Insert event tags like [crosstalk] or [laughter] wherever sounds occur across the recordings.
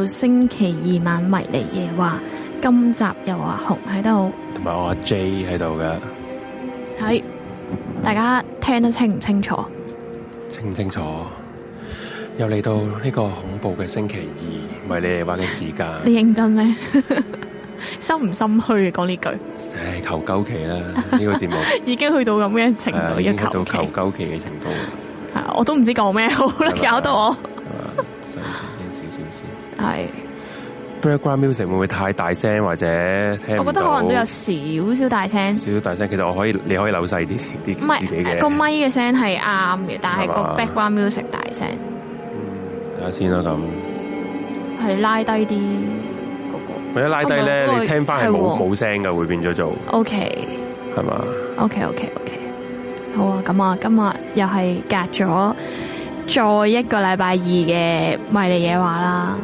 到星期二晚迷離夜話，今集又阿紅喺度，同埋我阿 J 喺度㗎。係大家聽得清唔清楚？清唔清楚？又嚟到呢個恐怖嘅星期二迷你夜話嘅時間，你認真咩？ [laughs] 心唔心虛啊？講呢句，唉，求救期啦！呢、這個節目 [laughs] 已經去到咁嘅程度，一求救期嘅程度，我都唔知講咩好啦，搞到我。background music 會唔會太大聲或者聽？我覺得可能都有少少大聲。少少大聲，其實我可以，你可以扭細啲唔係自己嘅。個咪嘅聲係啱嘅，但係個 background music 大聲。睇下、嗯、先啦，咁。係拉低啲、那、嗰個。唔係拉低咧，那個、你聽翻係冇冇聲噶，會變咗做。O Okay . K 吧。係嘛？O K O K O K。好啊，咁啊，今日又係隔咗再一個禮拜二嘅迷你野話啦，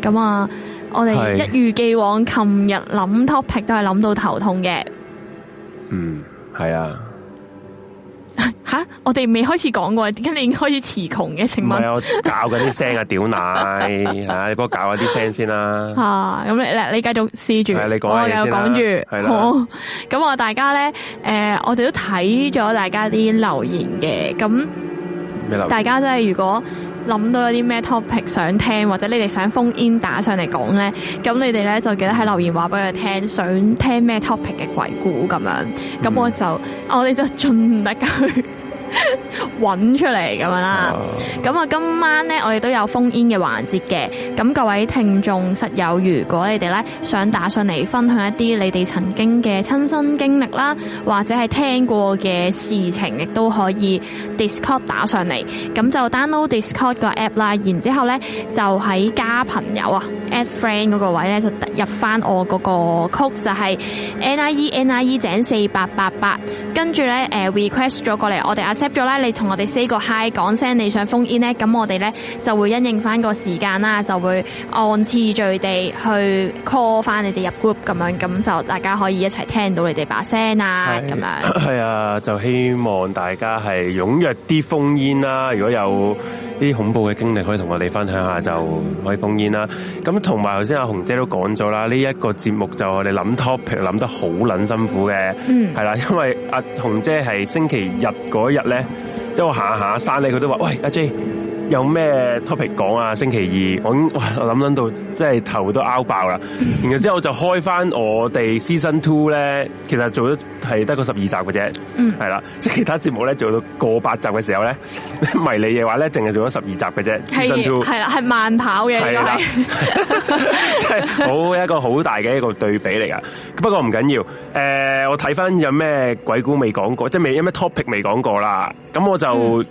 咁啊。我哋一如既往，琴日諗 topic 都係諗到頭痛嘅。嗯，係啊。吓，我哋未開始講過，點解你已經開始詞窮嘅？請問，我搞緊啲聲啊，屌奶，啊，吓，啊，你幫我搞下啲聲先啦。吓？咁你咧，你繼續試住，我繼續講住，了好。咁我大家咧，誒，呃，我哋都睇咗大家啲留言嘅，咁，大家真係如果。諗到有啲咩 topic 想聽，或者你哋想封 in 打上嚟講呢，咁你哋呢就記得喺留言話俾我聽，想聽咩 topic 嘅鬼故咁樣，咁我就、嗯、我哋就盡力去。搵 [laughs] 出嚟咁樣啦，咁啊、oh。今晚咧我哋都有封煙嘅環節嘅，咁各位聽眾室友，如果你哋咧想打上嚟分享一啲你哋曾經嘅親身經歷啦，或者係聽過嘅事情，亦都可以 Discord 打上嚟，咁就 download Discord 個 app 啦，然之後咧就喺加朋友啊 add friend 嗰個位咧就入翻我嗰個曲就係、是、n i e n i e 井四八八八，跟住咧誒 request 咗過嚟，我哋阿咗啦，你同我哋 say 個嗨講聲你想封煙咧，咁我哋咧就會因應翻個時間啦，就會按次序地去 call 翻你哋入 group 咁樣，咁就大家可以一齊聽到你哋把聲啊，咁對樣。係啊，就希望大家係踴躍啲封煙啦，如果有啲恐怖嘅經歷可以同我哋分享下，就可以封煙啦。咁同埋頭先阿紅姐都講咗啦，呢、這、一個節目就我哋諗 topic 諗得好捻辛苦嘅，係啦、嗯，因為阿紅姐係星期日嗰日。咧即係我行下行下，山咧，佢都話：「喂，阿 J。有咩 topic 講啊？星期二，我我諗諗到，即係頭都拗爆啦。 [laughs] 然後之後就開翻我哋 Season Two 咧，其實做咗係得個十二集嘅啫。嗯，係啦，即係其他節目咧做到過百集嘅時候咧， [laughs] 迷你嘅話咧淨係做咗十二集嘅啫。 [laughs] Season Two 係啦，係慢跑嘅。係啦的，即係好一個好大嘅一個對比嚟噶。不過唔緊要，誒、呃，我睇翻有咩鬼故未講過，即係未有咩 topic 未講過啦。咁我就。嗯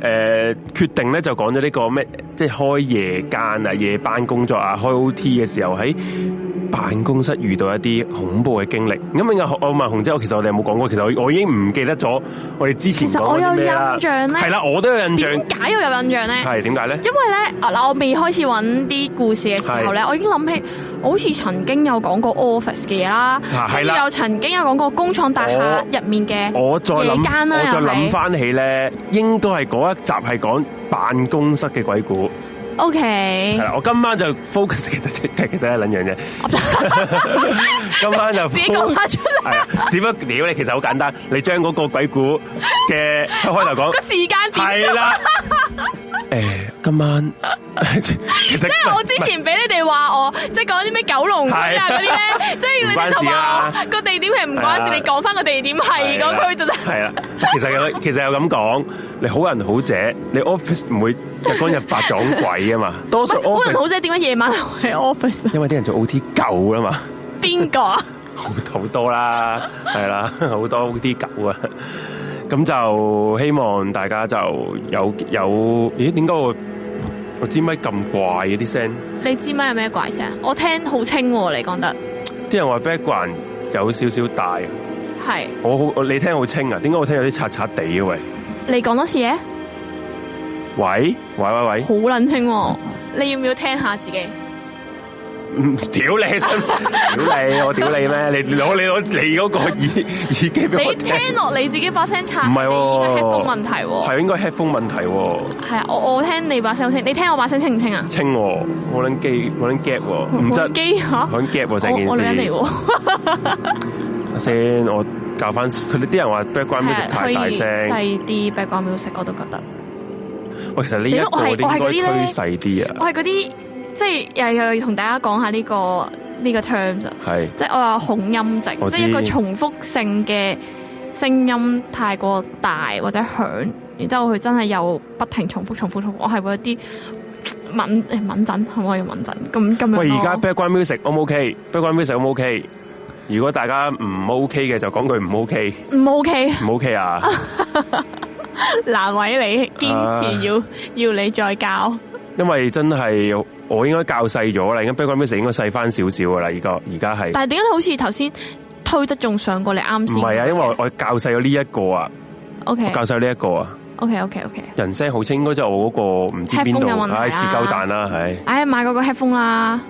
誒、呃、決定咧就講咗呢個咩，即係開夜間啊、夜班工作啊、開 OT 嘅時候喺辦公室遇到一啲恐怖嘅經歷，咁樣我我問紅姐，我其實我哋有冇講過？其實我我已經唔記得咗我哋之前過，其實我有印象咧，係啦，我都有印象，點解我有印象咧？係點解咧？為呢因為咧，嗱，我未開始揾啲故事嘅時候咧，是我已經諗起，好似曾經有講過 office 嘅嘢啦，又的曾經有講過工廠大廈入面嘅，我再諗，我再諗翻起咧，的應該係嗰一集係講辦公室嘅鬼故。O K，係啦，我今晚就 focus 其實踢其實係兩樣嘢，今晚就自己講翻出嚟啦，只不過屌你，其實好簡單，你將嗰個鬼故嘅一開頭講個時間點係啦，誒，今晚，即係我之前俾你哋話我，即係講啲咩九龍區啊嗰啲咧，即係你哋就話個地點係唔關事，你講翻個地點係嗰區就得，係啦，其實其實有咁講。你好人好姐，你 office 唔會日光日白撞鬼啊嘛？ [laughs] 多數好人好姐點解夜晚喺 office？因為啲人做 OT 狗啊嘛？邊個啊？ [laughs] 好好多啦，係 [laughs] 啦，好多啲狗啊！咁就希望大家就有有，咦？點解我我支咪咁怪啲聲？聲，你支咪有咩怪聲？我聽好清喎、啊，你講得。啲人話 background 有少少大。係是。我好，你聽好清啊？點解我聽有啲刷刷地嘅喂？你講多次嘢。喂喂喂喂，好冷清、啊，你要唔要聽下自己？屌你，屌你，我屌你咩？你攞你攞你嗰個耳耳機俾我聽。你聽落你自己把聲差唔係喎，headphone 問題喎、啊。係應該 headphone 問題喎、啊。係啊，我我聽你把聲清，你聽我把聲清唔清啊？清啊，我冇捻機，冇捻 gap，唔、啊、得機吓，冇捻 gap 成件事。我捻你喎。先我。我 [laughs] 教翻佢啲人話 background music 太大聲，細啲 background music 我都覺得。喂、欸，其實呢一個我應該推細啲啊！我係嗰啲，即係又又要同大家講下呢、這個呢、這個 terms 係是，即係我話恐音症，即係一個重複性嘅聲音太過大或者響，然之後佢真係又不停重複重複重，複重，複重複。我係一啲敏敏感，可唔可以敏感？咁咁樣。喂，而家 background music O 唔 OK？background music O 唔 OK？如果大家唔 OK 嘅，就講佢唔 OK。唔 OK。唔 OK 啊！ [laughs] 難為你堅持要、啊、要你再教，因為真係我應該教細咗啦，而家 BigBang 咩事應該細翻少少噶啦，而而家係。但係點解好似頭先推得仲上過你啱先？唔係啊，Okay. 因為我，我教細咗呢一個啊，Okay. 我教細咗呢一個啊。OK OK OK。人聲好清，應該就我嗰、那個唔知邊度，唉、啊啊、是膠彈啦，唉、哎，唉買嗰個 headphone 啦。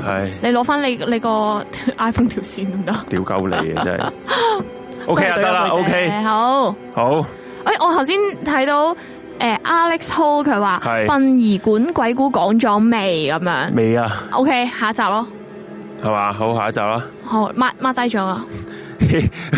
是你攞翻你你個 iPhone 條線咁得？屌鳩你啊！真係。O K 啊，得啦，O K 好好。好好我頭先睇到誒，Alex Hall 佢話殯儀館鬼故講咗未咁樣？未啊。O K，下一集咯。係嘛？好，下一集啦。好，抹抹低咗啦。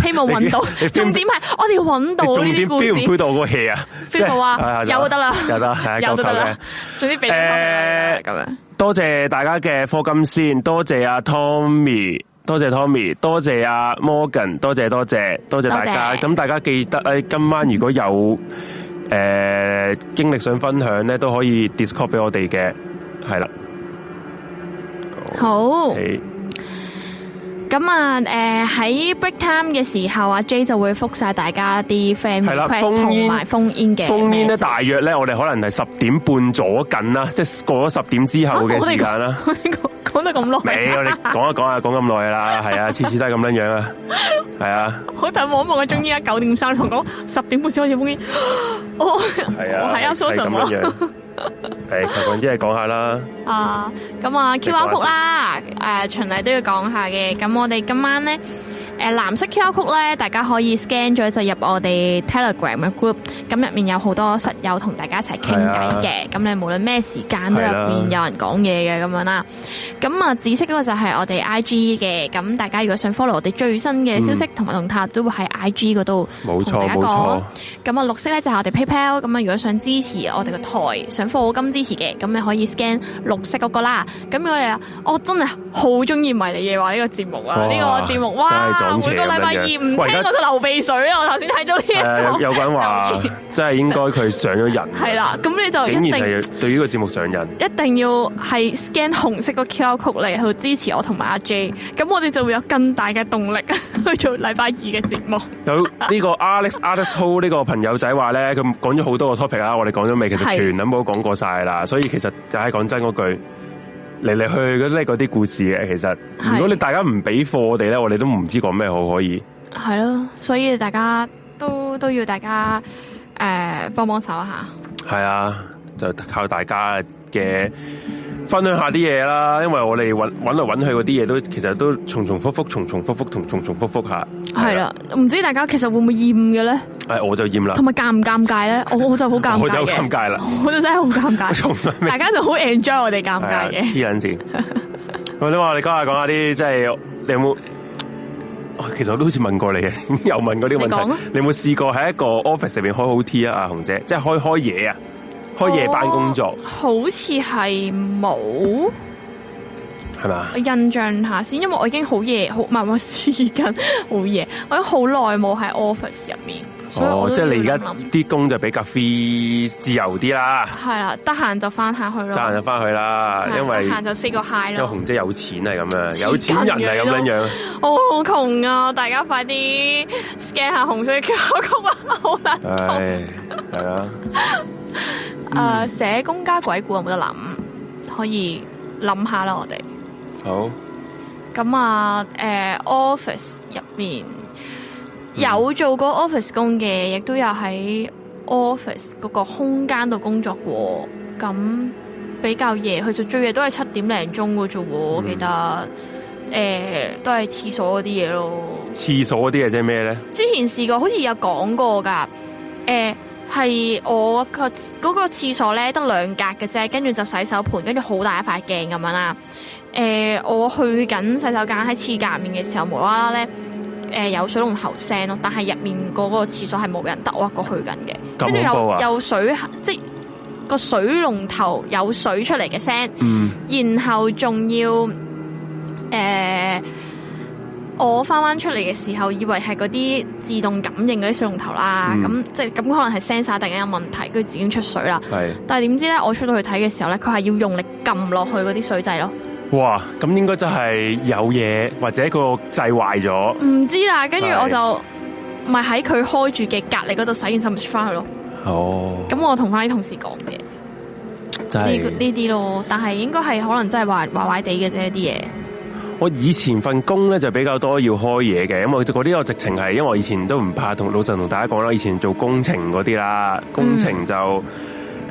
希望搵到。到重點係我哋搵到。重點飛唔飛到嗰個戲啊？飛到啊！有得啦， [laughs] 有得有得啦。總之俾咁樣。多謝大家嘅課金先，多謝阿 Tommy，多謝 Tommy，多謝阿 Morgan，多謝多謝多謝大家，咁謝大家記得今晚如果有誒、呃、經歷想分享咧，都可以 Discord 俾我哋嘅，係啦。好。好咁啊，誒喺、呃、break time 嘅時候啊，Jay 就會覆晒大家啲 friend request 同埋封煙嘅。封煙咧，封煙封煙大約咧、啊，我哋可能係十點半左近啦，即係過咗十點之後嘅時間啦。我講得咁耐。你係， [laughs] 我哋講一講啊，講咁耐啦，係啊，次次都係咁樣樣啊，係啊。好，大望一望啊，終於啊，九點三同講十點半先開始封煙，哦，係啊呀，蘇神。係，求其 [laughs] 一係講下啦。啊，咁啊，QR code 啦，誒，循例都要講下嘅。咁我哋今晚咧。呃、藍色 QR code 咧，大家可以 scan 咗就入我哋 Telegram 嘅 group，咁入面有好多室友同大家一齊傾偈嘅，咁、啊、你無論咩時間都入面有人講嘢嘅咁樣啦。咁啊、呃、紫色嗰個就係我哋 IG 嘅，咁大家如果想 follow 我哋最新嘅消息，同埋動態都會喺 IG 嗰度同大家講。咁啊錯綠色咧就係我哋 PayPal，咁啊如果想支持我哋個台，嗯、想課金支持嘅，咁你可以 scan 綠色嗰個啦。咁我哋啊，我真係好中意迷你夜話呢個節目啊！呢哇個節目哇～每個禮拜二唔聽我都流鼻水啊！我頭先睇到呢、這、一個有個人話，個人意真係應該佢上咗人係啦。咁你就竟然係對於個節目上人，一定要係 scan 紅色個 QR code 嚟去支持我同埋阿 J。咁我哋就會有更大嘅動力去 [laughs] 做禮拜二嘅節目。有呢個 Alex [laughs] Artist 呢個朋友仔話咧，佢講咗好多個 topic 啦，我哋講咗未？其實全都冇講過晒啦，的所以其實就係講真嗰句。嚟嚟去去嗰啲嗰啲故事嘅，其實如果你大家唔俾貨我哋咧，是我哋都唔知講咩好可以。係咯，所以大家都都要大家誒幫幫手下，係啊，就靠大家嘅。嗯分享下啲嘢啦，因為我哋揾揾來揾去，嗰啲嘢都其實都重重複複、重重複複、重重覆覆重複複下。係啦，唔知大家其實會唔會厭嘅咧？係我就厭啦。同埋尷唔尷尬咧？我就好尷尬嘅。我就尷尬啦。我就真係好尷尬。 [laughs] 大家就好 enjoy 我哋尷尬嘅。啲人先。你話你講下講下啲即係你有冇？其實我都好似問過你嘅，怎麼又問過呢個問題。你,你有冇試過喺一個 office 入面開 OT 啊？阿紅姐，即係開開嘢啊？開夜班工作，好似係冇係嘛？吧我印象一下先，因為我已經好夜，好唔係我時間好夜，我已經好耐冇喺 office 入面。哦，即係你而家啲工就比較 free 自由啲啦。係啦，得閒就翻下去咯，得閒就翻去啦。因為得閒就 say 個 hi 啦。因為紅姐有錢係咁樣，時間 有錢人係咁樣樣。樣我好窮啊！大家快啲 scan 下紅姐嘅 q 我今好難窮。係係啊！ [laughs] 誒，寫、嗯呃、公家鬼故有冇得諗？可以諗下啦，我哋好。咁啊，誒、呃、office 入面、嗯、有做過 office 工嘅，亦都有喺 office 嗰個空間度工作過。咁比較夜，佢就最夜都係七點零鐘嘅啫。嗯、我記得誒、呃，都係廁所嗰啲嘢咯。廁所嗰啲嘢即係咩咧？之前試過，好似有講過噶，誒、呃。係我個嗰個廁所咧，得兩格嘅啫，跟住就洗手盆，跟住好大一塊鏡咁樣啦。誒、呃，我去緊洗手間喺厠格面嘅時候，無啦啦咧，誒有水龍頭聲咯，但係入面嗰個廁所係冇人，得我一個去緊嘅，跟住、啊、有有水即個水龍頭有水出嚟嘅聲，嗯、然後仲要誒。呃我翻翻出嚟嘅時候，以為係嗰啲自動感應嗰啲水龍頭啦，咁、嗯、即係咁可能係 sensor 突然間有問題，跟住自動出水啦。係，是 但係點知咧，我出到去睇嘅時候咧，佢係要用力撳落去嗰啲水掣咯。哇，咁應該就係有嘢或者個掣壞咗。唔知啦，跟住我就咪喺佢開住嘅隔籬嗰度洗完手咪出翻去咯。哦，咁我同翻啲同事講嘅，就係呢是啲、這個、咯。但係應該係可能真係壞壞壞地嘅啫啲嘢。我以前份工咧就比較多要開嘢嘅，咁我就嗰啲我直情係，因為我以前都唔怕同老實同大家講啦，以前做工程嗰啲啦，工程就誒喺、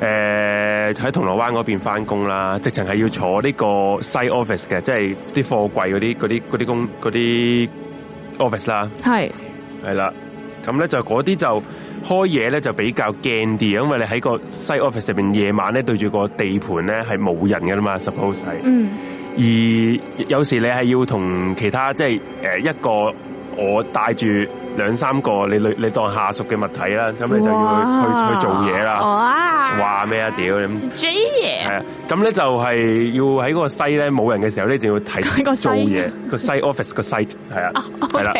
mm. 呃、銅鑼灣嗰邊返工啦，直情係要坐呢個 site office 嘅，即係啲貨櫃嗰啲嗰啲啲工嗰啲 office 啦，係係啦，咁咧就嗰啲就開嘢咧就比較驚啲，因為你喺個 site office 入邊夜晚咧對住個地盤咧係冇人噶啦嘛，suppose 係。Mm. 而有時你係要同其他即係誒一個我帶住兩三個你你你當下屬嘅物體啦，咁你就要去去做嘢啦。哇！話咩啊屌！J 爺係啊，咁咧哇、yeah. 就係要喺嗰個西咧冇人嘅時候咧，就要睇做嘢個西 office 個 site 係啊，係啦。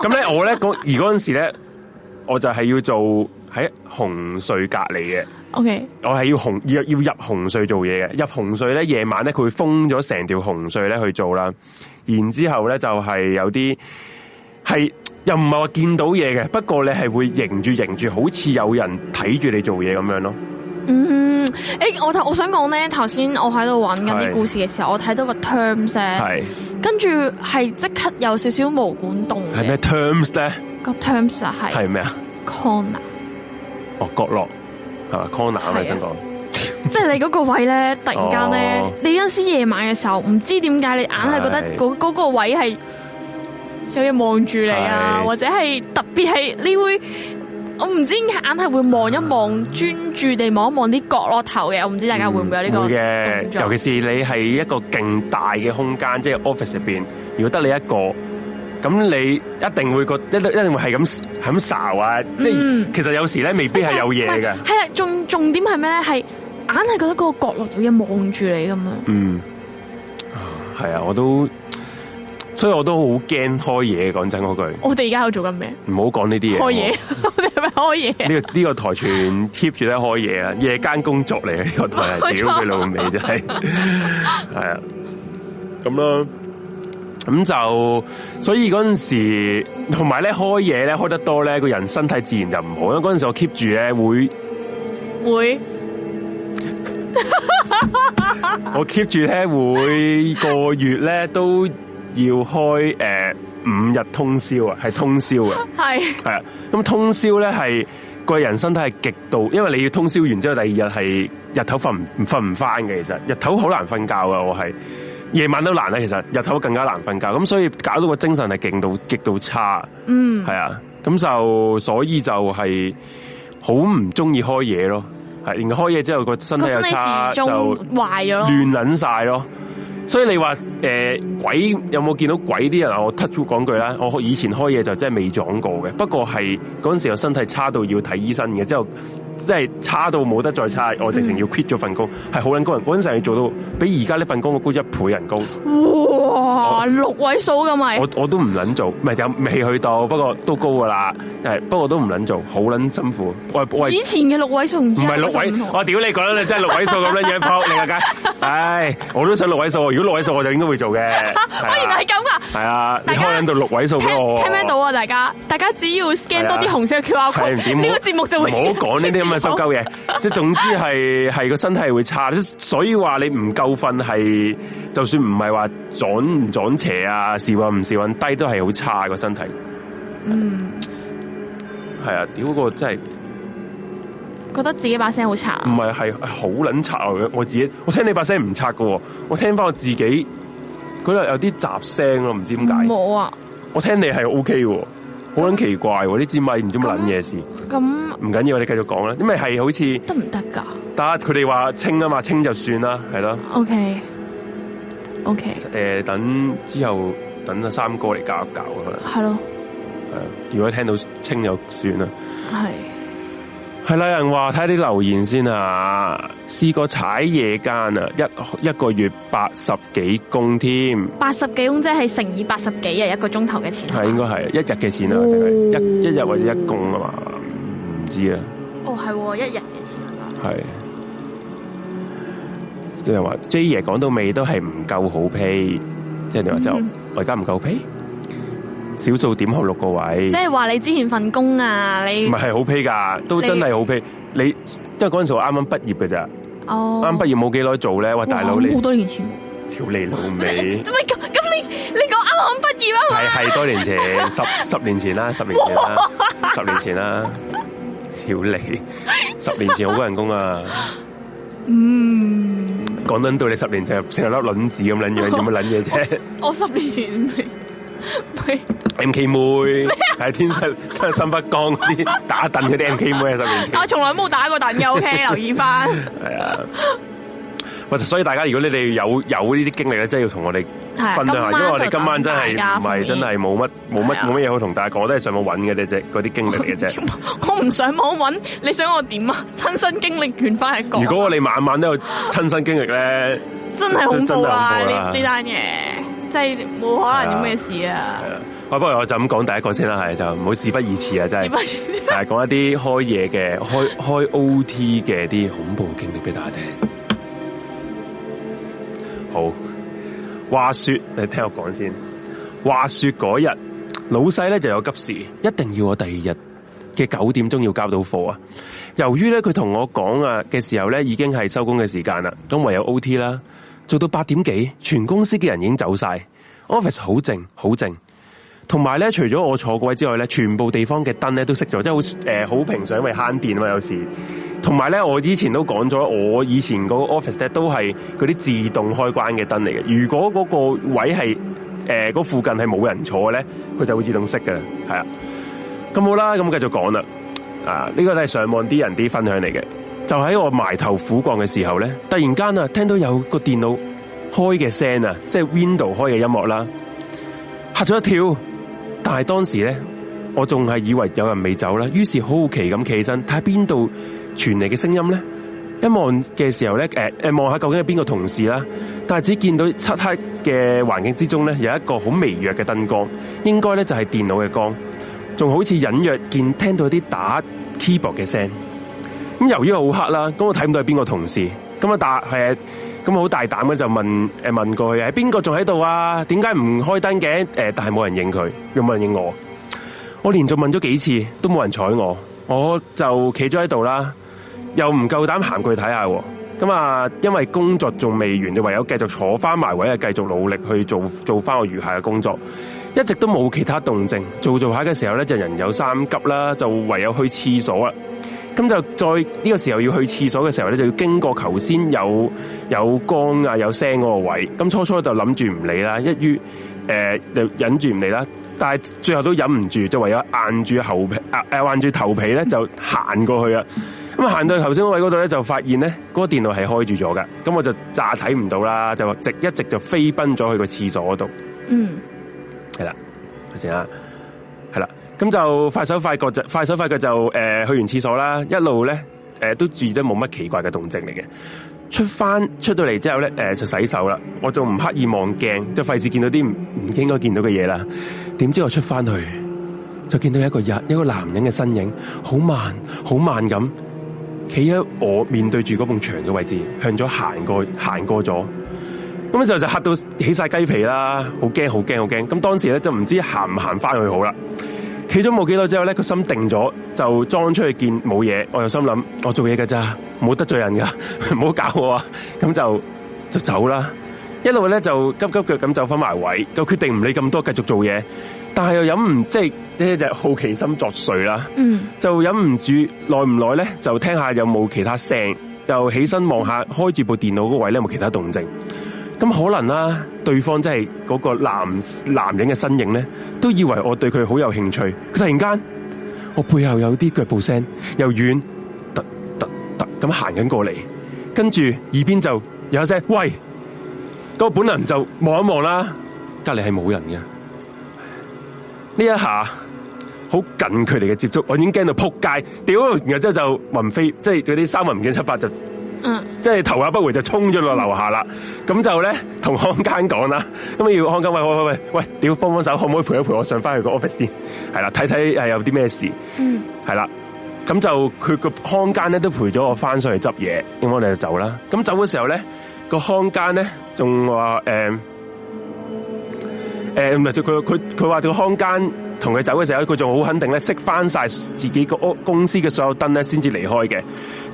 咁咧我咧嗰而陣時咧，我就係要做喺紅隧隔籬嘅。O.K. 我係要紅要要入紅隧做嘢嘅，入紅隧咧夜晚咧佢會封咗成條紅隧咧去做啦，然之後咧就係有啲係又唔係話見到嘢嘅，不過你係會迎住迎住，好似有人睇住你做嘢咁樣咯。嗯，誒、欸，我頭我想講咧，頭先我喺度揾緊啲故事嘅時候，是我睇到個 terms 咧是，跟住係即刻有少少毛管動，係咩 terms 咧？個 terms 就係係咩啊？Corner 哦，角落。係嘛？corner 啊，我想講，即係你嗰個位咧，突然間咧，哦、你陣時夜晚嘅時候，唔知點解你硬係覺得嗰嗰個位係有嘢望住你啊，是的 或者係特別係你會，我唔知，硬係會望一望，專注地望一望啲角落頭嘅，我唔知大家會唔會有呢個、嗯？會嘅，尤其是你係一個勁大嘅空間，即係 office 入邊，如果得你一個。咁、嗯、你一定會覺得，一一定會係咁，係咁啊！即係、嗯、其實有時咧，未必係有嘢嘅、嗯。係啦，重重點係咩咧？係硬係覺得嗰個角落有嘢望住你咁樣。嗯，係啊，我都，所以我都好驚開嘢。講真嗰句。我哋而家喺度做緊咩？唔好講呢啲嘢。開嘢夜，你係咪開嘢？呢、這個呢、這個台全 keep 住咧開嘢啊！夜間工作嚟嘅呢個台，屌佢老味真係，係啊，咁咯。咁就所以嗰陣時，同埋咧開嘢咧開得多咧，個人身體自然就唔好。因為嗰陣時我 keep 住咧會會，會 [laughs] 我 keep 住咧每個月咧都要開誒、呃、五日通宵啊，係通宵嘅。係係啊，咁通宵咧係個人身體係極度，因為你要通宵完之後，第二日係日頭瞓唔瞓唔翻嘅，其實日頭好難瞓覺噶，我係。夜晚都難咧，其實日頭更加難瞓覺，咁所以搞到個精神係勁到極度差，嗯，係啊，咁就所以就係好唔中意開嘢咯，係，然後開嘢之後個身體又差，就壞咗，亂捻晒咯，所以你話誒、呃、鬼有冇見到鬼啲人啊？我特出講句啦，我以前開嘢就真係未撞過嘅，不過係嗰陣時個身體差到要睇醫生嘅之後。即係差到冇得再差，我直情要 quit 咗份工，係好撚高人工，嗰陣時做到，比而家呢份工嘅高一倍人工。哇，六位數嘅咪，我我都唔捻做，唔係又未去到，不過都高噶啦，係不過都唔捻做，好捻辛苦。喂喂，以前嘅六位數唔係六位，我屌你，講你真係六位數咁捻嘢拋，你話計？唉，我都想六位數，如果六位數我就應該會做嘅。我以為咁啊，係啊，你開緊到六位數俾我，聽咩到啊？大家，大家只要 scan 多啲紅色嘅 QR code，呢個節目就會唔好講呢啲咁嘅濕鳩嘢，即係總之係係個身體會差，所以話你唔夠瞓係，就算唔係話左。揾唔撞邪啊，時運唔時運低都係好差個、啊、身體。嗯，係啊，屌、嗰個真係覺得自己把聲好差、啊。唔係係好撚差啊！我自己，我聽你把聲唔差噶，我聽翻我自己嗰度有啲雜聲咯，唔知點解。冇啊，我聽，我、啊啊、我聽你係 O K 喎，好撚奇怪喎、啊，呢支咪唔知乜撚嘢事。咁唔緊要，我哋繼續講啦，因為係好似得唔得噶？得，佢哋話清啊嘛，清就算啦，係咯、啊。O K。O K，誒，等之後等阿三哥嚟搞一搞可能係咯，係的、呃、如果聽到清就算啦。係的，係啦，有人話睇下啲留言先啊，試過踩夜間啊，一一個月八十幾公添，八十幾公即係乘以八十幾日一個鐘頭嘅錢。係，應該係一日嘅錢啊，定係一、oh. 一,一日或者一公啊嘛，唔知啊。知道啊哦，係喎，一日嘅錢啊，係。即係話 J 爺講到尾都係唔夠好批，即係你話就我而家唔夠批，少數點後六個位。即係話你之前份工啊，你唔係係好批噶，都你 真係好批。你即係嗰陣時我啱啱畢業嘅咋，啱畢業冇幾耐做咧。喂，大佬，你好多年前，條脷老尾。咁咁你你講啱啱畢業啊嘛？係係多年前，十十年前啦，十年前啦，十年前啦，條脷十年前好多人工啊。嗯。講緊到你十年就成粒卵子咁卵樣，有乜卵嘢啫？我十年前未，未，MK 妹係、啊、天生天生心不光嗰啲 [laughs] 打躉嗰啲 MK 妹喺十年前。啊、我從來冇打過躉嘅，OK？ [laughs] 留意返。係啊、 [laughs] 哎。所以大家如果你哋有有呢啲經歷咧，真係要同我哋分享下，因為我哋今晚真係唔係真係冇乜冇乜冇咩嘢好同大家講，我都係上網揾嘅啫，嗰啲經歷嚟嘅啫。我唔上網揾，你想我點啊？親身經歷完翻嚟講。如果我哋晚晚都有親身經歷咧，真係恐怖啊！呢呢單嘢真係冇可能咁嘅事啊！啊，不如我就咁講第一個先啦，係就唔好事不宜遲啊，真係。係講一啲開嘢嘅開開 OT 嘅啲恐怖經歷俾大家聽。好，話說你聽我講先。話說嗰日老細咧就有急事，一定要我第二日嘅九點鐘要交到貨啊。由於咧佢同我講啊嘅時候咧已經係收工嘅時間啦，咁唯有 O T 啦，做到八點幾，全公司嘅人已經走晒，office 好靜好靜，同埋咧除咗我坐嗰位之外咧，全部地方嘅燈咧都熄咗，即係好誒好平常，因為慳電啊嘛有時。同埋咧，我以前都講咗，我以前嗰個 office 咧都係嗰啲自動開關嘅燈嚟嘅。如果嗰個位係誒嗰附近係冇人坐咧，佢就會自動熄㗎啦。係啊，咁好啦，咁繼續講啦。啊，呢個都係上網啲人啲分享嚟嘅。就喺我埋頭苦幹嘅時候咧，突然間啊，聽到有個電腦開嘅聲啊，即係 Window 開嘅音樂啦，嚇咗一跳。但係當時咧，我仲係以為有人未走啦，於是好好奇咁企身睇下邊度。傳嚟嘅聲音咧，一望嘅時候咧，誒、呃、誒，望下究竟係邊個同事啦。但係只見到漆黑嘅環境之中咧，有一個好微弱嘅燈光，應該咧就係電腦嘅光，仲好似隱約見聽到啲打 keyboard 嘅聲。咁由於好黑啦，咁我睇唔到係邊個同事，咁啊打誒，咁我好大膽咁就問誒問過去，係邊個仲喺度啊？點解唔開燈嘅？誒、呃，但係冇人應佢，又冇人應我，我連續問咗幾次都冇人睬我，我就企咗喺度啦。又唔夠膽行過去睇下，咁啊，因為工作仲未完，就唯有繼續坐翻埋位，繼續努力去做做翻個餘下嘅工作。一直都冇其他動靜，做做下嘅時候咧就人有三急啦，就唯有去廁所啊。咁就再呢、呢個時候要去廁所嘅時候咧，就要經過頭先有有光啊有聲嗰個位。咁初初就諗住唔理啦，一於誒、呃、忍住唔理啦，但係最後都忍唔住，就唯有硬住頭、呃、硬住頭皮咧就行過去啊。咁行到頭先嗰位嗰度咧，就發現咧，嗰個電腦係開住咗嘅，咁我就咋睇唔到啦，就一直一直就飛奔咗去個廁所嗰度。嗯，係啦，等先啊，係啦，咁就快手快腳就快手快腳就誒、呃、去完廁所啦，一路咧誒都注意得冇乜奇怪嘅動靜嚟嘅。出翻出到嚟之後咧，誒、呃、就洗手啦，我仲唔刻意望鏡，就費事見到啲唔應該見到嘅嘢啦。點知我出翻去就見到一個人，一個男人嘅身影，好慢好慢咁。企喺我面對住嗰埲牆嘅位置，向左行過，行過咗，咁樣就就嚇到起晒雞皮啦，好驚，好驚，好驚！咁當時咧就唔知行唔行翻去好啦，企咗冇幾耐之後咧，個心定咗，就裝出去見冇嘢，我又心諗，我做嘢噶咋，冇得罪人噶，唔好搞我啊，咁就就走啦。一路咧就急急腳咁走翻埋位，就決定唔理咁多，繼續做嘢。但係又忍唔即係呢隻好奇心作祟啦，嗯、就忍唔住耐唔耐咧，就聽下有冇其他聲，又起身望下開住部電腦嗰位咧有冇其他動靜。咁可能啦、啊，對方真係嗰個男男人嘅身影咧，都以為我對佢好有興趣。佢突然間，我背後有啲腳步聲，又遠突突突咁行緊過嚟，跟住耳邊就有一聲喂。個本能就望一望啦，隔籬係冇人嘅。呢一下好近距離嘅接觸，我已經驚到扑街，屌！然後之後就雲飛，即係嗰啲三魂唔見七魄就，嗯，即係頭也不回就衝咗落樓下啦。咁就咧同康間講啦，咁要康間，喂喂喂喂屌，幫幫手，可唔可以陪一陪我上翻去個 office 先？係啦，睇睇誒有啲咩事。嗯，係啦，咁就佢個康間咧都陪咗我翻上去執嘢，咁我哋就走啦。咁走嘅時候咧。康呢欸欸，個康間咧仲話誒誒唔係佢佢佢話個康間同佢走嘅時候，佢仲好肯定咧，熄翻晒自己個屋公司嘅所有燈咧，先至離開嘅。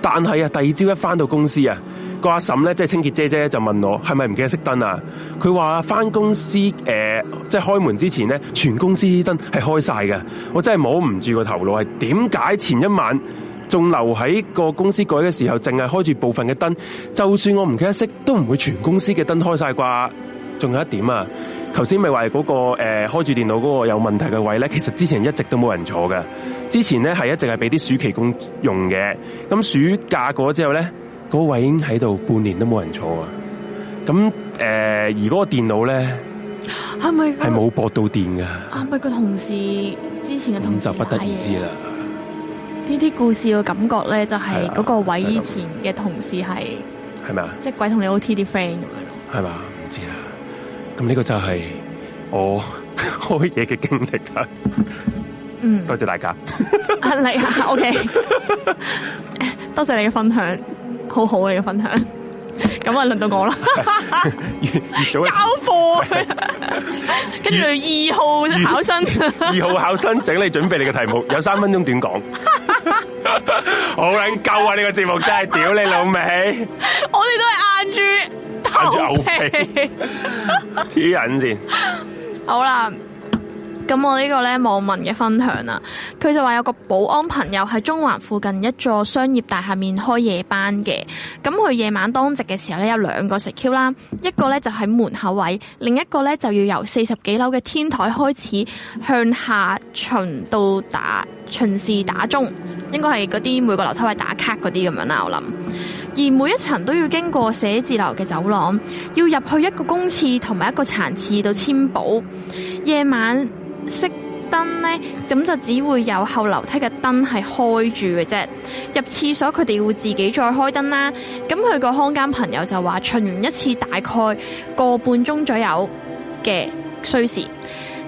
但係啊，第二朝一翻到公司啊，個阿嬸咧即係清潔姐姐就問我係咪唔記得熄燈啊？佢話翻公司誒，即、呃、係、就是、開門之前咧，全公司啲燈係開晒嘅。我真係摸唔住個頭腦，係點解前一晚？仲留喺個公司改嘅時候，淨係開住部分嘅燈，就算我唔記得熄，都唔會全公司嘅燈開晒啩。仲有一點啊，頭先咪話嗰個誒、呃、開住電腦嗰個有問題嘅位咧，其實之前一直都冇人坐嘅。之前咧係一直係俾啲暑期工用嘅。咁暑假過咗之後咧，嗰、那個、位已經喺度半年都冇人坐啊。咁誒、呃、而嗰個電腦咧係咪係冇駁到電噶？啊，唔係同事之前噉就不得而知啦。呢啲故事嘅感覺咧，就係嗰個位以前嘅同事係係咪啊？是嗎即係鬼同你 O T 啲 friend 咁樣，係嘛？唔知啊。咁呢個就係我開嘢嘅經歷啦。嗯，多謝大家。嚟啊 [laughs] ，OK。 [laughs] [laughs] [laughs] 多謝你嘅分享，好好嘅你嘅分享。咁啊，輪到我啦 [laughs] 越早交貨課，跟住 [laughs] 二號考生，二號考生請你準備你嘅題目，有三分鐘短講， [laughs] [laughs] 好捻鳩啊！呢、這個節目真係屌你老味，我哋都係硬住，硬住牛皮，黐 [laughs] 人先好啦。咁我個呢個咧網民嘅分享啦，佢就話有個保安朋友喺中環附近一座商業大廈面開夜班嘅，咁佢夜晚當值嘅時候咧，有兩個食 Q 啦，一個咧就喺門口位，另一個咧就要由四十幾樓嘅天台開始向下巡到打。巡視打鐘，應該係嗰啲每個樓梯位打卡嗰啲咁樣啦。我諗，而每一層都要經過寫字樓嘅走廊，要入去一個公廁同埋一個殘廁到簽簿。夜晚熄燈呢，咁就只會有後樓梯嘅燈係開住嘅啫。入廁所佢哋會自己再開燈啦。咁佢個康間朋友就話，巡完一次大概個半鐘左右嘅需時。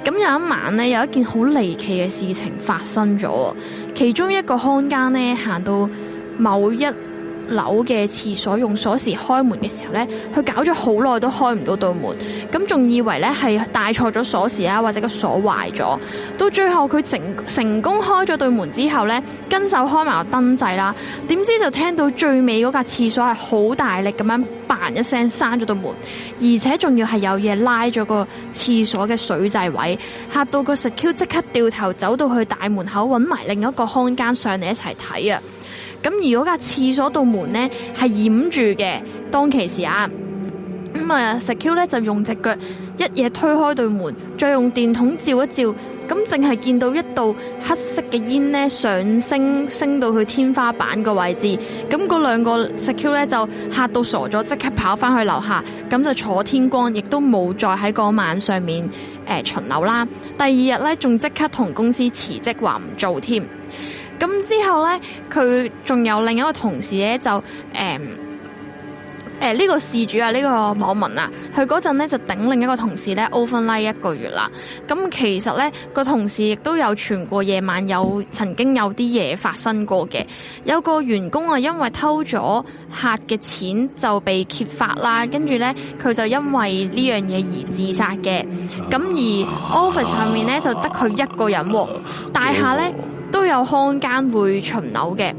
咁有一晚呢，有一件好離奇嘅事情發生咗，其中一個看更呢，行到某一樓嘅廁所用鎖匙開門嘅時候呢，佢搞咗好耐都開唔到對門，咁仲以為呢係帶錯咗鎖匙啊，或者個鎖壞咗。到最後佢成成功開咗對門之後呢，跟手開埋個燈掣啦，點知就聽到最尾嗰架廁所係好大力咁樣嘭一聲閂咗對門，而且仲要係有嘢拉咗個廁所嘅水掣位，嚇到個實 Q 即刻掉頭走到去大門口搵埋另一個空間上嚟一齊睇啊！咁而果架廁所道門呢係掩住嘅，當其時啊，咁啊石 Q 呢就用隻腳一嘢推開對門，再用電筒照一照，咁淨係見到一道黑色嘅煙呢上升升到去天花板嘅位置，咁嗰兩個石 Q 呢就吓到傻咗，即刻跑翻去樓下，咁、嗯、就坐天光，亦都冇再喺嗰晚上，上面誒、呃、巡樓啦。第二日呢，仲即刻同公司辭職，話唔做添。咁之後咧，佢仲有另一個同事咧，就誒誒呢個事主啊，呢個網民啊，佢嗰陣咧就頂另一個同事咧，open light 一個月啦。咁其實咧，個同事亦都有傳過夜晚有曾經有啲嘢發生過嘅。有個員工啊，因為偷咗客嘅錢就被揭發啦，跟住咧佢就因為呢樣嘢而自殺嘅。咁而 office 上面咧就得佢一個人、哦，大廈咧。都有空間會巡樓嘅。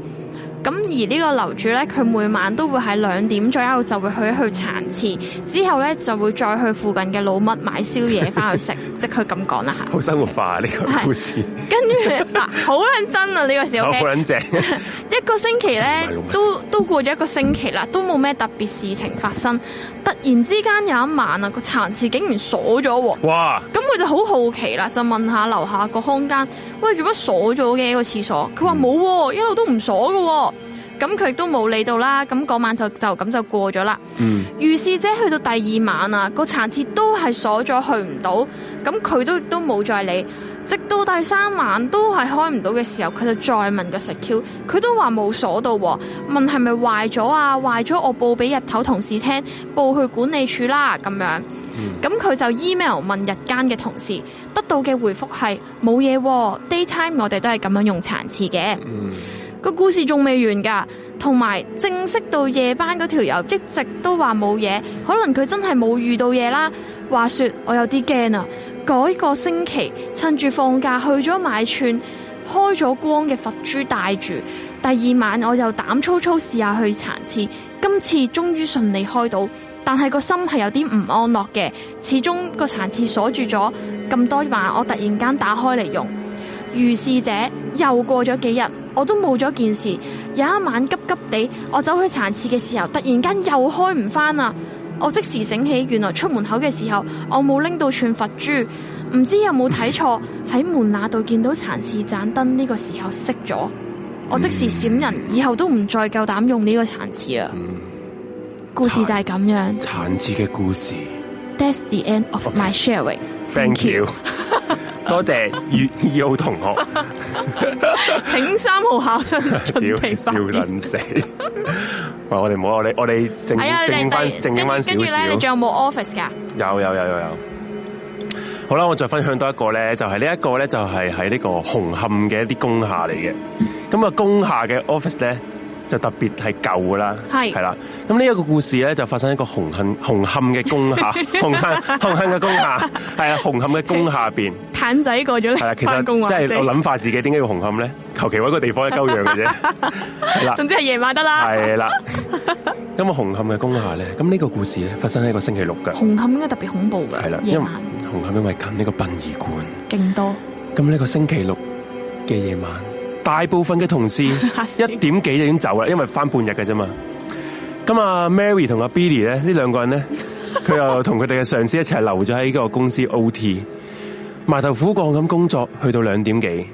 咁而呢個樓主咧，佢每晚都會喺兩點左右就會去去殘廁，之後咧就會再去附近嘅老乜買宵夜翻去食。 [laughs] 即係佢咁講啦嚇。好生活化啊呢個故事。跟住嗱，好撚真啊呢個小編。好撚正。一個星期咧，都都過咗一個星期啦，都冇咩特別事情發生。突然之間有一晚啊，個殘廁竟，竟然鎖咗喎。哇！咁佢就好好奇啦，就問下樓下個空間，喂，做乜鎖咗嘅、個廁所？佢話冇喎，一路都唔鎖㗎喎。咁佢都冇理到啦，咁嗰晚就就咁就過咗啦。於、嗯、是者去到第二晚啊，個殘廁都係鎖咗，去唔到，咁佢都亦都冇再理。直到第三晚都係開唔到嘅時候，佢就再問個 secure，佢都話冇鎖到，問係咪壞咗啊？壞咗我報俾日頭同事聽，報去管理處啦咁樣。咁佢、嗯、就 email 問日間嘅同事，得到嘅回覆係冇嘢。啊、daytime 我哋都係咁樣用殘廁嘅。嗯個故事仲未完噶，同埋正式到夜班嗰條友一直都話冇嘢，可能佢真係冇遇到嘢啦。話說我有啲驚啊！改、嗰個星期趁住放假去咗買串開咗光嘅佛珠戴住，第二晚我就膽粗粗試下去殘廁，今次終於順利開到，但係個心係有啲唔安樂嘅，始終個殘廁鎖住咗咁多晚，我突然間打開嚟用。如是者，又過咗幾日，我都冇咗件事。有一晚，急急地，我走去殘廁嘅時候，突然間又開唔翻啦。我即時醒起，原來出門口嘅時候，我冇拎到串佛珠，唔知有冇睇錯。喺門那度見到殘廁盞燈呢個時候熄咗，我即時閃人，嗯、以後都唔再夠膽用呢個殘廁啦。嗯、故事就係咁樣。殘廁嘅故事。That's the end of my sharing. Thank you. 多謝二二號同學， [laughs] 請三號考生准笑捻死，唔 [laughs] [laughs] 我哋冇好你，我哋正整翻整翻少少。仲有冇 office 噶？有有有有有。好啦，我再分享多一個咧，就係呢一個咧，就係喺呢個紅磡嘅一啲工廈嚟嘅。咁啊、嗯，工廈嘅 office 咧。就特別係舊噶啦，係係啦。咁呢一個故事咧，就發生一個紅磡紅磡嘅工廈，紅磡紅磡嘅工廈，係啊，紅磡嘅工廈邊，毯仔過咗嚟，係啊，其實即係我諗下自己點解要紅磡咧？求其揾個地方一鳩樣嘅啫。嗱，總之係夜晚得啦。係啦，因為紅磡嘅工廈咧，咁呢個故事咧發生喺一個星期六嘅。紅磡應該特別恐怖㗎，係啦，夜晚紅磡因為近呢個殯儀館，勁多。咁呢個星期六嘅夜晚。大部分嘅同事一點幾就已經走啦，因為翻半日嘅啫嘛。咁啊，Mary 同阿 Billy 咧呢兩個人咧，佢 [laughs] 又同佢哋嘅上司一齊留咗喺個公司 OT，埋頭苦幹咁工作，去到兩點幾。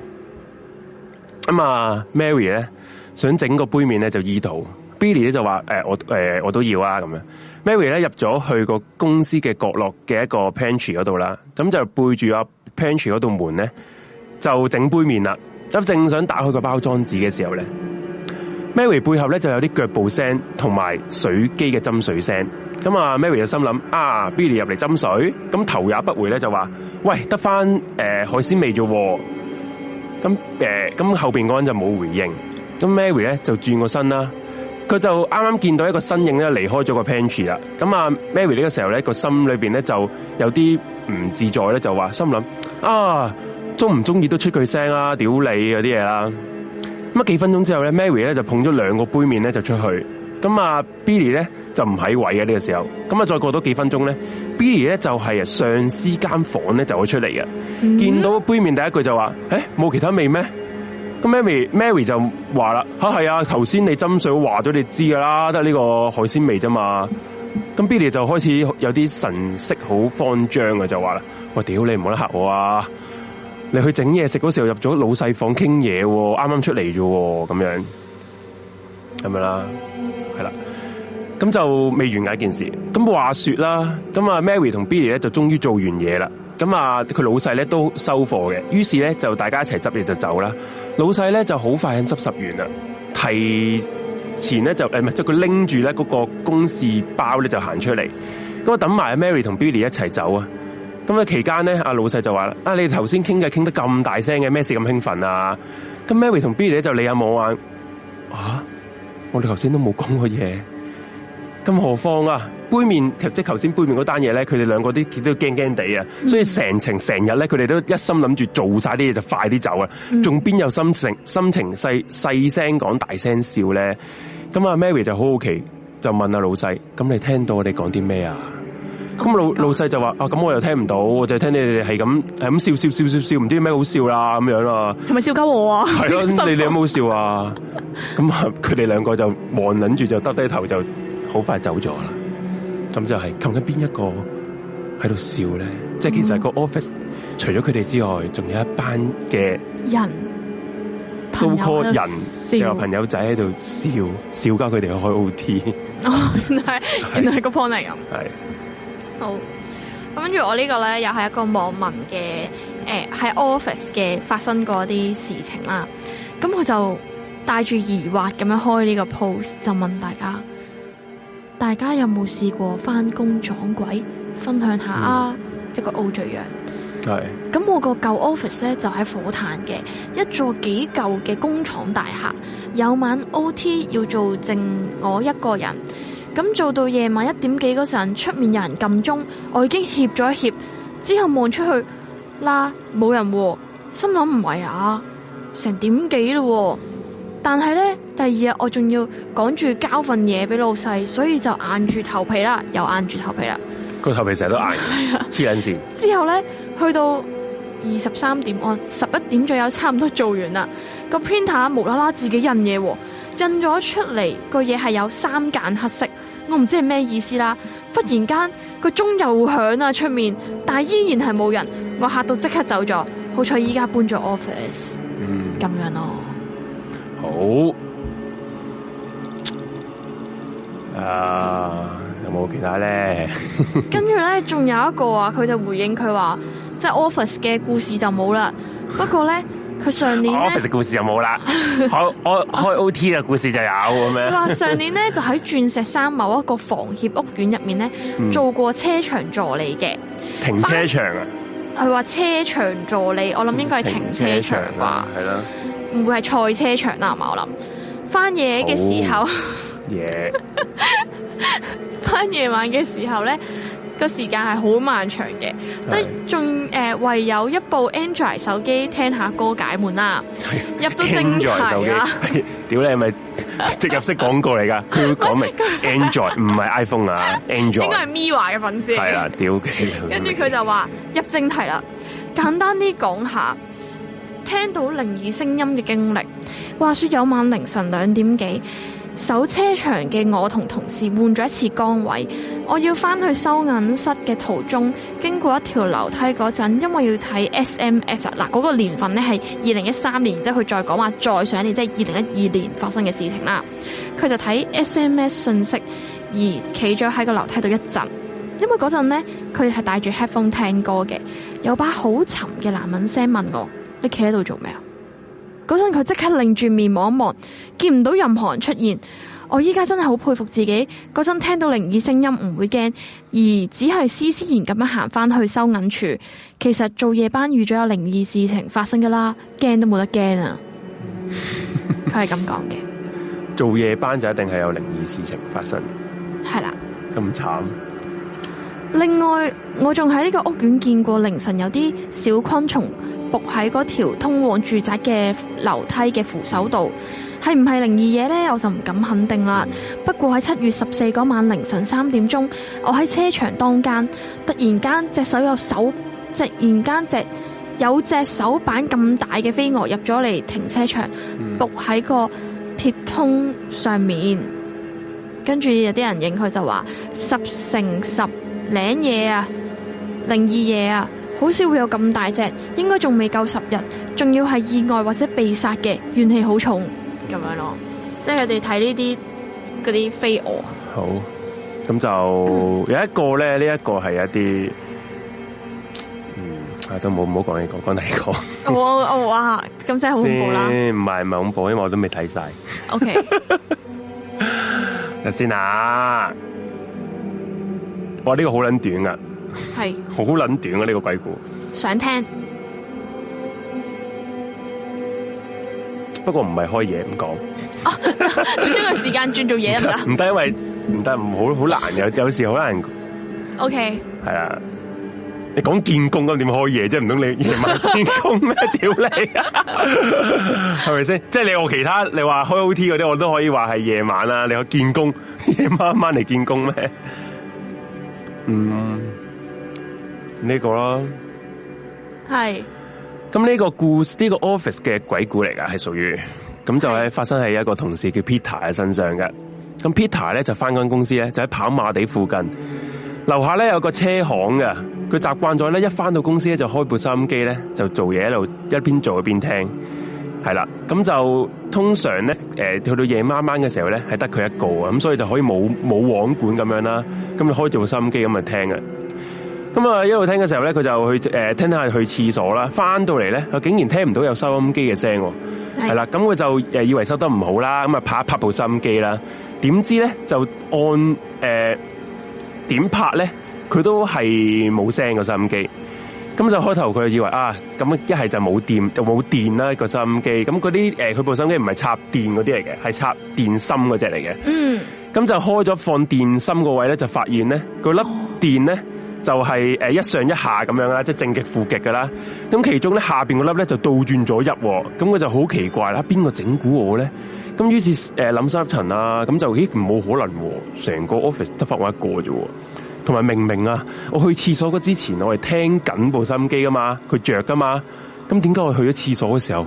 咁啊，Mary 咧想整個杯麵咧就意圖 [laughs] ，Billy 咧就話誒、欸、我、欸、我都要啊咁樣 [laughs] Mary 咧入咗去個公司嘅角落嘅一個 pantry 嗰度啦，咁就背住阿 pantry 嗰道門咧就整杯麵啦。咁正想打開個包裝紙嘅時候咧，Mary 背後咧就有啲腳步聲同埋水機嘅斟水聲。咁啊，Mary 就心諗：，啊，Billy 入嚟斟水，咁頭也不回咧就話：，喂，得翻誒海鮮味啫。咁誒，咁、呃、後邊嗰人就冇回應。咁 Mary 咧就轉個身啦，佢就啱啱見到一個身影咧離開咗個 pantry 啦。咁啊，Mary 呢個時候咧個心裏邊咧就有啲唔自在咧，就話心諗：，啊。中唔中意都出句聲啊，屌你嗰啲嘢啦。咁啊，幾分鐘之後咧，Mary 咧就捧咗兩個杯麵咧就出去。咁那啊，Billy 咧就唔喺位啊呢、呢個時候。咁啊，再過多幾分鐘咧 [music] ，Billy 咧就係上司間房咧就會出嚟嘅。見到杯麵第一句就話：誒、欸，冇其他味咩？咁 Mary Mary 就話啦：吓係啊，頭先、啊、你斟水話咗你知噶啦，得呢個海鮮味啫嘛。咁 [music] Billy 就開始有啲神色好慌張啊，就話啦：我屌你唔好得吓我啊！你去整嘢食嗰時候入咗老細房傾嘢，啱啱出嚟啫，咁樣係咪啦？係啦，咁就未完嘅一件事。咁話說啦，咁啊 Mary 同 Billy 咧就終於做完嘢啦，咁啊佢老細咧都收貨嘅，於是咧就大家一齊執嘢就走啦。老細咧就好快咁執拾完啦，提前咧就誒唔即係佢拎住咧嗰個公事包咧就行出嚟，咁啊等埋阿 Mary 同 Billy 一齊走啊。咁嘅期間咧，阿老細就話啦：啊，你哋頭先傾偈傾得咁大聲嘅，咩事咁興奮啊？咁 Mary 同 Billy 咧就你有冇啊？啊，我哋頭先都冇講過嘢，咁何況啊？杯麵，其實即係頭先杯麵嗰單嘢咧，佢哋兩個啲都驚驚地啊！嗯、所以成程成日咧，佢哋都一心諗住做晒啲嘢就快啲走啊！仲邊、嗯、有心情心情細細聲講大聲笑咧？咁啊，Mary 就好好奇，就問阿老細：咁你聽到我哋講啲咩啊？咁老老細就話啊，咁我又聽唔到，我就聽你哋係咁係咁笑笑笑笑笑，唔知咩好笑啦咁樣咯。係咪笑鳩我啊？係咯，你哋有冇笑啊？咁佢哋兩個就望撚住，就耷低頭，就好快走咗啦。咁就係究竟邊一個喺度笑咧？即係其實個 office 除咗佢哋之外，仲有一班嘅人，熟個人又朋友仔喺度笑笑鳩，佢哋去開 OT。哦，原來係原來係個 partner 係。好，咁跟住我個呢個咧，又係一個網民嘅，誒、呃、喺 office 嘅發生過啲事情啦。咁我就帶住疑惑咁樣開呢個 post，就問大家：大家有冇試過返工撞鬼？分享下、嗯、啊！一個 O 聚樣，係是。咁我個舊 office 咧就喺、是、火炭嘅一座幾舊嘅工廠大廈。有晚 OT 要做剩我一個人。咁做到夜晚一點幾嗰陣，出面有人撳鐘，我已經協咗一協，之後望出去啦，冇、啊、人，心諗唔係啊，成點幾喎。但係咧，第二日我仲要趕住交份嘢俾老細，所以就硬住頭皮啦，又硬住頭皮啦。個頭皮成日都硬，黐緊對了 著線。之後咧，去到二十三點，我十一點左右差唔多做完啦， [laughs] 個 printer 無啦啦自己印嘢，印咗出嚟個嘢係有三間黑色。我唔知係咩意思啦，忽然間個鐘又響啦，出面但係依然係冇人，我嚇到即刻走咗。好彩依家搬咗 office，嗯，咁樣咯。好啊，uh, 有冇其他咧？跟住咧，仲有一個啊，佢就回應佢話，即係 office 嘅故事就冇啦。不過咧。 [laughs] 佢上年我其實故事就冇啦，開我開 O T 嘅故事就有咁樣。佢話上年咧就喺鑽石山某一個房協屋苑入面咧、嗯、做過車場助理嘅，停車場啊？佢話車場助理，我諗應該係停車場啩，係咯？唔會係賽車場啊？我諗翻夜嘅時候，夜翻、yeah. [laughs] 夜晚嘅時候咧。個時間係好漫長嘅，得仲誒唯有一部 Android 手機聽下歌解悶啦， [laughs] 入到正題屌 [laughs] [laughs] 你係咪植入式廣告嚟噶？佢會講明 Android 唔係 iPhone 啊，Android 應該係 Mirror 嘅粉絲。係 [laughs] [laughs] 啦，屌！ [laughs] [laughs] 跟住佢就話入正題啦，簡單啲講下聽到靈異聲音嘅經歷。話說有晚凌晨兩點幾。守車場嘅我同同事換咗一次崗位，我要翻去收銀室嘅途中，經過一條樓梯嗰陣，因為要睇 S M S 嗱，嗰個年份呢係二零一三年，即係佢再講話再上一年，即係二零一二年發生嘅事情啦。佢就睇 S M S 信息而企咗喺個樓梯度一陣，因為嗰陣呢，佢係戴住 headphone 聽歌嘅，有一把好沉嘅男人聲問我：你企喺度做咩啊？嗰陣佢即刻擰住面望一望，見唔到任何人出現。我依家真係好佩服自己，嗰陣聽到靈異聲音唔會驚，而只係斯斯然咁樣行翻去收銀處。其實做夜班遇咗有靈異事情發生㗎啦，驚都冇得驚啊！佢係咁講嘅。做夜班就一定係有靈異事情發生，係啦的，咁慘。另外，我仲喺呢個屋苑見過凌晨有啲小昆蟲。伏喺嗰條通往住宅嘅樓梯嘅扶手度，係唔係靈異嘢呢？我就唔敢肯定啦。不過喺七月十四嗰晚凌晨三點鐘，我喺車場當間，突然間只手有手，突然間只有隻手板咁大嘅飛蛾入咗嚟停車場，伏喺、嗯、個鐵通上面，跟住有啲人影，佢就話十成十領嘢啊，靈異嘢啊！好少會有咁大隻，應該仲未夠十日，仲要係意外或者被殺嘅，怨氣好重咁樣咯。即係佢哋睇呢啲嗰啲飛蛾。好，咁就有一個咧，呢一個係一啲，嗯，都冇哦哦、啊，就冇冇講呢個，講第二個。我我哇，咁真係好恐怖啦！唔係唔係恐怖，因為我都未睇晒。O K，嚟先啊！哇，呢個好捻短啊。係好捻短啊。呢個鬼故，想聽，不過唔係開夜。唔講。 [laughs] [laughs] [laughs] 你將個時間轉做夜啊？唔得行， [laughs] 因為唔得，唔好好難嘅，有時好難。O K，係啊，你講見工咁點開夜？即係唔通你夜晚見工咩屌你啊？係咪先？即係 [laughs] [laughs] 你我其他，你話開 O T 嗰啲，我都可以話係夜晚啊。你話見工夜晚晚嚟見工咩？ [laughs] 嗯。呢個咯是，係咁呢個故事。呢、這個 office 嘅鬼故嚟噶，係屬於咁就係發生喺一個同事叫 Peter 嘅身上嘅。咁 Peter 咧就翻間公司咧，就喺跑馬地附近樓下咧有個車行嘅。佢習慣咗咧，一翻到公司咧就開部收音機咧就做嘢喺度，一邊做一邊聽係啦。咁就通常咧，誒、呃、去到夜媽媽嘅時候咧，係得佢一個啊，咁所以就可以冇冇網管咁樣啦。咁就開住部收音機咁就聽嘅。咁啊，一路聽嘅時候咧，佢就去誒聽下去廁所啦。翻到嚟咧，佢竟然聽唔到有收音機嘅聲，係啦的。咁佢就誒以為收得唔好啦。咁啊，拍一拍部收音機啦。點知咧就按誒點、呃、拍咧，佢都係冇聲個收音機。咁就開頭佢就以為啊，咁一係就冇電就冇電啦個收音機。咁嗰啲誒，佢部收音機唔係插電嗰啲嚟嘅，係插電芯嗰隻嚟嘅。嗯。咁就開咗放電芯個位咧，就發現咧，嗰粒電咧。就係誒一上一下咁樣啦，即、就、係、是、正極負極㗎啦。咁其中咧下邊個粒咧就倒轉咗一，咁佢就好奇怪啦。邊個整蠱我咧？咁於是誒諗三層啊，咁、呃、就咦唔冇可能，成個 office 得返我一個啫。同埋明明啊，我去廁所嗰之前我係聽緊部收音機噶嘛，佢着噶嘛。咁點解我去咗廁所嘅時候，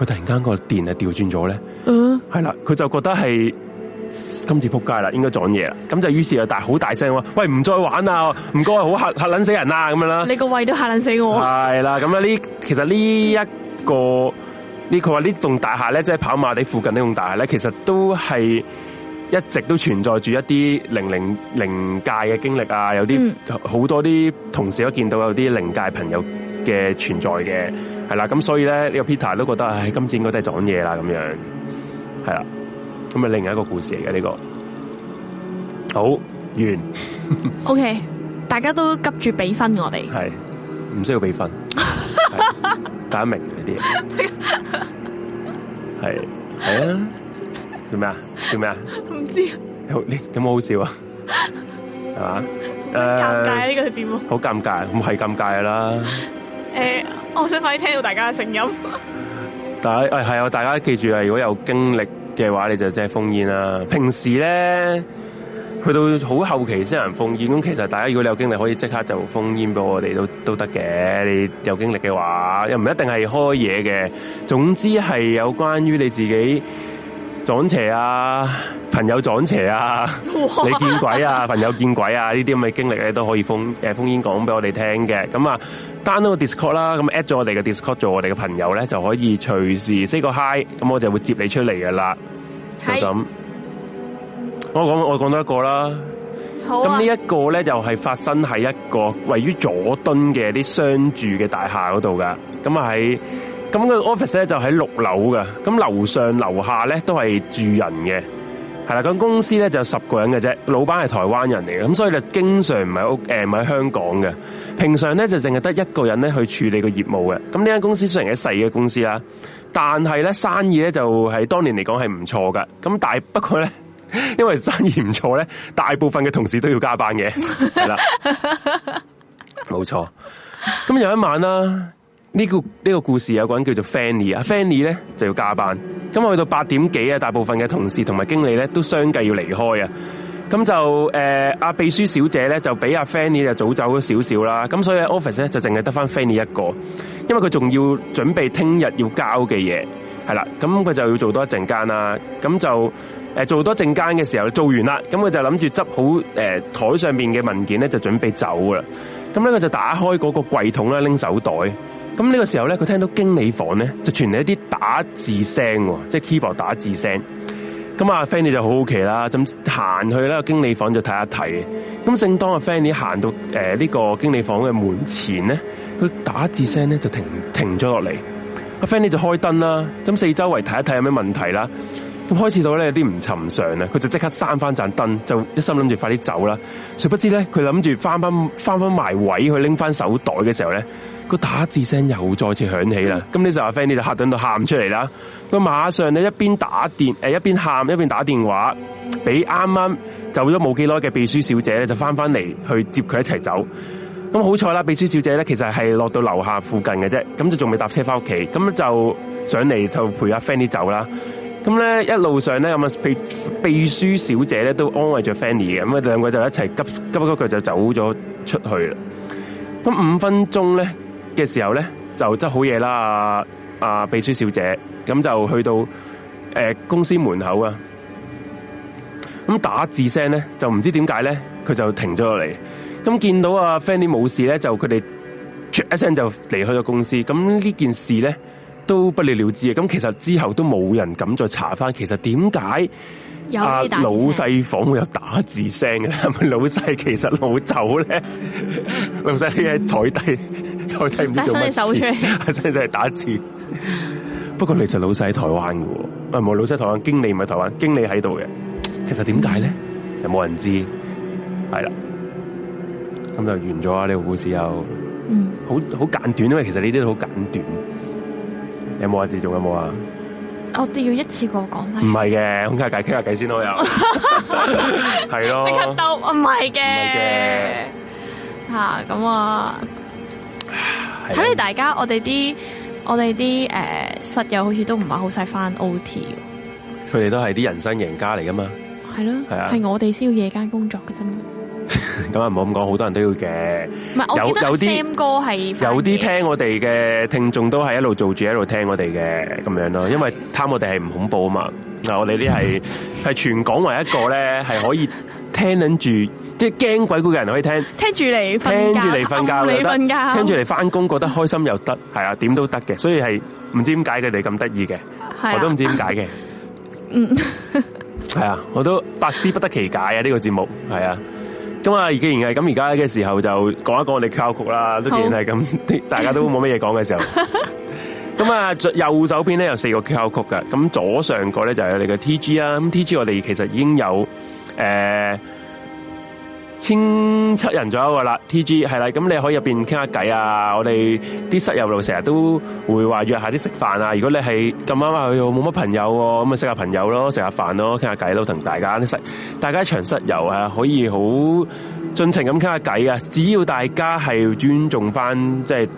佢突然間個電啊調轉咗咧？嗯、uh?，係啦，佢就覺得係。今次撲街啦，應該撞嘢啦，咁就於是就大好大聲話：喂，唔再玩啊，唔該，好吓吓撚死人啦，咁樣啦。你個胃都吓撚死我。係啦，咁啊呢，其實呢一個、呢個、呢呢，佢話呢棟大廈咧，即係跑馬地附近廈呢棟大廈咧，其實都係一直都存在住一啲靈靈靈界嘅經歷啊，有啲好、嗯、多啲同事都見到有啲靈界朋友嘅存在嘅，係啦，咁所以咧呢、呢個 Peter 都覺得，唉，今次應該都係撞嘢啦，咁樣係啦。咁咪另一個故事嚟嘅呢個好完。OK，大家都急住比分我哋係唔需要比分，搞唔明呢啲，係係啊？叫咩啊？叫咩啊？唔知你有冇好笑啊？係嘛？誒，尷尬呢個節目好尷尬，唔係尷尬㗎啦。誒，我想快啲聽到大家嘅聲音。大家誒係啊！大家記住啊！如果有經歷。嘅話你就即係封煙啦。平時咧，去到好後期先有人封煙。咁其實大家如果你有經歷，可以即刻就封煙俾我哋都都得嘅。你有經歷嘅話，又唔一定係開嘢嘅。總之係有關於你自己。撞邪啊，朋友撞邪啊，哇你見鬼啊， [laughs] 朋友見鬼啊，呢啲咁嘅經歷咧都可以封誒，烽煙講俾我哋聽嘅。咁啊，download 個 Discord 啦，咁 at 咗我哋嘅 Discord 做我哋嘅朋友咧，就可以隨時 say 個 hi，咁我就會接你出嚟噶啦。係咁是，我講我講多一個啦。咁、啊、呢一個咧就係發生喺一個位於佐敦嘅啲商住嘅大廈嗰度噶。咁啊喺。咁個 office 咧就喺六樓嘅，咁樓上樓下咧都係住人嘅，係啦。咁、那個、公司咧就十個人嘅啫，老闆係台灣人嚟嘅，咁所以就經常唔係屋誒唔係香港嘅。平常咧就淨係得一個人咧去處理個業務嘅。咁呢間公司雖然係細嘅公司啦，但係咧生意咧就係當年嚟講係唔錯㗎。咁但係不過咧，因為生意唔錯咧，大部分嘅同事都要加班嘅，係啦，冇錯。 [laughs] 咁有一晚啦。呢個呢個故事有個人叫做 Fanny 啊，Fanny 咧就要加班，咁我去到八點幾啊，大部分嘅同事同埋經理咧都相繼要離開啊，咁就誒阿、呃、秘書小姐咧就俾阿 Fanny 就早走咗少少啦，咁所以 office 咧就淨係得翻 Fanny 一個，因為佢仲要準備聽日要交嘅嘢，係啦，咁佢就要做多一陣間啦，咁就誒、呃、做多陣間嘅時候做完啦，咁佢就諗住執好誒台、呃、上面嘅文件咧就準備走啦，咁咧佢就打開嗰個櫃桶咧拎手袋。咁呢個時候咧，佢聽到經理房咧就傳嚟一啲打字聲，即係 keyboard 打字聲。咁阿 Fanny 就好好奇啦，咁行去啦個經理房就睇一睇。咁正當阿 Fanny 行到誒呢個經理房嘅門前咧，佢打字聲咧就停停咗落嚟。阿 Fanny 就開燈啦，咁四周圍睇一睇有咩問題啦。咁開始到咧有啲唔尋常啦，佢就即刻閂翻盞燈，就一心諗住快啲走啦。誰不知咧，佢諗住翻翻翻翻埋位去拎翻手袋嘅時候咧，個打字聲又再次響起啦。咁呢就阿 Fanny 就嚇到喊出嚟啦。佢馬上咧一邊打電、呃、一邊喊，一邊打電話俾啱啱走咗冇幾耐嘅秘書小姐咧，就翻翻嚟去接佢一齊走。咁好彩啦，秘書小姐咧其實係落到樓下附近嘅啫，咁就仲未搭車翻屋企，咁就上嚟就陪阿 Fanny 走啦。咁咧一路上咧咁啊秘秘書小姐咧都安慰咗 Fanny 嘅，咁啊兩個就一齊急，急急急，腳就走咗出去啦。咁五分鐘咧嘅時候咧就執好嘢啦，啊，啊秘書小姐，咁就去到誒、呃、公司門口啊。咁打字聲咧就唔知點解咧，佢就停咗落嚟。咁見到啊 Fanny 冇事咧，就佢哋出一聲就離開咗公司。咁呢件事咧，都不了了之啊！咁其實之後都冇人敢再查返。其實點解阿老細房會有打字聲嘅？係咪老細其實老走咧，老細喺台底，嗯、台底唔知做乜嘢，真係打字。 [laughs] 不過其實老細喺台灣嘅，唔係老細台灣，經理唔係台灣，經理喺度嘅。其實點解咧？又冇、嗯、人知。係啦，咁就完咗啊！呢個故事又好好簡短啊！因為其實呢啲都好簡短。有冇啊？自仲有冇啊？我哋要一次過講晒。唔係嘅，傾下偈，傾下偈先都有。係咯 [laughs] [laughs] 的，即刻到。唔係嘅，嘅。吓咁 [laughs] 啊！睇嚟，啊、的大家，我哋啲我哋啲誒室友好像，好似都唔係好使翻 OT。佢哋都係啲人生贏家嚟噶嘛？係咯的，係啊的，係我哋先要夜間工作嘅啫嘛。咁啊，唔好咁講，好多人都要嘅。唔係，有有啲歌係有啲聽我哋嘅聽眾都係一路做住一路聽我哋嘅咁樣咯。的因為貪我哋係唔恐怖啊嘛。嗱， [laughs] 我哋啲係係全港唯一一個咧係可以聽撚住，即係驚鬼故嘅人可以聽，聽住嚟聽住嚟瞓覺，你瞓覺，你覺聽住嚟翻工，覺得開心又得，係啊，點都得嘅。所以係唔知點解佢哋咁得意嘅，的我都唔知點解嘅。嗯，係啊，我都百思不得其解啊！呢、這個節目係啊。咁啊，既然係咁，而家嘅時候就講一講我哋 QR 曲啦。都好既然係咁，大家都冇乜嘢講嘅時候。咁啊，右手邊咧有四個 QR 曲嘅。咁左上角咧就係我哋嘅 T G 啦。咁 T G 我哋其實已經有誒。呃千七人左右啦，T G 係啦，咁你可以入邊傾下偈啊！我哋啲室友度成日都會話約下啲食飯啊！如果你係咁啱啊，又冇乜朋友咁咪識下朋友咯，食下飯咯，傾下偈都同大家室大家一場室友啊，可以好盡情咁傾下偈啊！只要大家係尊重翻即係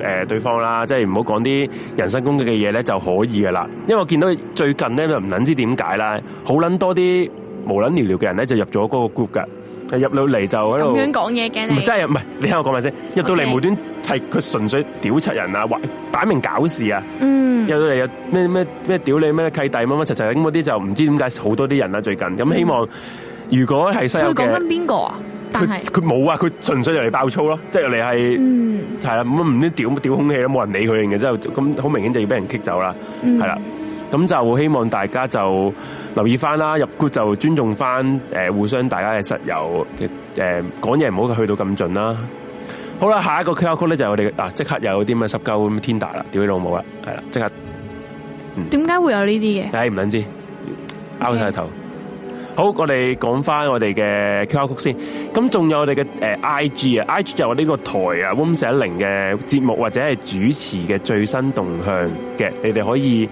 誒對方啦，即係唔好講啲人身攻擊嘅嘢咧，就可以噶啦。因為我見到最近咧就唔捻知點解啦，好捻多啲無捻聊聊嘅人咧就入咗嗰個 group 噶。入到嚟就喺度咁樣講嘢嘅，唔真係唔係，你聽我講埋先。入到嚟無端係佢純粹屌柒人啊，或擺明搞事啊。嗯，入到嚟又咩咩咩屌你咩契弟乜乜柒柒咁嗰啲就唔知點解好多啲人啦最近。咁希望、嗯、如果係細路佢講緊邊個啊？但係佢冇啊，佢純粹就嚟爆粗咯，即係嚟係，嗯，係啦，咁唔知屌屌空氣都冇人理佢嘅，即係咁好明顯就要俾人棘走啦，係啦、嗯。咁就希望大家就留意翻啦，入 group 就尊重翻，誒、呃、互相大家嘅實友，誒講嘢唔好去到咁盡啦。好啦，下一個 QR code 咧，就是、我哋啊，即刻有啲咩十九咁天大啦，屌你老母啦，係啦、mm，即、hmm. 啊、刻。點、嗯、解會有呢啲嘅？唉，唔捻知啱晒頭。好，我哋講翻我哋嘅 QR code 先。咁仲有我哋嘅誒、呃、I G 啊，I G 就我呢個台啊，溫世零嘅節目或者係主持嘅最新動向嘅，你哋可以。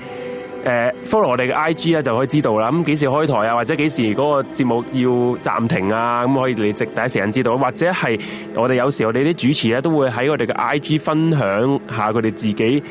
誒、呃、follow 我哋嘅 IG 就可以知道啦。咁、嗯、幾時開台啊，或者幾時嗰個節目要暫停啊，咁、嗯、可以嚟即第一時間知道。或者係我哋有時我哋啲主持咧都會喺我哋嘅 IG 分享下佢哋自己。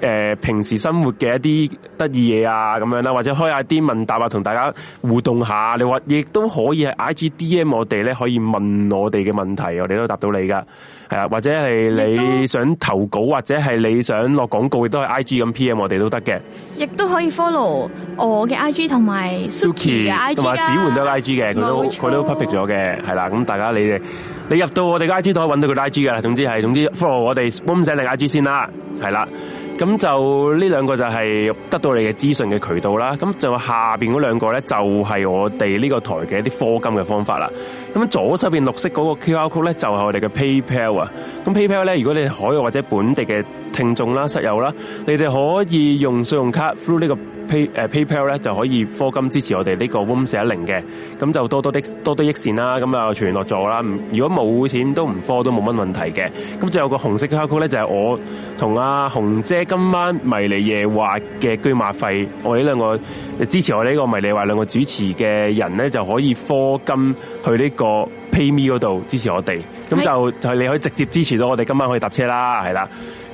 誒，平時生活嘅一啲得意嘢啊，咁樣啦，或者開下啲問答啊，同大家互動下。你話亦都可以係 I G D M 我哋咧，可以問我哋嘅問題，我哋都答到你噶。係啊，或者係你想投稿或者係你想落廣告，亦都係 I G 咁 P M 我哋都得嘅。亦都可以，以 follow 我嘅 I G 同埋 Suki 同埋指煥都 I G 嘅，佢錯都佢都 public 咗嘅。係啦，咁大家你哋你入到我哋嘅 I G 都可以搵到佢 I G 噶。總之係總之 follow 我哋，唔寫你 I G 先啦。係啦，咁就呢兩個就係得到你嘅資訊嘅渠道啦。咁就下邊嗰兩個咧，就係、是、我哋呢個台嘅一啲課金嘅方法啦。咁左手邊綠色嗰個 QR code 咧，就係我哋嘅 PayPal 啊。咁 PayPal 咧，如果你係海外或者本地嘅聽眾啦、室友啦，你哋可以用信用卡 through 呢、這個。Pay、uh, PayPal 咧就可以科金支持我哋呢個 w o o m 1一零嘅，咁就多多的多多益善啦，咁啊全員落座啦。如果冇錢都唔科都冇乜問題嘅。咁就有個紅色嘅卡曲咧就係、是、我同阿、啊、紅姐今晚迷你夜話嘅居馬費，我哋兩個支持我哋呢個迷你話兩個主持嘅人咧就可以科金去呢個 PayMe 嗰度支持我哋，咁就係是你可以直接支持到我哋今晚可以搭車啦，係啦。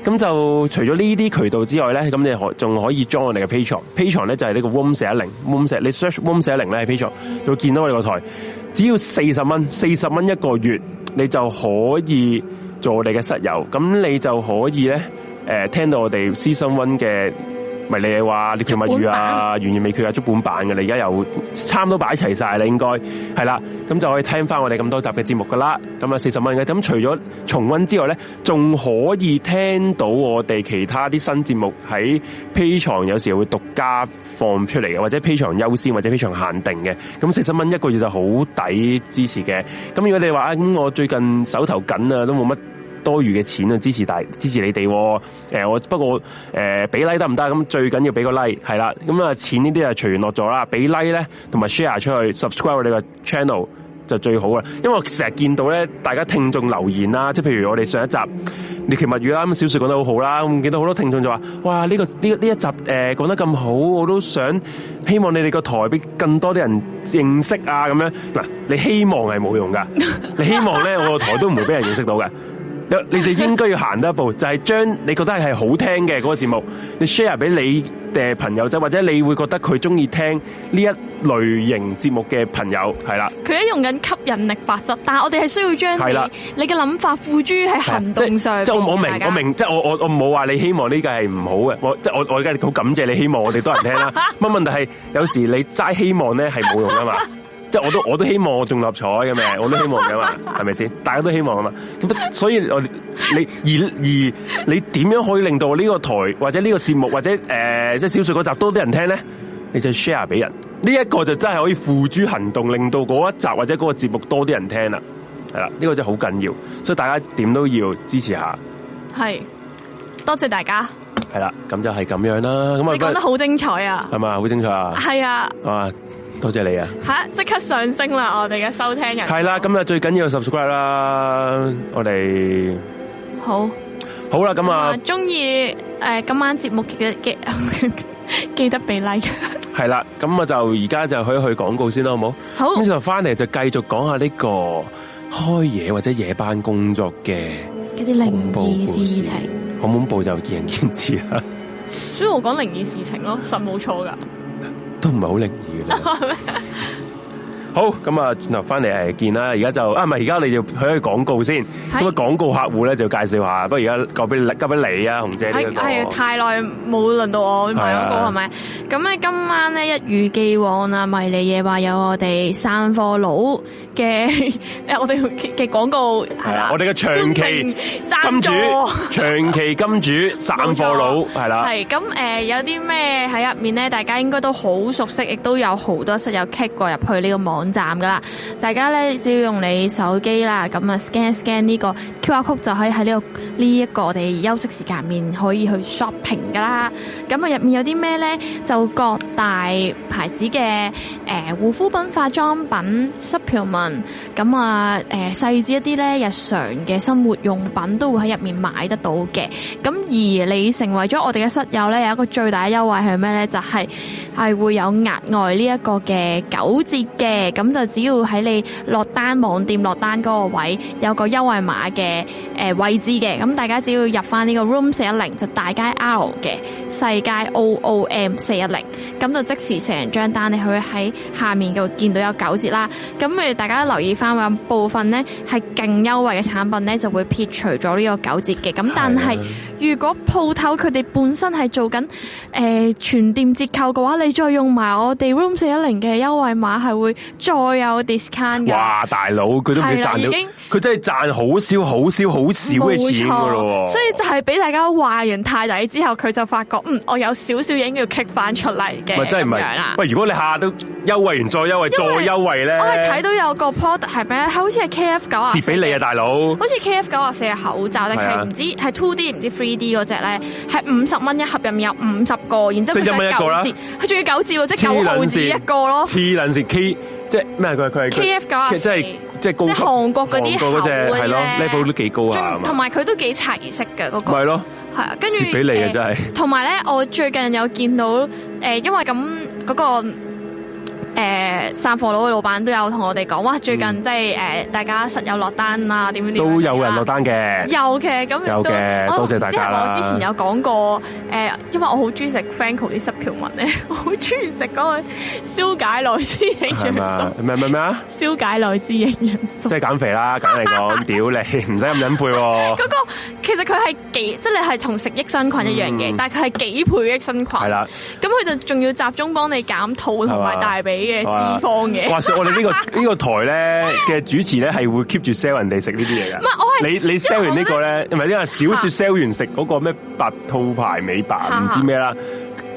咁就除咗呢啲渠道之外咧，咁你可仲可以裝我哋嘅 Petron 披床。披床咧就係、是、呢個 w o r m 舍一零，Warm 舍，你 search w o r m 舍一零咧喺披床，就見到我哋個台。只要四十蚊，四十蚊一個月，你就可以做我哋嘅室友。咁你就可以咧，誒、呃，聽到我哋 season one 嘅。唔係你係話獵奇物語啊，完完未缺啊，足本版嘅你而家又差唔多擺齊晒啦，應該係啦，咁就可以聽翻我哋咁多集嘅節目噶啦，咁啊四十蚊嘅，咁除咗重溫之外咧，仲可以聽到我哋其他啲新節目喺 Patreon 有時候會獨家放出嚟嘅，或者 Patreon 優先或者 Patreon 限定嘅，咁四十蚊一個月就好抵支持嘅，咁如果你話啊，咁我最近手頭緊啊，都冇乜。多餘嘅錢啊，支持大支持你哋，哦，誒、呃、我不過誒俾、呃、like 得唔得？咁最緊要俾個 like 係啦，咁啊錢就、like、呢啲啊隨緣落咗啦，俾 like 咧同埋 share 出去，subscribe 我哋個 channel 就最好啦。因為我成日見到咧，大家聽眾留言啦，即係譬如我哋上一集《獵奇物語》啦，咁小説講得好好啦，咁見到好多聽眾就話：哇，呢個呢呢一集誒講、呃、得咁好，我都想希望你哋個台俾更多啲人認識啊咁樣。嗱，你希望係冇用噶，你希望咧我個台都唔會俾人認識到嘅。 [laughs] [laughs] 你哋應該要行得一步，就係、是、將你覺得係好聽嘅嗰、那個節目，你 share 俾你嘅朋友，或者你會覺得佢中意聽呢一類型節目嘅朋友，係啦。佢一用緊吸引力法則，但係我哋係需要將你嘅諗的法付諸喺行動上。即我冇明家我明，即我我我冇話你希望呢個係唔好嘅，我即我我而家好感謝你希望我哋多人聽啦。乜 [laughs] 問題係有時你齋希望咧係冇用嘅嘛？ [laughs] [laughs] [laughs] 即係我都我都希望我中六合彩嘅咩？我都希望嘅嘛，係咪先？大家都希望啊嘛。咁所以我你而而你點樣可以令到呢個台或者呢個節目或者誒，即係小說嗰集多啲人聽咧？你就 share 俾人呢一個就真係可以付諸行動，令到嗰一集或者嗰個節目多啲人聽啦。係啦，呢個真係好緊要，所以大家點都要支持一下。係，多謝大家。係啦，咁就係咁樣啦。咁我覺得好精彩啊！係嘛，好精彩啊！係啊。是啊！多謝,謝你啊！吓、啊，即刻上,上升們的 [laughs] 啦,啦！我哋嘅收聽人係啦，今日最緊要 subscribe 啦，我哋好好啦，咁啊中意誒今晚節目嘅嘅記得俾 like 係啦，咁我就而家就可以去廣告先啦，好冇好？好咁就翻嚟就繼續講下呢個開夜或者夜班工作嘅一啲靈異事情，恐唔恐怖就見仁見智啦。 [laughs] 所以我講靈異事情咯，實冇錯噶。都唔係好靈異嘅啦。好，咁啊，轉頭翻嚟係見啦。而家就啊，唔係，而家你就睇下廣告先。咁個廣告客戶咧就介紹下。不過而家交俾交俾你啊，紅姐呢、這個係太耐冇輪到我賣廣告係咪？咁咧是、啊、今晚咧一如既往啊，迷你嘢話有我哋散貨佬嘅 [laughs] 我哋嘅廣告係啦，是啊是啊、我哋嘅長期金主，長期金主散貨 [laughs] 佬係啦。係咁誒，有啲咩喺入面咧？大家應該都好熟悉，亦都有好多室友 kick 過入去呢個網。網站㗎啦，大家咧只要用你手機啦，咁啊 scan scan 呢個 QR code 就可以喺呢個呢一個我哋休息時間面可以去 shopping 㗎啦。咁啊入面有啲咩咧？就各大牌子嘅誒護膚品、化妝品、supplement，咁啊誒細致一啲咧，日常嘅生活用品都會喺入面買得到嘅。咁而你成為咗我哋嘅室友咧，有一個最大嘅優惠係咩咧？就係係會有額外呢一個嘅九折嘅。咁就只要喺你落單網店落單嗰個位，有個優惠碼嘅誒位置嘅，咁大家只要入返呢個 Room 四一零，就大街 R 嘅世界 OOM 四一零。咁就即時成張單，你去喺下面就見到有九折啦。咁我大家留意翻話部分咧係勁優惠嘅產品咧就會撇除咗呢個九折嘅。咁是的 但係如果鋪頭佢哋本身係做緊誒全店折扣嘅話，你再用埋我哋 Room 四一零嘅優惠碼係會再有 discount 嘅。哇，大佬佢都冇賺，佢真係賺好少好少好少嘅錢噶咯。所以就係俾大家話完太抵之後，佢就發覺嗯我有少少影要 kick 翻出嚟嘅。咪真係唔係，喂！如果你下都優惠完再優惠為再優惠咧，我係睇到有個 product 係咩？好似係 K F 九啊，蝕俾你啊，大佬！好似 K F 九啊四嘅口罩，但係唔知係 two D 唔知 three D 嗰隻咧，係五十蚊一盒，入面有五十個，然之後四一蚊一個啦，佢仲要九折喎，即九毫子一個咯，超捻蝕 K，即係咩？佢佢係 K F 九啊四，即係。即係韓國嗰啲係咯，level 都幾高啊，同埋佢都幾齊色嘅嗰、那個，係啊咯，跟住，俾你啊，真係，同埋咧，我最近有見到誒、呃，因為咁嗰、那個。誒，散貨佬嘅老闆都有同我哋講，哇！最近即係誒，大家實有落單啦、啊，點點點都有人落單嘅，有嘅咁，有嘅多謝大家啦。即係我之前有講過，誒、呃，因為我好中意食 Franco 啲濕條紋咧，好中意食嗰個消解內脂營養。咩咩咩啊？消解內脂營養，即係減肥啦，減嚟講，屌 [laughs] 你、啊 [laughs] 那個，唔使咁隱晦喎。嗰個其實佢係幾，即係你係同食益生菌一樣嘅，嗯、但係佢係幾倍益生菌。係啦了，咁佢就仲要集中幫你減肚同埋大髀。嘅脂肪嘅，話說我哋呢個呢個台咧嘅主持咧係會 keep 住 sell 人哋食呢啲嘢嘅。唔係我係你，你 sell 完呢個咧，因係呢個小説 sell 完食嗰個咩白兔牌美白唔知咩啦，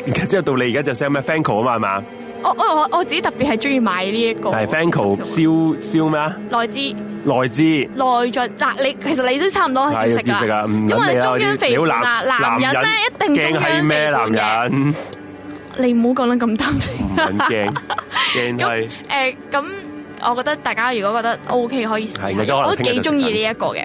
即之到你而家就 sell 咩 Fancl 啊嘛，係嘛？我我我我自己特別係中意買呢一個係 Fancl 燒燒咩啊？內脂內脂內在，嗱，你其實你都差唔多係要食噶，因為你中央肥胖男人咧一定中央肥胖嘅。你唔好講得咁擔心，驚咁誒，咁、呃、我覺得大家如果覺得 O、OK, K 可以試，我都幾中意呢一個嘅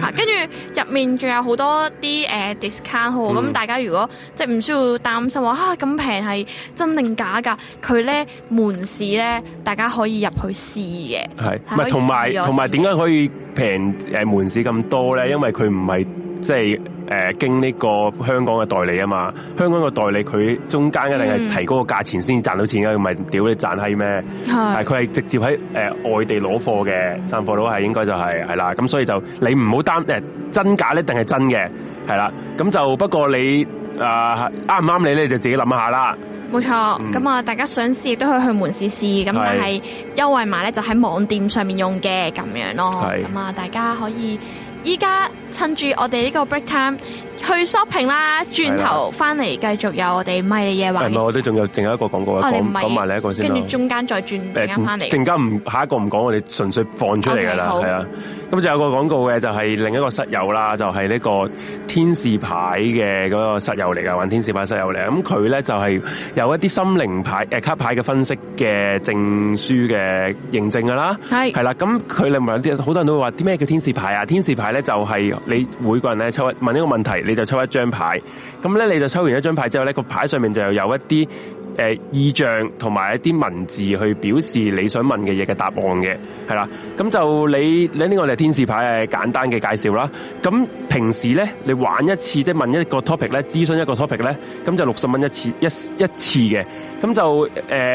吓。跟住入面仲有好多啲誒、uh, discount 號，咁、嗯、大家如果即係唔需要擔心話，咁平係真定假㗎？佢咧門市咧，大家可以入去試嘅。係係的？同埋同埋，點解可以平誒門市咁多咧？Mm hmm. 因為佢唔係。即係誒、呃，經呢個香港嘅代理啊嘛，香港嘅代理佢中間一定係提高個價錢先賺到錢㗎，咁咪屌你賺閪咩？係佢係直接喺誒、呃、外地攞貨嘅，散貨佬係應該就係係啦。咁所以就你唔好擔誒真假咧，定係真嘅係啦。咁就不過你誒啱唔啱你咧，你就自己諗下啦。冇錯錯，咁啊、嗯，大家想試亦都可以去門市試，咁是但係優惠碼咧就喺網店上面用嘅咁樣咯。咁啊是，大家可以依家。趁住我哋呢個 break time 去 shopping 啦，轉頭翻嚟繼續有我哋米嘢玩。係咪？我哋仲有淨有一個廣告，講埋你一個先。跟住中間再轉翻嚟，陣間唔下一個唔講，我哋純粹放出嚟㗎啦。係啊，咁就有個廣告嘅，就係另一個室友啦，就係、是、呢個天使牌嘅嗰個室友嚟啊，玩天使牌室友嚟啊。咁佢咧就係、是、有一啲心靈牌誒、呃、卡牌嘅分析嘅證書嘅認證㗎啦。係係啦，咁佢另外有啲好多人都會話啲咩叫天使牌啊？天使牌咧就係、是。你每個人咧抽一問呢個問題，你就抽一張牌。咁咧，你就抽完一張牌之後咧，個牌上面就有一啲誒、呃、意象同埋一啲文字去表示你想問嘅嘢嘅答案嘅，係啦。咁就你你呢個係天使牌，簡單嘅介紹啦。咁平時咧，你玩一次即係問一個 topic 咧，諮詢一個 topic 咧，咁就六十蚊一次一一次嘅。咁就誒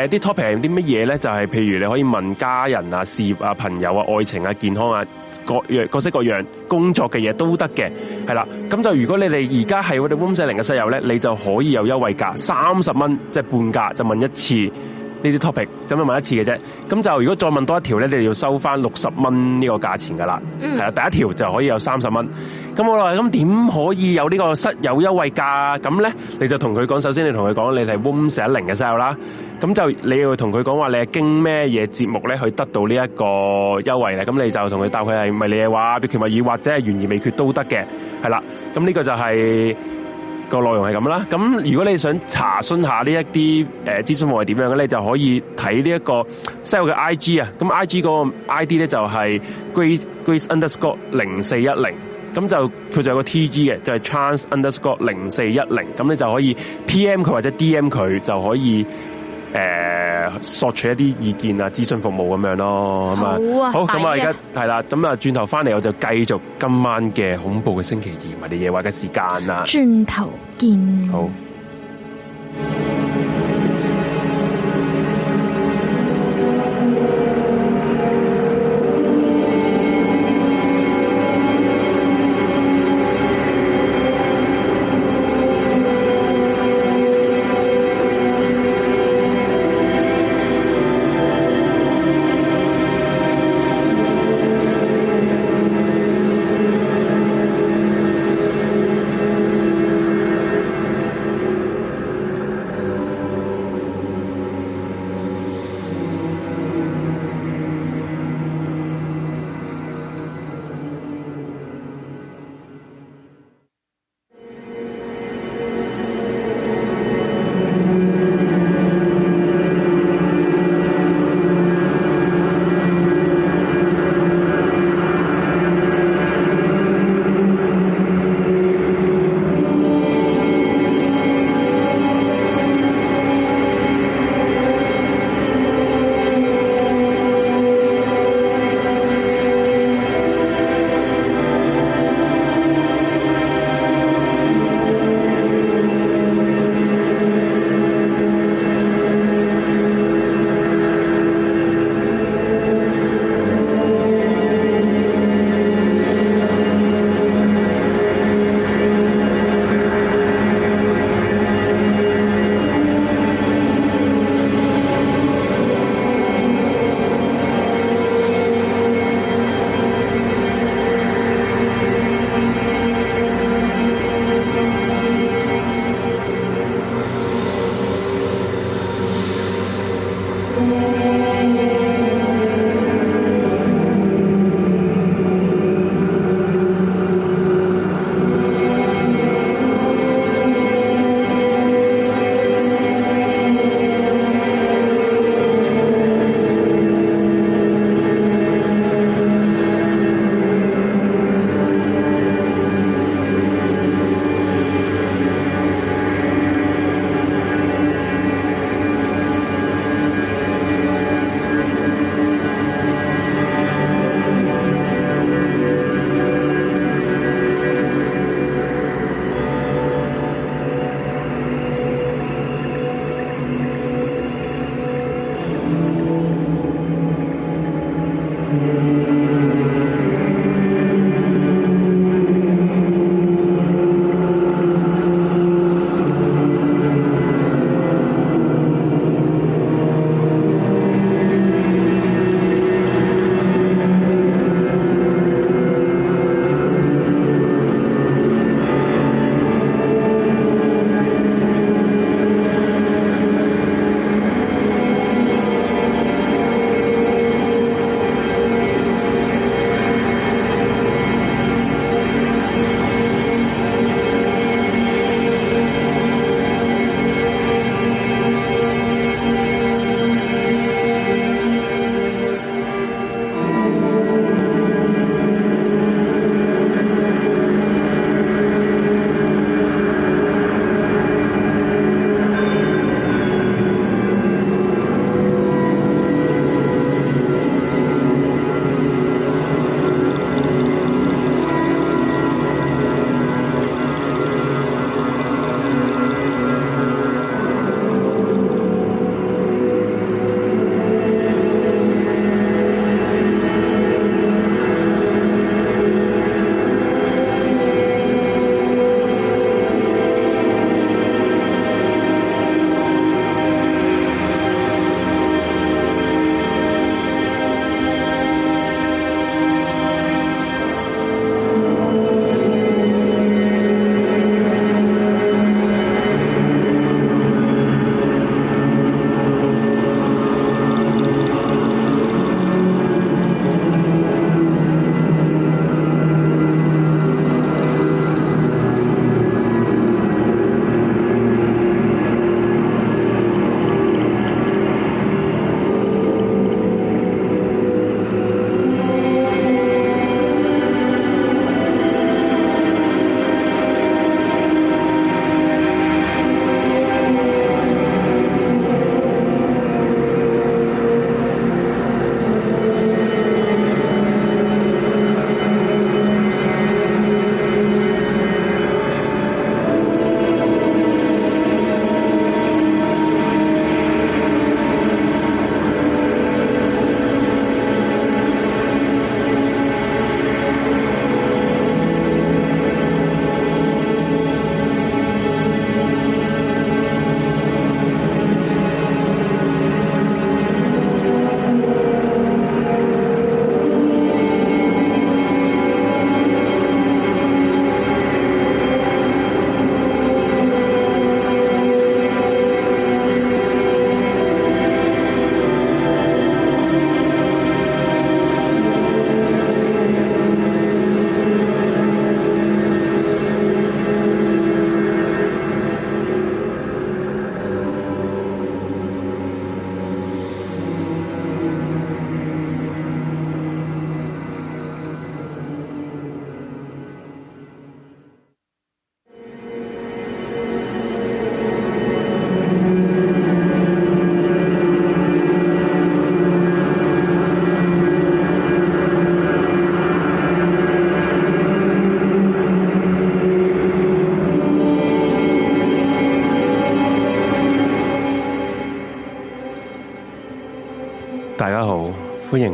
啲 topic 係啲乜嘢咧？就係、是、譬如你可以問家人啊、事業啊、朋友啊、愛情啊、健康啊。各各色各樣，各式各樣工作嘅嘢都得嘅，係啦。咁就如果你哋而家係我哋溫世寧嘅室友呢，你就可以有優惠價三十蚊，即係、就是、半價，就問一次。呢啲 topic，咁就問一次嘅啫。咁就如果再問多一條咧，你哋要收翻六十蚊呢個價錢噶啦。係啊、嗯，第一條就可以有三十蚊。咁我話咁點可以有呢個室友優惠價咁咧？你就同佢講，首先你同佢講你係 w o 零嘅 sale 啦。咁就你要同佢講話你係經咩嘢節目咧去得到呢一個優惠咧？咁你就同佢答佢係迷你嘅話，別期物語或者係懸而未決都得嘅。係啦，咁呢個就係、是。個內容係咁啦，咁如果你想查詢下呢一啲、呃、資訊係點樣嘅咧，就可以睇呢一個 sell 嘅 IG 啊，咁 IG 個 ID 咧就係 Grace Grace Underscore 零四一零，咁就佢就有個 TG 嘅，就係 Chance Underscore 零四一零，咁咧就可以 PM 佢或者 DM 佢就可以誒。索取一啲意見啊，諮詢服務咁樣咯，好啊，好咁啊，我而家係啦，咁啊，轉頭翻嚟我就繼續今晚嘅恐怖嘅星期二，埋啲夜話嘅時間啦，轉頭見，好。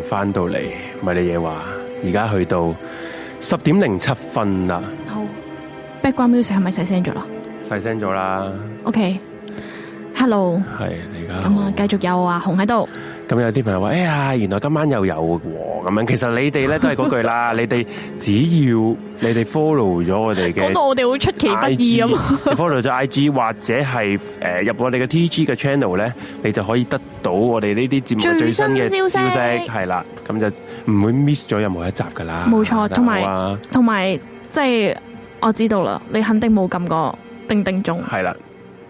翻到嚟咪你嘢話，而家去到十點零七分啦。好，background music 係咪細聲咗咯？細聲咗啦。OK，Hello，係嚟噶。咁啊，繼續有啊，紅喺度。咁有啲朋友話：哎呀，原來今晚又有喎。咁樣其實你哋咧都係嗰句啦。 [laughs] 你哋只要你哋 follow 咗我哋嘅，咁我哋會出其不意咁。follow 咗 IG 或者係誒入我哋嘅 TG 嘅 channel 咧，你就可以得。好，我哋呢啲節目最新嘅消息係啦，咁就唔會 miss 咗任何一集噶啦。冇錯，同埋同埋即係我知道啦，你肯定冇撳過叮叮鐘係啦，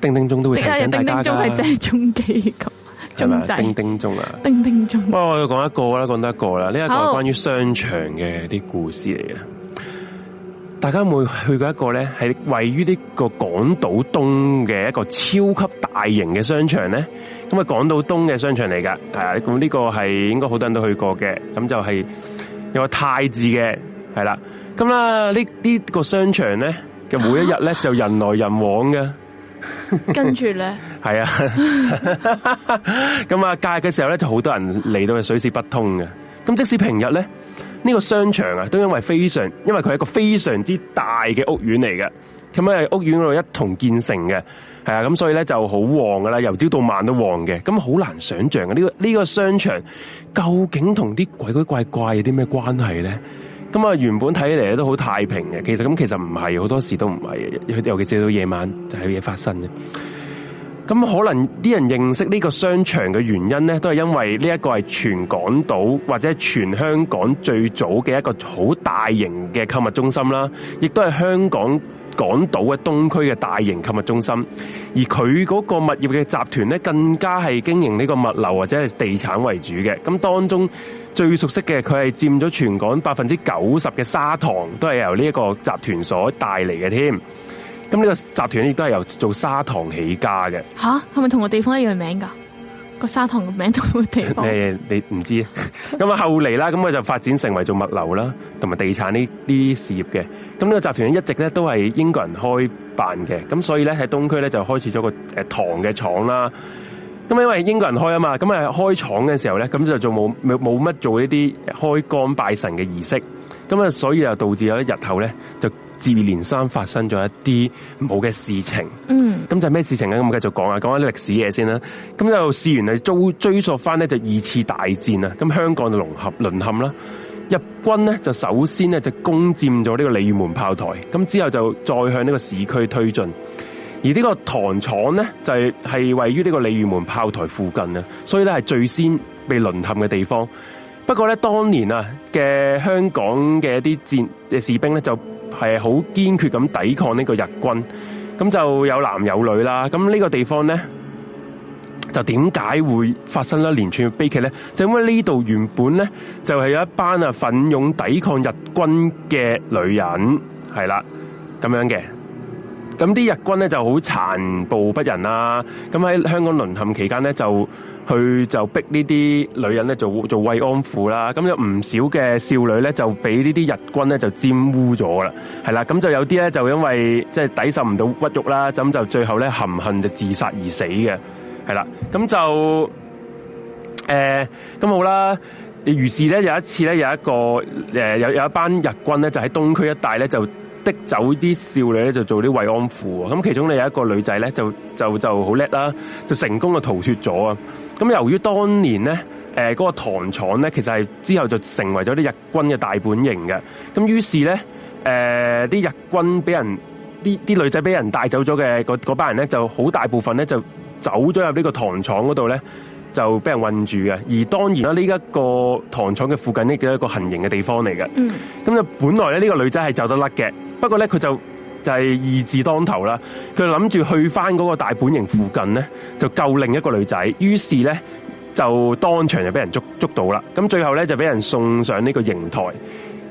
叮叮鐘都會聽緊大家啦。係真中機咁，係咪？叮叮鐘啊，叮叮鐘。不過我要講一個啦，講得一個啦，呢一好個關於商場嘅啲故事嚟嘅。大家有冇去過一個咧，係位於呢個港島東嘅一個超級大型嘅商場咧？咁啊，港島東嘅商場嚟噶，係啊，咁呢個係應該好多人都去過嘅，咁就係有個太字嘅，係啦，咁啦，呢、這、呢個商場咧，就每一日咧就人來人往嘅， [laughs] 跟住咧，係啊 [laughs] 是的，咁 [laughs] 啊，假日嘅時候咧，就好多人嚟到係水泄不通嘅，咁即使平日咧。呢個商場啊，都因為非常，因為佢係一個非常之大嘅屋苑嚟嘅，咁樣係屋苑嗰度一同建成嘅，係啊，咁所以咧就好旺噶啦，由朝到晚都旺嘅，咁好難想象啊！呢個呢個商場究竟同啲鬼鬼怪怪有啲咩關係咧？咁啊，原本睇起嚟咧都好太平嘅，其實咁其實唔係，好多時都唔係嘅，尤其係到夜晚就係有嘢發生嘅。咁可能啲人認識呢個商場嘅原因呢，都係因為呢一個係全港島或者全香港最早嘅一個好大型嘅購物中心啦，亦都係香港港島嘅東區嘅大型購物中心。而佢嗰個物業嘅集團呢，更加係經營呢個物流或者係地產為主嘅。咁當中最熟悉嘅，佢係佔咗全港百分之九十嘅砂糖，都係由呢一個集團所帶嚟嘅添。咁呢個集團亦都係由做砂糖起家嘅。吓、啊，係咪同個地方一樣名噶？個砂糖個名字同個地方？誒， [laughs] 你唔知。咁 [laughs] 啊，後嚟啦，咁我就發展成為做物流啦，同埋地產呢啲事業嘅。咁、這、呢個集團一直咧都係英國人開辦嘅。咁所以咧喺東區咧就開始咗個誒糖嘅廠啦。咁因為英國人開啊嘛，咁啊開廠嘅時候咧，咁就做冇冇冇乜做呢啲開乾拜神嘅儀式。咁啊，所以就導致咗日後咧就。接二連三發生咗一啲唔好嘅事情，嗯，咁就係咩事情咧？咁我繼續講啊，講下啲歷史嘢先啦。咁就試完嚟追追溯翻咧，就二次大戰啊。咁香港就籠合淪陷啦。日軍咧就首先咧就攻佔咗呢個鯉魚門炮台，咁之後就再向呢個市區推進。而呢個廠呢個糖廠咧就係、係、係位於呢個鯉魚門炮台附近啊，所以咧係最先被淪陷嘅地方。不過咧，當年啊嘅香港嘅一啲戰嘅士兵咧就。係好堅決咁抵抗呢個日軍，咁就有男有女啦。咁呢個地方呢，就點解會發生一連串悲劇呢？就因為呢度原本呢，就係有一班啊奮勇抵抗日軍嘅女人，係啦咁樣嘅。咁啲日軍咧就好殘暴不仁啦、啊！咁喺香港淪陷期間咧，就去就逼呢啲女人咧做做慰安婦啦！咁有唔少嘅少女咧就俾呢啲日軍咧就沾污咗啦，係啦！咁就有啲咧就因為即係、就是、抵受唔到屈辱啦，咁就最後咧含恨就自殺而死嘅，係啦！咁就誒咁、欸、好啦！於是咧有一次咧有一個有有一班日軍咧就喺東區一帶咧就走啲少女咧就做啲慰安婦，咁其中咧有一個女仔咧就就就好叻啦，就成功嘅逃脫咗啊！咁由於當年咧，誒、呃、嗰、嗰個糖廠咧，其實係之後就成為咗啲日軍嘅大本營嘅。咁於是咧，誒、呃、啲日軍俾人啲啲女仔俾人帶走咗嘅，嗰班人咧就好大部分咧就走咗入呢個糖廠嗰度咧，就俾人困住嘅。而當然啦，呢、呢、一個糖廠嘅附近咧，叫一個行營嘅地方嚟嘅。嗯，咁就本來咧呢個女仔係走得甩嘅。不過咧，佢就就係、是、義字當頭啦。佢諗住去返嗰個大本營附近咧，就救另一個女仔。於是咧，就當場就俾人捉捉到啦。咁最後咧，就俾人送上呢個刑台。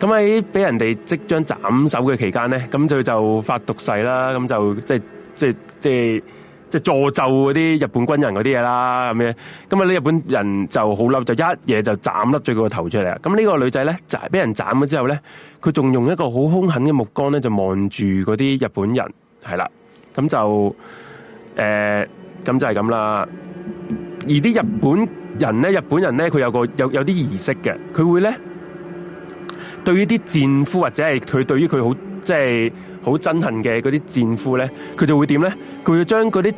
咁喺俾人哋即將斬首嘅期間咧，咁佢就，就發毒誓啦。咁就即係即係即係。即係詛咒嗰啲日本軍人嗰啲嘢啦，咁樣，咁啊日本人就好嬲，就一嘢就斬甩咗佢個頭出嚟啦。咁呢個女仔咧就係俾人斬咗之後咧，佢仲用一個好凶狠嘅目光咧就望住嗰啲日本人係啦，咁就誒，咁、呃、就係咁啦。而啲日本人咧，日本人咧，佢有個有有啲儀式嘅，佢會咧對於啲戰俘或者係佢對於佢好即係。好憎恨嘅嗰啲戰俘咧，佢就會點咧？佢會將嗰啲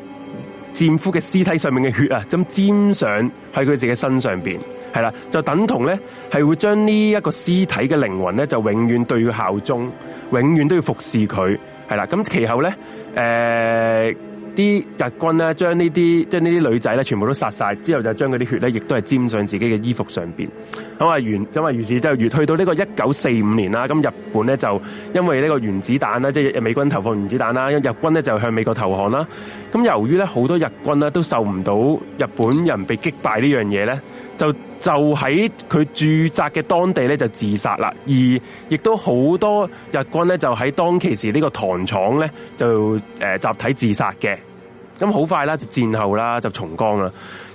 戰俘嘅屍體上面嘅血啊，咁沾上喺佢自己身上邊，係啦，就等同咧，係會將呢一個屍體嘅靈魂咧，就永遠對佢效忠，永遠都要服侍佢，係啦。咁其後咧，呃啲日軍咧，將呢啲即係呢啲女仔咧全部都殺曬，之後就將嗰啲血咧亦都係沾上自己嘅衣服上面。咁啊，完咁啊，於是之後越去到呢個一九四五年啦，咁日本咧就因為呢個原子彈咧，即係美軍投放原子彈啦，日軍咧就向美國投降啦。咁由於咧好多日軍咧都受唔到日本人被擊敗呢樣嘢咧，就。就喺佢住宅嘅當地咧，就自殺啦。而亦都好多日軍咧，就喺當其時個堂呢個糖廠咧，就集體自殺嘅。咁好快啦，就戰後啦，就重光啦。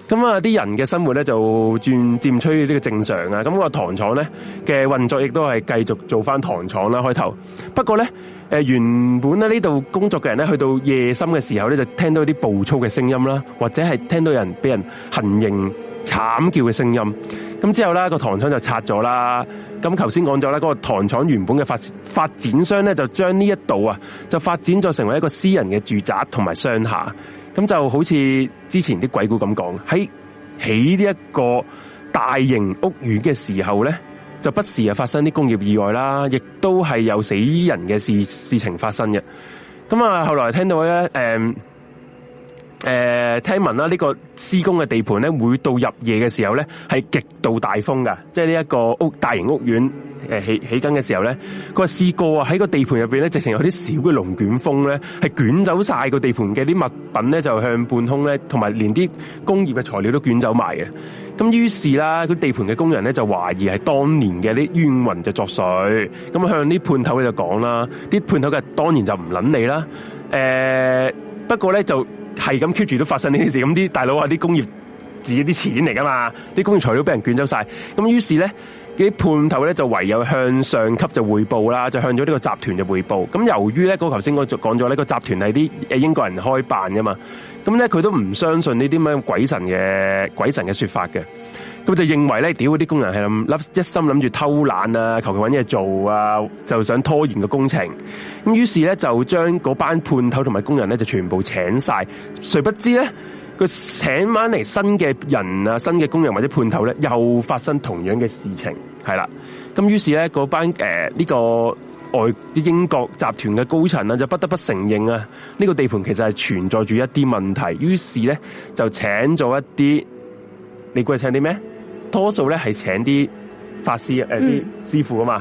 咁啊，啲人嘅生活咧就轉漸趨呢個正常啊。咁、嗰個糖廠咧嘅運作亦都係繼續做翻糖廠啦。開頭不過咧、呃，原本咧呢度工作嘅人咧，去到夜深嘅時候咧，就聽到一啲暴躁嘅聲音啦，或者係聽到人俾人行刑，慘叫嘅聲音，咁之後咧個糖廠就拆咗啦。咁頭先講咗呢個糖廠原本嘅發發展商咧，就將呢一度啊，就發展咗成為一個私人嘅住宅同埋商廈。咁就好似之前啲鬼故咁講，喺起呢一個大型屋苑嘅時候咧，就不時啊發生啲工業意外啦，亦都係有死人嘅事事情發生嘅。咁啊，後來聽到咧，誒、嗯。誒、呃，聽聞啦，呢、這個施工嘅地盤咧，每到入夜嘅時候咧，係極度大風噶，即係呢一個屋大型屋苑誒、呃、起起緊嘅時候咧，佢話試過啊，喺個地盤入邊咧，直情有啲小嘅龍捲風咧，係捲走晒個地盤嘅啲物品咧，就向半空咧，同埋連啲工業嘅材料都捲走埋嘅。咁於是啦，佢地盤嘅工人咧就懷疑係當年嘅啲冤魂作水就作祟，咁啊向啲判頭咧就講啦，啲判頭嘅當然就唔捻你啦。誒、呃，不過咧就。係咁 keep 住都發生呢件事，咁啲大佬啊，啲工業自己啲錢嚟噶嘛，啲工業材料都俾人捲走曬。咁於是咧啲判頭咧就唯有向上級就彙報啦，就向咗呢個集團就彙報。咁由於咧、嗰頭先我講咗呢個集團係啲誒英國人開辦噶嘛，咁咧佢都唔相信呢啲咩鬼神嘅鬼神嘅説法嘅。咁就認為咧，屌啲工人係咁一心諗住偷懶啊，求其搵嘢做啊，就想拖延個工程。咁於是咧，就將嗰班判頭同埋工人咧，就全部請晒。誰不知咧，佢請翻嚟新嘅人啊，新嘅工人或者判頭咧，又發生同樣嘅事情，係啦。咁於是咧，嗰班呢個外啲英國集團嘅高層啦，就不得不承認啊，呢個地盤其實係存在住一啲問題。於是咧，就請咗一啲，你估請啲咩？多數咧係請啲法師誒啲、欸、師傅啊嘛，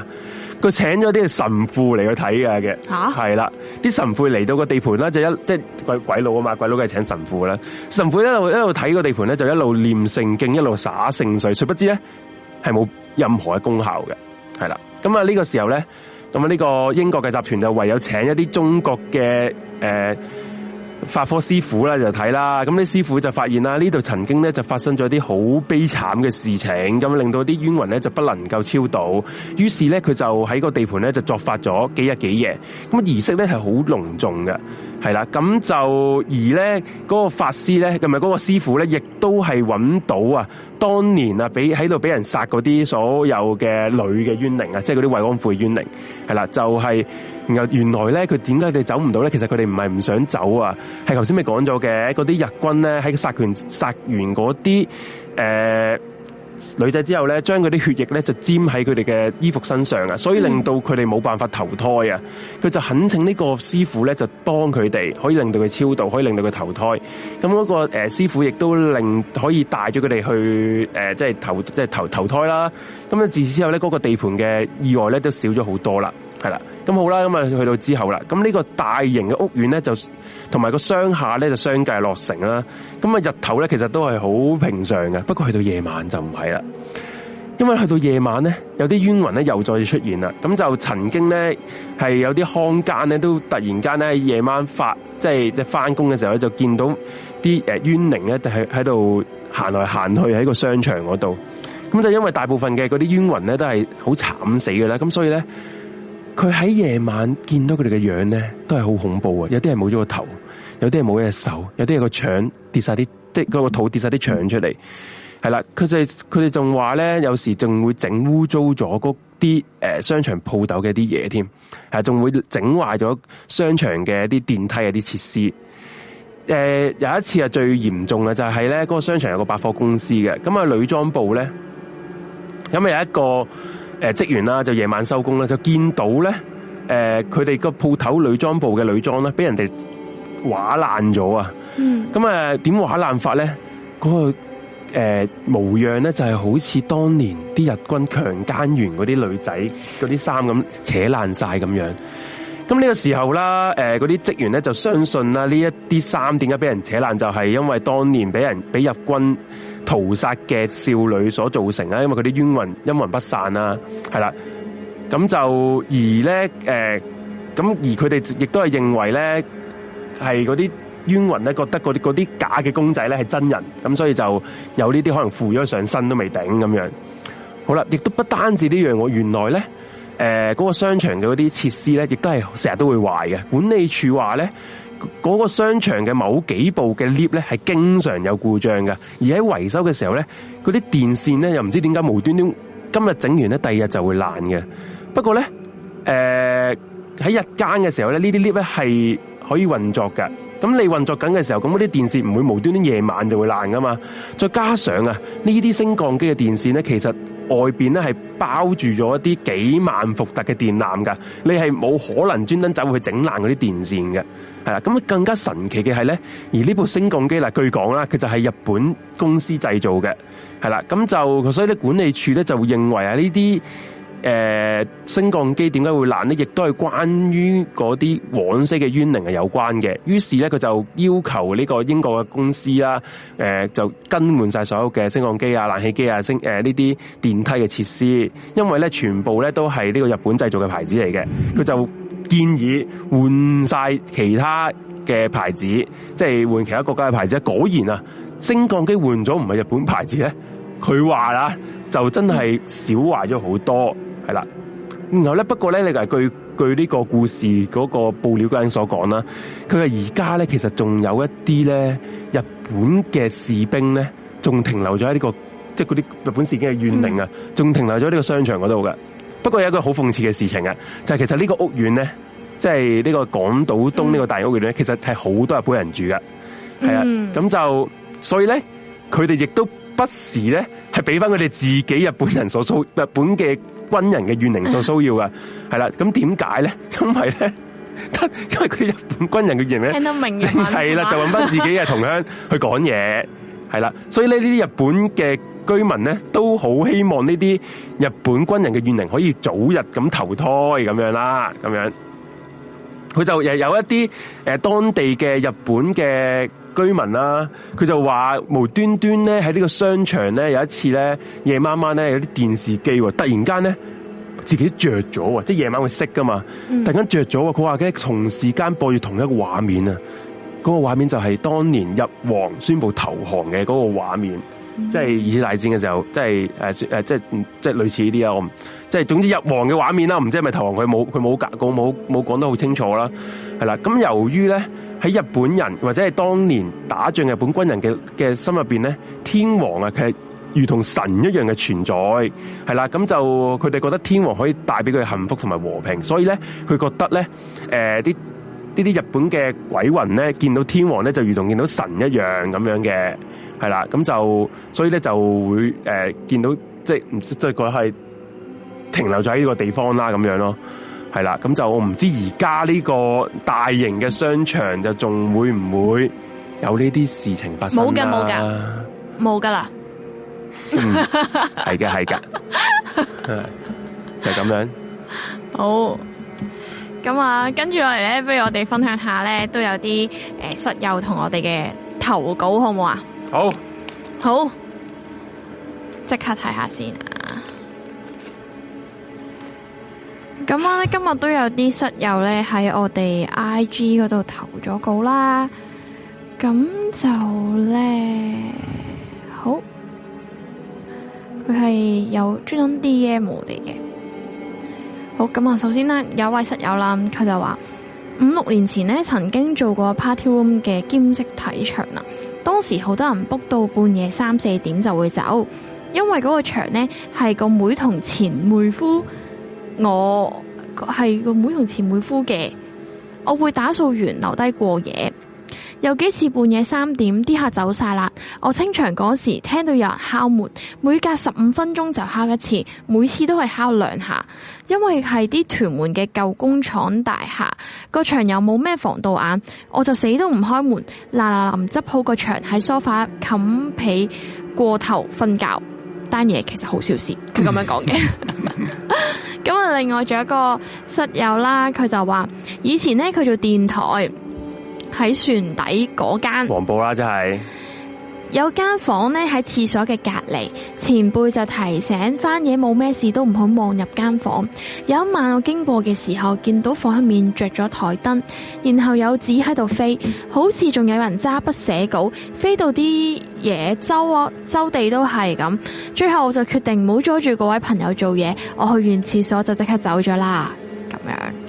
佢、嗯、請咗啲神父嚟去睇嘅，係啦、啊，啲神父嚟到個地盤啦，就一即係鬼鬼佬啊嘛，鬼佬係請神父啦，神父一路一路睇個地盤咧，就一路念聖經，一路灑聖水，殊不知咧係冇任何嘅功效嘅，係啦，咁啊呢個時候咧，咁啊呢個英國嘅集團就唯有請一啲中國嘅誒。呃法科師傅咧就睇啦，咁啲師傅就發現啦，呢度曾經咧就發生咗啲好悲慘嘅事情，咁令到啲冤魂咧就不能夠超度，於是咧佢就喺個地盤咧就作法咗幾日幾夜，咁儀式咧係好隆重嘅，係啦，咁就而咧嗰個法師咧同埋嗰個師傅咧，亦都係揾到啊。當年啊，俾喺度俾人殺嗰啲所有嘅女嘅冤靈啊，即係嗰啲慰安婦嘅冤靈係啦，就係，然後原來咧佢點解佢哋走唔到咧？其實佢哋唔係唔想走啊，係頭先咪講咗嘅嗰啲日軍咧喺殺權殺完嗰啲誒。女仔之後咧，將佢啲血液咧就沾喺佢哋嘅衣服身上啊，所以令到佢哋冇辦法投胎啊。佢就懇請呢個師傅咧，就幫佢哋可以令到佢超度，可以令到佢投胎。咁、那、嗰個誒、呃、師傅亦都令可以帶咗佢哋去誒、呃，即係投即係投投，投胎啦。咁咧自此之後咧，嗰、那個地盤嘅意外咧都少咗好多啦，係啦。咁好啦，咁啊去到之後啦，咁呢個大型嘅屋苑咧，就同埋個商廈咧就相繼落成啦。咁啊日頭咧，其實都係好平常嘅，不過去到夜晚就唔係啦。因為去到夜晚咧，有啲冤魂咧又再出現啦。咁就曾經咧係有啲看更咧都突然間咧夜晚發，即係即係返工嘅時候咧就見到啲誒冤靈咧就喺喺度行來行去喺個商場嗰度。咁就因為大部分嘅嗰啲冤魂咧都係好慘死嘅啦，咁所以咧。佢喺夜晚見到佢哋嘅樣咧，都係好恐怖啊！有啲係冇咗個頭，有啲係冇咗隻手，有啲係個腸跌晒啲，即係嗰個肚跌晒啲腸出嚟。係啦，佢哋佢哋仲話咧，有時仲會整污糟咗嗰啲誒商場鋪頭嘅啲嘢添，係仲會整壞咗商場嘅啲電梯啊啲設施。誒、呃、有一次係最嚴重嘅，就係咧嗰個商場有個百貨公司嘅，咁啊女裝部咧，咁啊有一個。誒，職員啦就夜晚收工啦，就見到咧，誒佢哋個鋪頭女裝部嘅女裝咧，俾人哋畫爛咗啊！咁啊，點畫爛法咧？嗰個誒模樣咧，就係好似當年啲日軍強姦完嗰啲女仔嗰啲衫咁扯爛晒咁樣。咁呢個時候啦，誒嗰啲職員咧就相信啦，呢一啲衫點解俾人扯爛，就係因為當年俾人俾日軍。屠殺嘅少女所造成啦，因為佢啲冤魂陰魂不散啦，係啦，咁就而咧，誒、呃，咁而佢哋亦都係認為咧，係嗰啲冤魂咧覺得嗰啲啲假嘅公仔咧係真人，咁所以就有呢啲可能附咗上身都未頂咁樣。好啦，亦都不單止呢樣，我原來咧，誒、呃，嗰、那個商場嘅嗰啲設施咧，亦都係成日都會壞嘅。管理處話咧。嗰個商場嘅某幾部嘅 lift 咧，係經常有故障嘅，而喺維修嘅時候咧，嗰啲電線咧又唔知點解無端端今日整完咧，第二日就會爛嘅。不過咧，誒、呃、喺日間嘅時候咧，呢啲 lift 咧係可以運作嘅。咁你運作緊嘅時候，咁嗰啲電線唔會無端端夜晚就會爛噶嘛？再加上啊，呢啲升降機嘅電線呢，其實外邊呢係包住咗一啲幾萬伏特嘅電纜噶，你係冇可能專登走去整爛嗰啲電線嘅係啦。咁更加神奇嘅係呢，而呢部升降機嗱，據講啦，佢就係日本公司製造嘅係啦，咁就所以咧管理處呢就會認為啊呢啲。誒、呃，升降機點解會爛呢？亦都係關於嗰啲往昔嘅冤靈係有關嘅。於是咧，佢就要求呢個英國嘅公司啦、啊，誒、呃，就更換晒所有嘅升降機啊、冷氣機啊、升誒呢啲電梯嘅設施，因為咧全部咧都係呢個日本製造嘅牌子嚟嘅。佢就建議換晒其他嘅牌子，即係換其他國家嘅牌子。果然啊，升降機換咗唔係日本牌子咧。佢話啦，就真係少壞咗好多，係啦。然後咧，不過咧，你係據據呢個故事嗰個報料嗰人所講啦，佢係而家咧，其實仲有一啲咧，日本嘅士兵咧，仲停留咗喺呢個，即係嗰啲日本士兵嘅怨靈啊，仲、嗯、停留咗喺呢個商場嗰度嘅。不過有一個好諷刺嘅事情啊，就係、是、其實呢個屋苑咧，即係呢個港島東呢個大屋苑咧，嗯、其實係好多日本人住㗎。係啊。咁就所以咧，佢哋亦都。不時咧，係俾翻佢哋自己日本人所騷，日本嘅軍人嘅怨靈所騷擾噶，係啦。咁點解咧？因為咧，因為佢哋日本軍人嘅怨靈咧，淨係啦，就揾翻自己嘅同鄉去講嘢，係啦。所以咧，呢啲日本嘅居民咧，都好希望呢啲日本軍人嘅怨靈可以早日咁投胎咁樣啦，咁樣。佢就有一啲誒、呃、當地嘅日本嘅居民啦、啊，佢就話無端端咧喺呢個商場咧有一次咧夜晚晚咧有啲電視機喎、哦，突然間咧自己着咗喎，即係夜晚會熄噶嘛，嗯、突然間着咗喎，佢話嘅同時間播住同一個畫面啊，嗰、那個畫面就係當年日皇宣布投降嘅嗰個畫面。即係二次大戰嘅時候，即係誒誒，即係即係類似呢啲啊，我即係總之日王嘅畫面啦，唔知係咪投降佢冇佢冇講冇冇講得好清楚啦，係啦。咁由於咧喺日本人或者係當年打仗日本軍人嘅嘅心入邊咧，天王啊，佢係如同神一樣嘅存在，係啦。咁就佢哋覺得天王可以帶俾佢幸福同埋和平，所以咧佢覺得咧誒啲呢啲、呃、日本嘅鬼魂咧見到天王咧就如同見到神一樣咁樣嘅。係啦，咁就所以咧就會誒、呃、見到即係唔即係佢係停留在喺呢個地方啦，咁樣咯。係啦，咁就我唔知而家呢個大型嘅商場就仲會唔會有呢啲事情發生，啊沒？冇噶，冇噶，嗯，冇噶啦。係嘅，係嘅， [laughs] 就咁、係、樣。好，咁啊，跟住落嚟咧，不如我哋分享下咧，都有啲誒、呃、室友同我哋嘅投稿，好唔好啊？好好，即刻睇下先啊！咁我咧今日都有啲室友咧喺我哋 IG 嗰度投咗稿啦，咁就咧好，佢係有專登 DM 我哋嘅。好，咁啊，首先咧有位室友啦，佢就話五六年前呢曾經做過 party room 嘅兼職睇場啦。當時好多人 book 到半夜三四點就會走，因為嗰個場呢係個妹同前妹夫，我係個妹同前妹夫嘅，我會打掃完留低過夜。有幾次半夜三點啲客走晒啦，我清場嗰時聽到有人敲門，每隔十五分鐘就敲一次，每次都係敲兩下。因為係啲屯門嘅舊工廠大廈，個場又冇咩防盜眼，我就死都唔開門，嗱嗱臨，執好個牆喺梳化冚被過頭瞓覺。單嘢其實好小事，佢咁樣講嘅。咁啊，另外仲有一個室友啦，佢就話以前呢，佢做電台。喺船底嗰間，黃埔啦，真係有間房咧，喺廁所嘅隔籬，前輩就提醒翻嘢，冇咩事都唔好望入間房。有一晚我經過嘅時候，見到房入面着咗台燈，然後有紙喺度飛，好似仲有人揸筆寫稿，飛到啲嘢周啊周地都係咁。最後我就決定唔好阻住嗰位朋友做嘢，我去完廁所就即刻走咗啦，咁樣。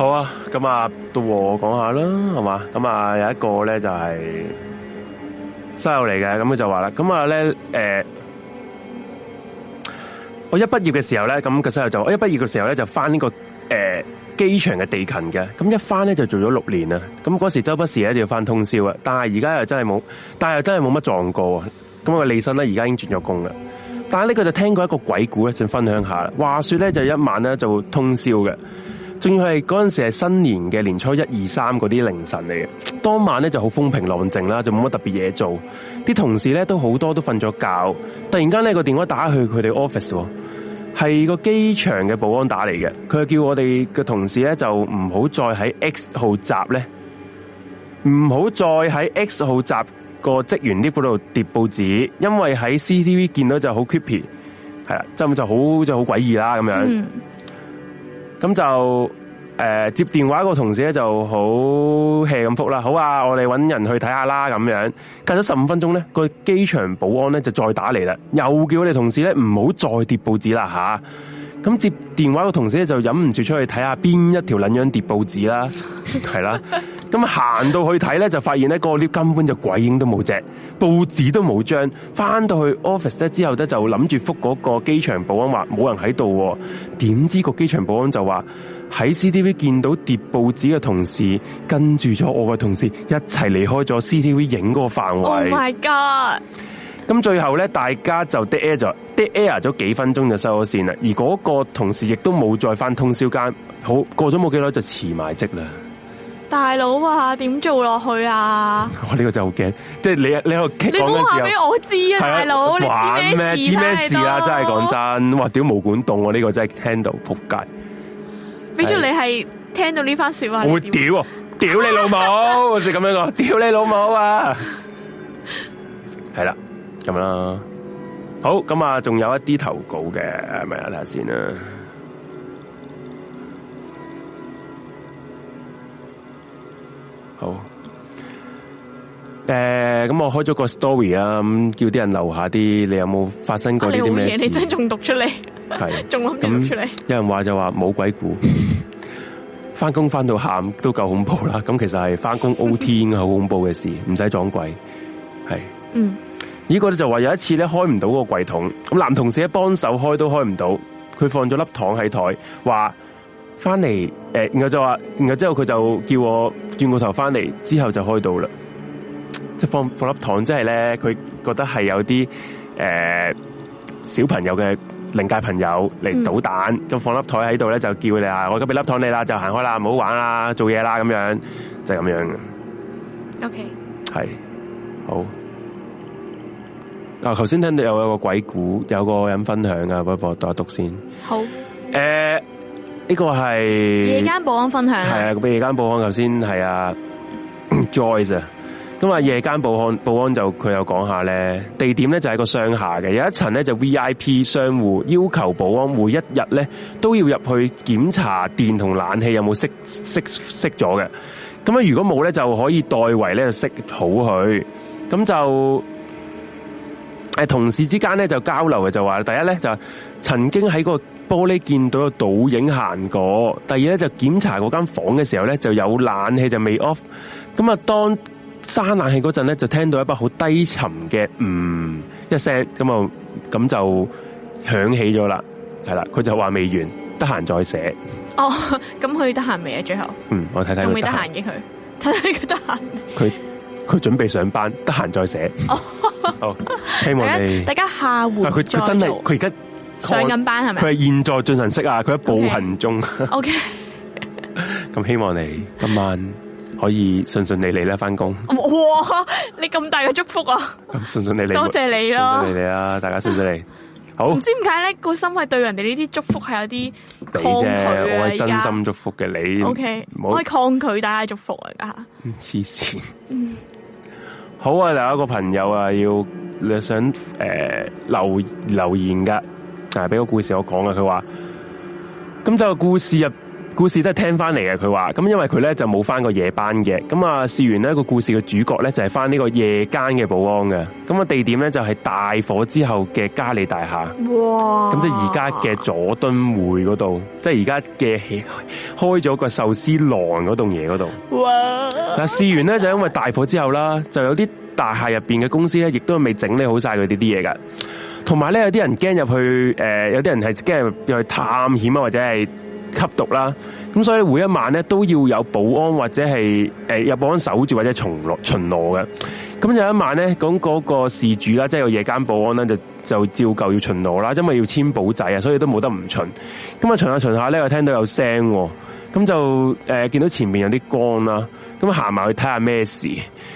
好啊，咁啊，到我講下啦，係嘛？咁啊，有一個咧就係西友嚟嘅，咁佢就話啦，咁啊咧，誒、呃，我一畢業嘅時候咧，咁佢西友就，我一畢業嘅時候咧就返呢、這個誒、呃、機場嘅地勤嘅，咁一返咧就做咗六年啦，咁嗰時周不時一定要返通宵啊，但係而家又真係冇，但係又真係冇乜撞過啊，咁啊，離身咧而家已經轉咗工啦，但係呢佢就聽過一個鬼故咧，就分享下，話說咧就一晚咧就通宵嘅。仲要係嗰陣時係新年嘅年初一二三嗰啲凌晨嚟嘅，當晚咧就好風平浪靜啦，就冇乜特別嘢做，啲同事咧都好多都瞓咗覺，突然間呢個電話打去佢哋 office，係個機場嘅保安打嚟嘅，佢係叫我哋嘅同事咧就唔好再喺 X 號閘咧，唔好再喺 X 號閘個職員呢嗰度疊報紙，因為喺 CCTV 見到就好 creepy，係啦，真就好就好詭異啦咁樣。嗯.咁就、呃、接電話個同事咧就好 hea 咁復啦，好啊，我哋揾人去睇下啦咁樣。隔咗十五分鐘咧，個機場保安咧就再打嚟啦，又叫我哋同事咧唔好再跌報紙啦嚇。咁、啊、接電話個同事咧就忍唔住出去睇下邊一條撚樣跌報紙啦，係啦。咁行到去睇咧，就發現咧個 lift 根本就鬼影都冇隻，報紙都冇張。翻到去 office 咧之後咧，就諗住覆嗰個機場保安話冇人喺度喎。點知個機場保安就話喺 CTV 見到疊報紙嘅同事跟住咗我嘅同事一齊離開咗 CTV 影嗰個範圍。Oh my god！咁最後咧，大家就 dead air 咗 dead air 咗幾分鐘就收咗線啦。而嗰個同事亦都冇再翻通宵間，好過咗冇幾耐就辭埋職啦。大佬啊，點做落去啊？我呢個真係好驚，即係你你我講嘅時候，你唔好話俾我知啊，大佬，你知咩事，事啊？真係講真，哇！屌毛管戙我呢個真係聽到撲街。俾咗比起 是你係聽到呢番說話，我會屌啊！屌你老母， [laughs] 我哋咁樣講，屌你老母啊！係啦， [laughs] 咁樣啦。好，咁啊，仲有一啲投稿嘅，係咪啊？睇下先啦。好，誒、呃，咁我開咗個 story 啊，咁叫啲人留下啲，你有冇發生過啲咩嘢？你真中毒出嚟，係中毒出嚟、欸。有人話就話冇鬼故，翻工翻到下午都夠恐怖啦。咁其實係翻工 O T 好恐怖嘅事，唔使 [laughs] 撞鬼。係，嗯，呢個咧就話有一次咧開唔到個櫃桶，咁男同事一幫手開都開唔到，佢放咗粒糖喺台，話。翻嚟誒，然後就話，然後之後佢就叫我轉個頭翻嚟，之後就開到啦。即放放粒糖呢，即係咧，佢覺得係有啲誒、呃、小朋友嘅靈界朋友嚟搗蛋，咁、嗯、放粒糖喺度咧，就叫你啊，我而家俾粒糖你啦，就行開啦，唔好玩啦，做嘢啦，咁樣就係、是、咁樣嘅。OK，係好。啊，頭先聽到有有個鬼故，有個人分享啊，我不不不我讀一讀先。好，誒、欸。呢個係夜間保安分享，係啊，個 [coughs] 夜間保安頭先係啊 Joyce 啊，咁啊，夜間保安保安就佢又講下咧，地點咧就係一個商廈嘅，有一層咧就 V I P 商戶，要求保安每一日咧都要入去檢查電同冷氣有冇熄熄熄咗嘅，咁啊，如果冇咧就可以代為咧就熄好佢，咁就。誒，同事之間咧就交流嘅就話，第一咧就曾經喺個玻璃見到個倒影行過；第二咧就檢查嗰間房嘅時候咧就有冷氣就未 off。咁啊，當閂冷氣嗰陣咧就聽到一把好低沉嘅嗯一聲，咁啊咁就響起咗啦，係啦。佢就話未完，得閒再寫。哦，咁佢得閒未啊？最後，嗯，我睇睇仲未得閒嘅佢睇睇佢得閒佢。佢準備上班，得閒再寫。哦，希望大家下回。佢真係佢而家上緊班係咪？佢係現在進行式啊！佢喺步行中。O K，咁希望你今晚可以順順利利咧，翻工。哇，你咁大嘅祝福啊！咁順順利利，多謝你你啊，大家順順利。好，唔知點解咧，個心係對人哋呢啲祝福係有啲抗拒嘅。我係真心祝福嘅，你 O K，我係抗拒大家祝福啊！黐線。好啊，大家個朋友啊，要你想誒留、呃、留言噶，係、啊、俾個故事我講啊，佢話今周個故事入。」故事都係聽翻嚟嘅，佢話咁，因為佢咧就冇翻過夜班嘅。咁啊，試完呢個故事嘅主角咧就係翻呢個夜間嘅保安嘅。咁啊，地點咧就係大火之後嘅嘉利大廈。哇！咁即係而家嘅佐敦會嗰度，即係而家嘅開咗個壽司郎嗰棟嘢嗰度。哇！嗱，試完咧就因為大火之後啦，就有啲大廈入邊嘅公司咧，亦都未整理好晒佢哋啲嘢噶。同埋咧，有啲人驚入去，誒、呃，有啲人係驚入入去探險啊，或者係。吸毒啦，咁所以每一晚咧都要有保安或者係誒、呃、有保安守住或者巡邏巡邏嘅。咁有一晚咧，咁、那、嗰個事主啦，即係有夜間保安啦，就就照舊要巡邏啦，因為要簽簿仔啊，所以都冇得唔巡。咁啊巡下巡下咧，我聽到有聲，咁就誒、呃、見到前面有啲光啦，咁啊行埋去睇下咩事。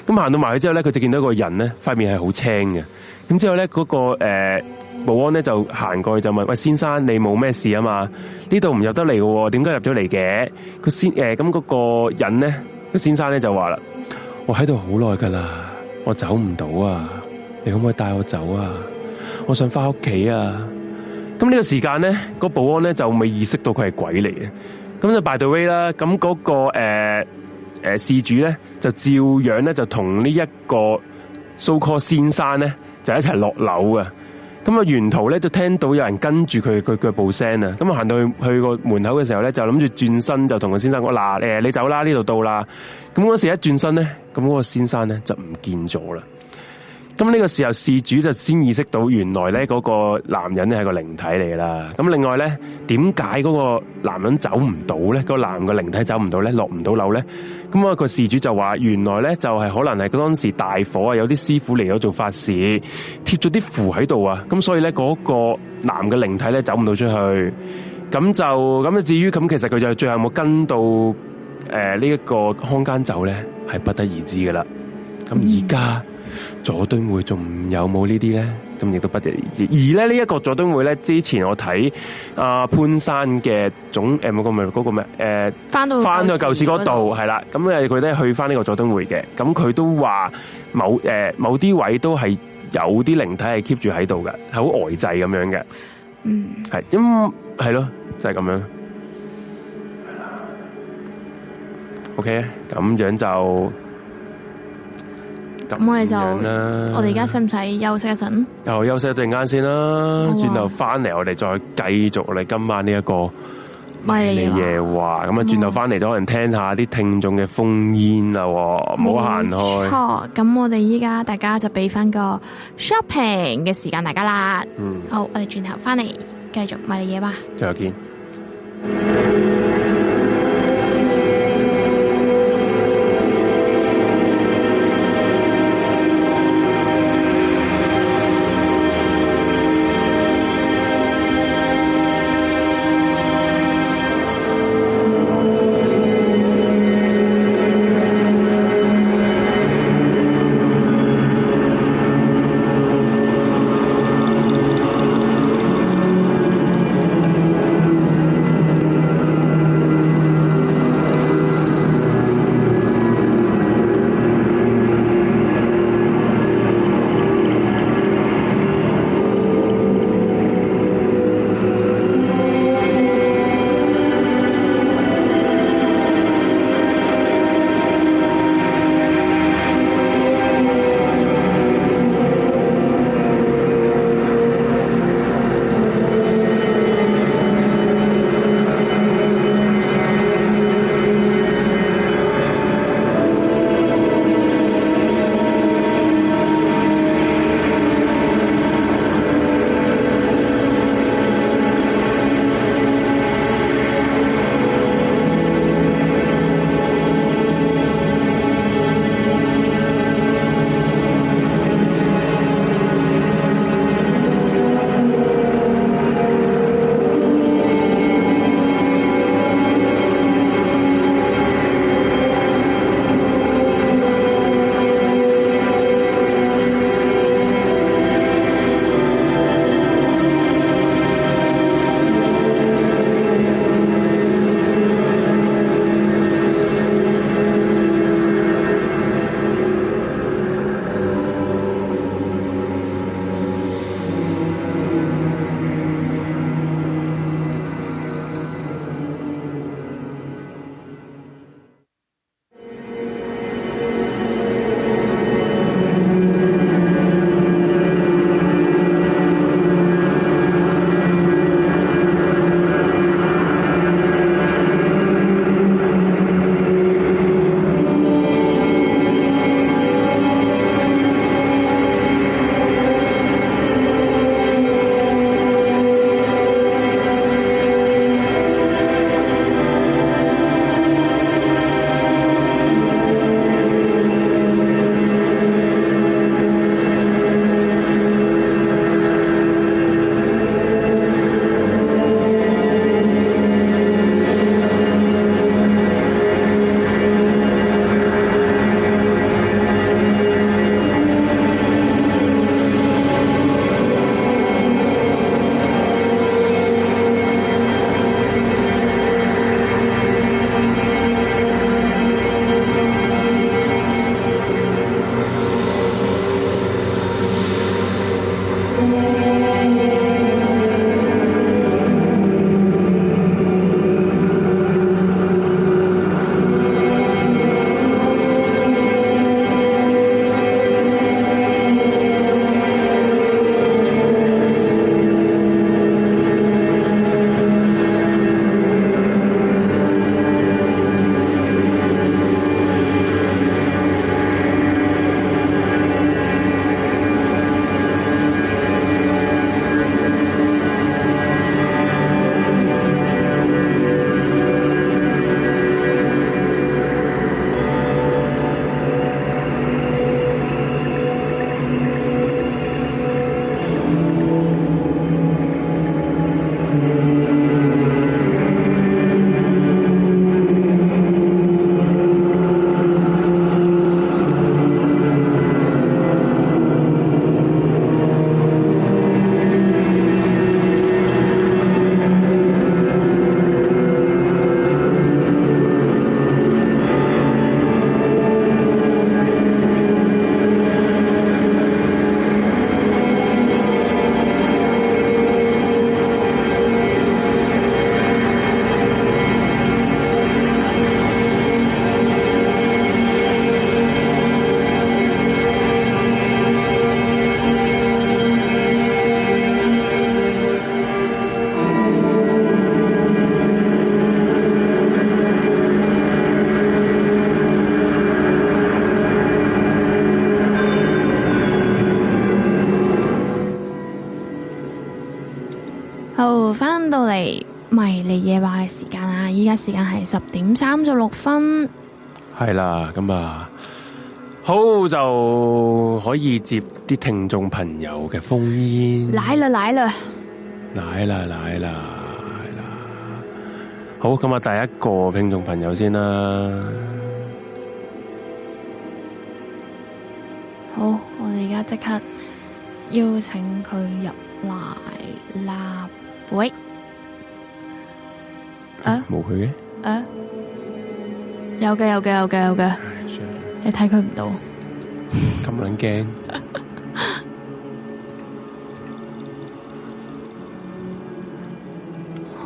咁行到埋去之後咧，佢就見到一個人咧，塊面係好青嘅。咁之後咧嗰、那個誒。呃保安咧就行過去就問：喂，先生，你冇咩事啊嘛？呢度唔入得嚟嘅，點解入咗嚟嘅？先誒，咁、呃、嗰個人咧，個先生咧就話啦：我喺度好耐噶啦，我走唔到啊，你可唔可以帶我走啊？我想翻屋企啊！咁呢個時間咧，個保安咧就未意識到佢係鬼嚟嘅。咁就 by the way 啦、那個，咁嗰個誒誒事主咧就照樣咧就同呢一個 so call 先生咧就一齊落樓啊！咁啊，沿途咧就聽到有人跟住佢佢腳步聲啊！咁啊，行到去去個門口嘅時候咧，就諗住轉身就同個先生講，嗱，誒你走啦，呢度到啦！咁嗰時一轉身咧，咁、那、嗰個先生咧就唔見咗啦。咁呢個時候事主就先意識到原來咧嗰個男人咧係個靈體嚟啦。咁另外咧，點解嗰個男人走唔到咧？嗰、那個男嘅靈體走唔到咧，落唔到樓咧？咁、那、啊個事主就話：原來咧就係可能係當時大火啊，有啲師傅嚟咗做法事，貼咗啲符喺度啊。咁所以咧嗰、那個男嘅靈體咧走唔到出去。咁就咁啊至於咁，其實佢就最後有冇跟到誒、呃這個、呢一個空間走咧，係不得而知噶啦。咁而家。嗯佐敦會仲有冇呢啲咧？咁亦都不得而知。而咧呢一、這個佐敦會咧，之前我睇阿、呃、潘山嘅總誒，呃那個咪、那個咩誒，翻、呃、到翻到舊時嗰度係啦。咁誒，佢都去翻呢個佐敦會嘅。咁佢都話某誒、呃、某啲位都係有啲靈體係 keep 住喺度嘅，係好呆滯咁樣嘅。嗯，係咁係咯，就係、是、咁樣。係啦，OK，咁樣就。咁我哋就，我哋而家使唔使休息一陣？又休息一陣間先啦，轉頭翻嚟我哋再繼續你今晚呢一個迷你夜話，咁啊轉頭翻嚟都可能聽下啲聽眾嘅風煙啦，唔好行開。咁我哋依家大家就俾翻個 shopping 嘅時間大家啦。嗯，好，我哋轉頭翻嚟繼續迷你夜話，再見。十點三十六分，係啦，咁啊，好就可以接啲聽眾朋友嘅烽煙，嚟啦嚟啦，嚟啦嚟啦，嚟啦，好咁啊，第一個聽眾朋友先啦，好，我哋而家即刻邀請佢入嚟啦，喂，啊，冇去嘅。有嘅有嘅有嘅有嘅，你睇佢唔到，咁撚驚。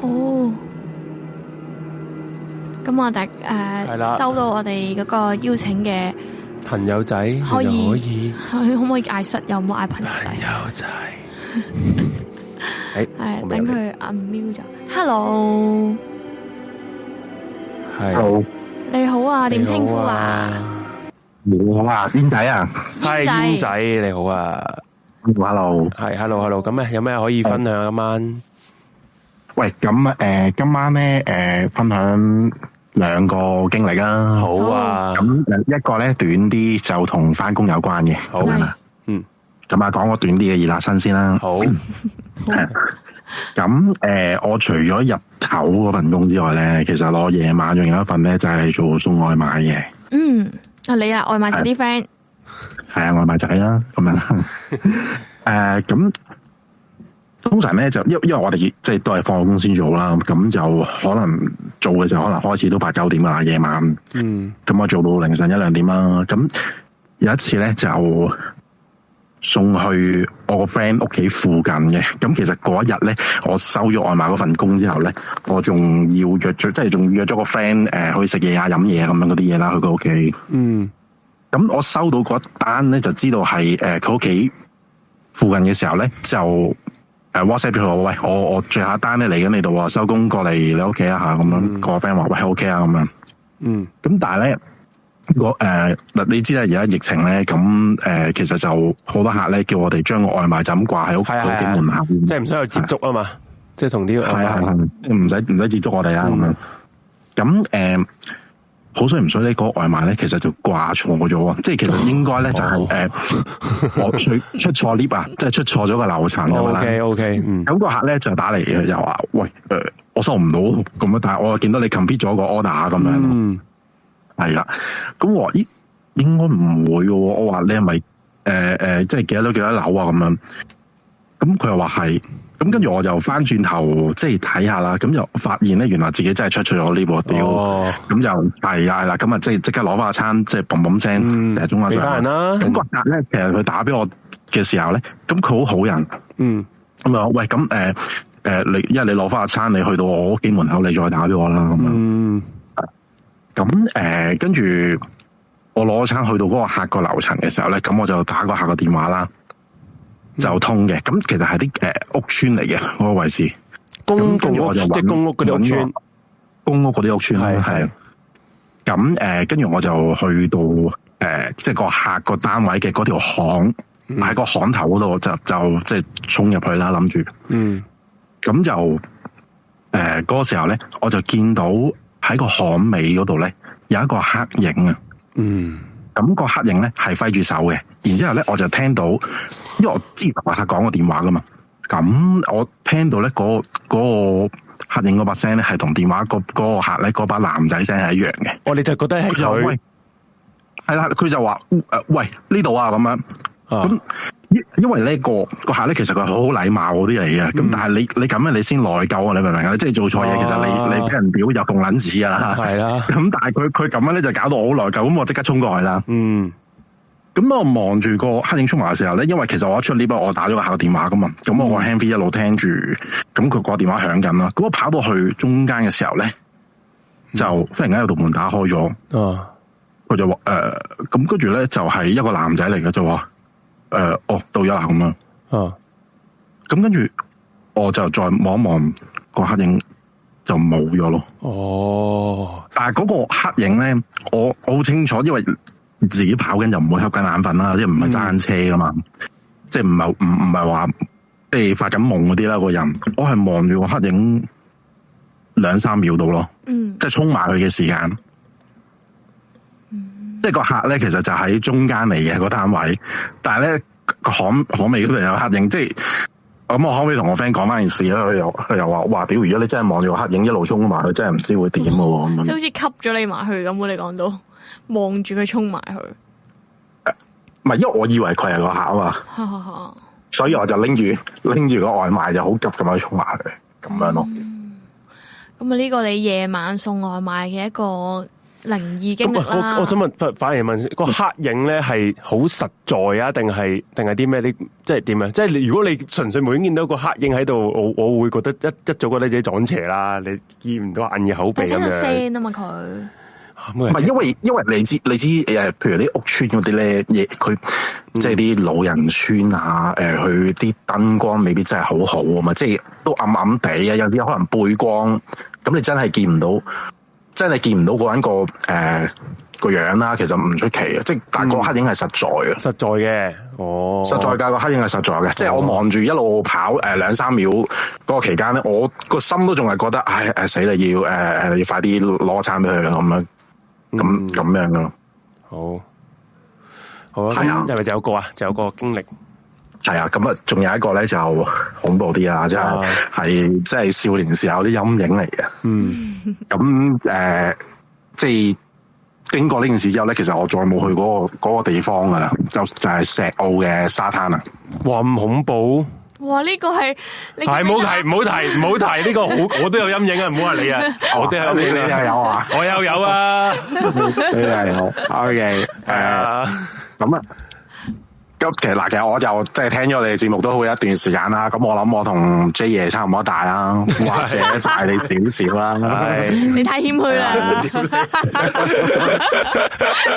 好，咁我哋誒收到我哋嗰個邀請嘅朋友仔，可以可以，可唔可以嗌室友，唔好嗌朋友仔。係係，等佢暗瞄咗。Hello，係。點稱呼啊？你好啊，煙仔啊，係煙仔，你好啊，hello，係 hello，hello，咁咩？有咩可以分享今晚？喂，咁誒，今晚咧誒，分享兩個經歷啦。好啊，咁一個咧短啲，就同翻工有關嘅。好啊，嗯，咁啊，講個短啲嘅熱辣新鮮啦。好，係。咁誒，我除咗入口嗰份工之外咧，其實攞，夜晚仲有一份咧，就係做送外賣嘅。嗯，啊你，啊，外賣仔啲 friend 係啊，外賣仔啦，咁樣啦。誒、 [laughs] uh，咁通常咧就因因為我哋即係都係放工先做啦，咁就可能做嘅時候可能開始都八九點啊，夜晚。嗯。咁我做到凌晨一兩點啦。咁有一次咧就送去。我個 friend 屋企附近嘅，咁其實嗰一日咧，我收咗外賣嗰份工之後咧，我仲要約咗，即係仲約咗個 friend 誒去食嘢啊，飲嘢啊咁樣嗰啲嘢啦，去佢屋企。嗯。咁我收到嗰一單咧，就知道係誒佢屋企附近嘅時候咧，就誒 WhatsApp 咗佢，喂，我我最後一單咧嚟緊你度啊，收工過嚟你屋企啊吓，咁樣。嗯。個 friend 話喂，OK 啊，咁樣。嗯。咁但係咧。我誒嗱，你知啦而家疫情咧，咁誒，其實就好多客咧叫我哋將個外賣就咁掛喺屋企門口，即係唔使去接觸啊嘛，即係同啲係係係唔使唔使接觸我哋啦咁樣。咁誒，好衰唔衰咧？個外賣咧，其實就掛錯咗，即係其實應該咧就係誒我出出錯 lift 啊，即係出錯咗個樓層咯。O K O K，咁個客咧就打嚟又話，喂誒，我收唔到咁樣，但係我又見到你 complete 咗個 order 咁樣。係啦，咁我話應該唔會喎。我話你係咪誒誒，即係幾多幾多樓啊？咁樣，咁佢又話係，咁跟住我就翻轉頭即係睇下啦，咁就發現咧，原來自己真係出咗呢鑊屌。咁、哦、就係啦係啦，咁啊即係即刻攞翻個餐，即係嘭嘭聲，成、嗯、中安上。啦、啊，咁個客咧，其實佢打俾我嘅時候咧，咁佢好好人，嗯，咁啊喂，咁誒誒，你、呃、因為你攞翻個餐，你去到我屋企門口，你再打俾我啦，咁樣。嗯咁誒，跟住、呃、我攞餐去到嗰個客個樓層嘅時候咧，咁我就打個客個電話啦，嗯、就通嘅。咁其實係啲誒屋村嚟嘅嗰個位置，公共屋即係公屋嗰啲屋村，公屋嗰啲屋村係。係的。咁誒的，跟住、呃、我就去到誒、呃，即係個客個單位嘅嗰條巷，喺、嗯、個巷頭嗰度我就就即係衝入去啦，諗住。嗯。咁就誒嗰、呃那個、時候咧，我就見到。喺個巷尾嗰度咧，有一個黑影啊，嗯，咁個黑影咧係揮住手嘅，然之後咧我就聽到，因為我之前同阿他講過電話噶嘛，咁我聽到咧、嗰嗰個黑影嗰把聲咧係同電話個嗰、嗰個客咧嗰把男仔聲係一樣嘅，我哋、哦、就覺得係佢，係啦，佢就話，誒，喂，呢度啊，咁樣，咁、啊。因為呢個個客咧，其實佢係好好禮貌嗰啲嚟嘅，咁、嗯、但係你你咁啊，你先內疚啊，你明唔明啊？即係做錯嘢，其實你你俾人表又共卵似啊，係啦。咁但係佢佢咁樣咧，就搞到我好內疚，咁我即刻衝過去啦。嗯。咁我望住個黑影衝埋嘅時候咧，因為其實我一出 lift 我打咗個客電話噶嘛，咁、嗯、我個 handphone 一路聽住，咁佢個電話響緊啦，咁我跑到去中間嘅時候咧，就忽然間有道門打開咗。佢、啊、就話：誒、呃，咁跟住咧，就係一個男仔嚟嘅啫。就誒、呃，哦，到咗啦咁樣，啊、哦，咁跟住我就再望一望、哦、個黑影，就冇咗咯。哦，但係嗰個黑影咧，我我好清楚，因為自己跑緊就唔會瞌緊眼瞓啦，即係唔係揸緊車噶嘛，嗯、即係唔係唔唔係話，即係、哎、發緊夢嗰啲啦。個人，我係望住個黑影兩三秒度咯，嗯，即係衝埋佢嘅時間。即係個客咧，其實就喺中間嚟嘅個單位，但係咧，個巷巷尾嗰度有黑影，即係咁，我可唔可以同我 friend 講翻件事咯，佢又佢又話哇屌！如果你真係望住個黑影一路衝埋去，真係唔知會點嘅喎，嗯、樣即係好似吸咗你埋去咁。你講到望住佢衝埋去，唔係、呃、因為我以為佢係個客啊嘛， [laughs] 所以我就拎住拎住個外賣就好急咁樣衝埋去，咁樣咯、啊。咁啊呢個你夜晚送外賣嘅一個。靈異經歷，我，我想問，反反而問個黑影咧，係好實在啊，定係定係啲咩？即係點樣、啊？即係如果你純粹冇見到個黑影喺度，我我會覺得一一早覺得自己撞邪啦！你見唔到眼耳口鼻聲，啊嘛？佢唔係因為因為你知你知誒，譬如啲屋村嗰啲咧，佢即係啲老人村啊，誒、嗯，佢啲燈光未必真係好好啊嘛，即係都暗暗地啊，有陣時可能背光，咁你真係見唔到。即係你見唔到嗰個人個誒、呃、個樣啦，其實唔出奇啊，即係、嗯、但個黑影係實在嘅，實在嘅，哦，實在噶個黑影係實在嘅，哦、即係我望住一路跑誒兩、呃、三秒嗰個期間咧，我個心都仲係覺得，唉唉、呃、死啦，要誒、呃、要快啲攞餐俾佢啦咁樣，咁咁樣咯、嗯啊，好，好啊的，係啊，係咪就有個啊，就有個經歷。係啊，咁啊，仲有一個咧就恐怖啲啊，即係係即係少年時候啲陰影嚟嘅。嗯，咁誒，即、呃、係、即係、經過呢件事之後咧，其實我再冇去嗰、嗰個嗰個地方噶啦，就就係石澳嘅沙灘啊。哇，咁恐怖！哇，呢、呢個係係唔好提，唔好提，唔好提，呢、呢個好，我都有陰影啊！唔好話你啊，哦、我都有影 [laughs] 你，你又有啊？我又有，有啊？ [laughs] 你又好 OK，誒，咁、okay，呃、啊。咁其實嗱，其實我就即係聽咗你哋節目都好有一段時間啦。咁我諗我同 J 爺差唔多大啦，或者大你少少啦。你太謙虛啦。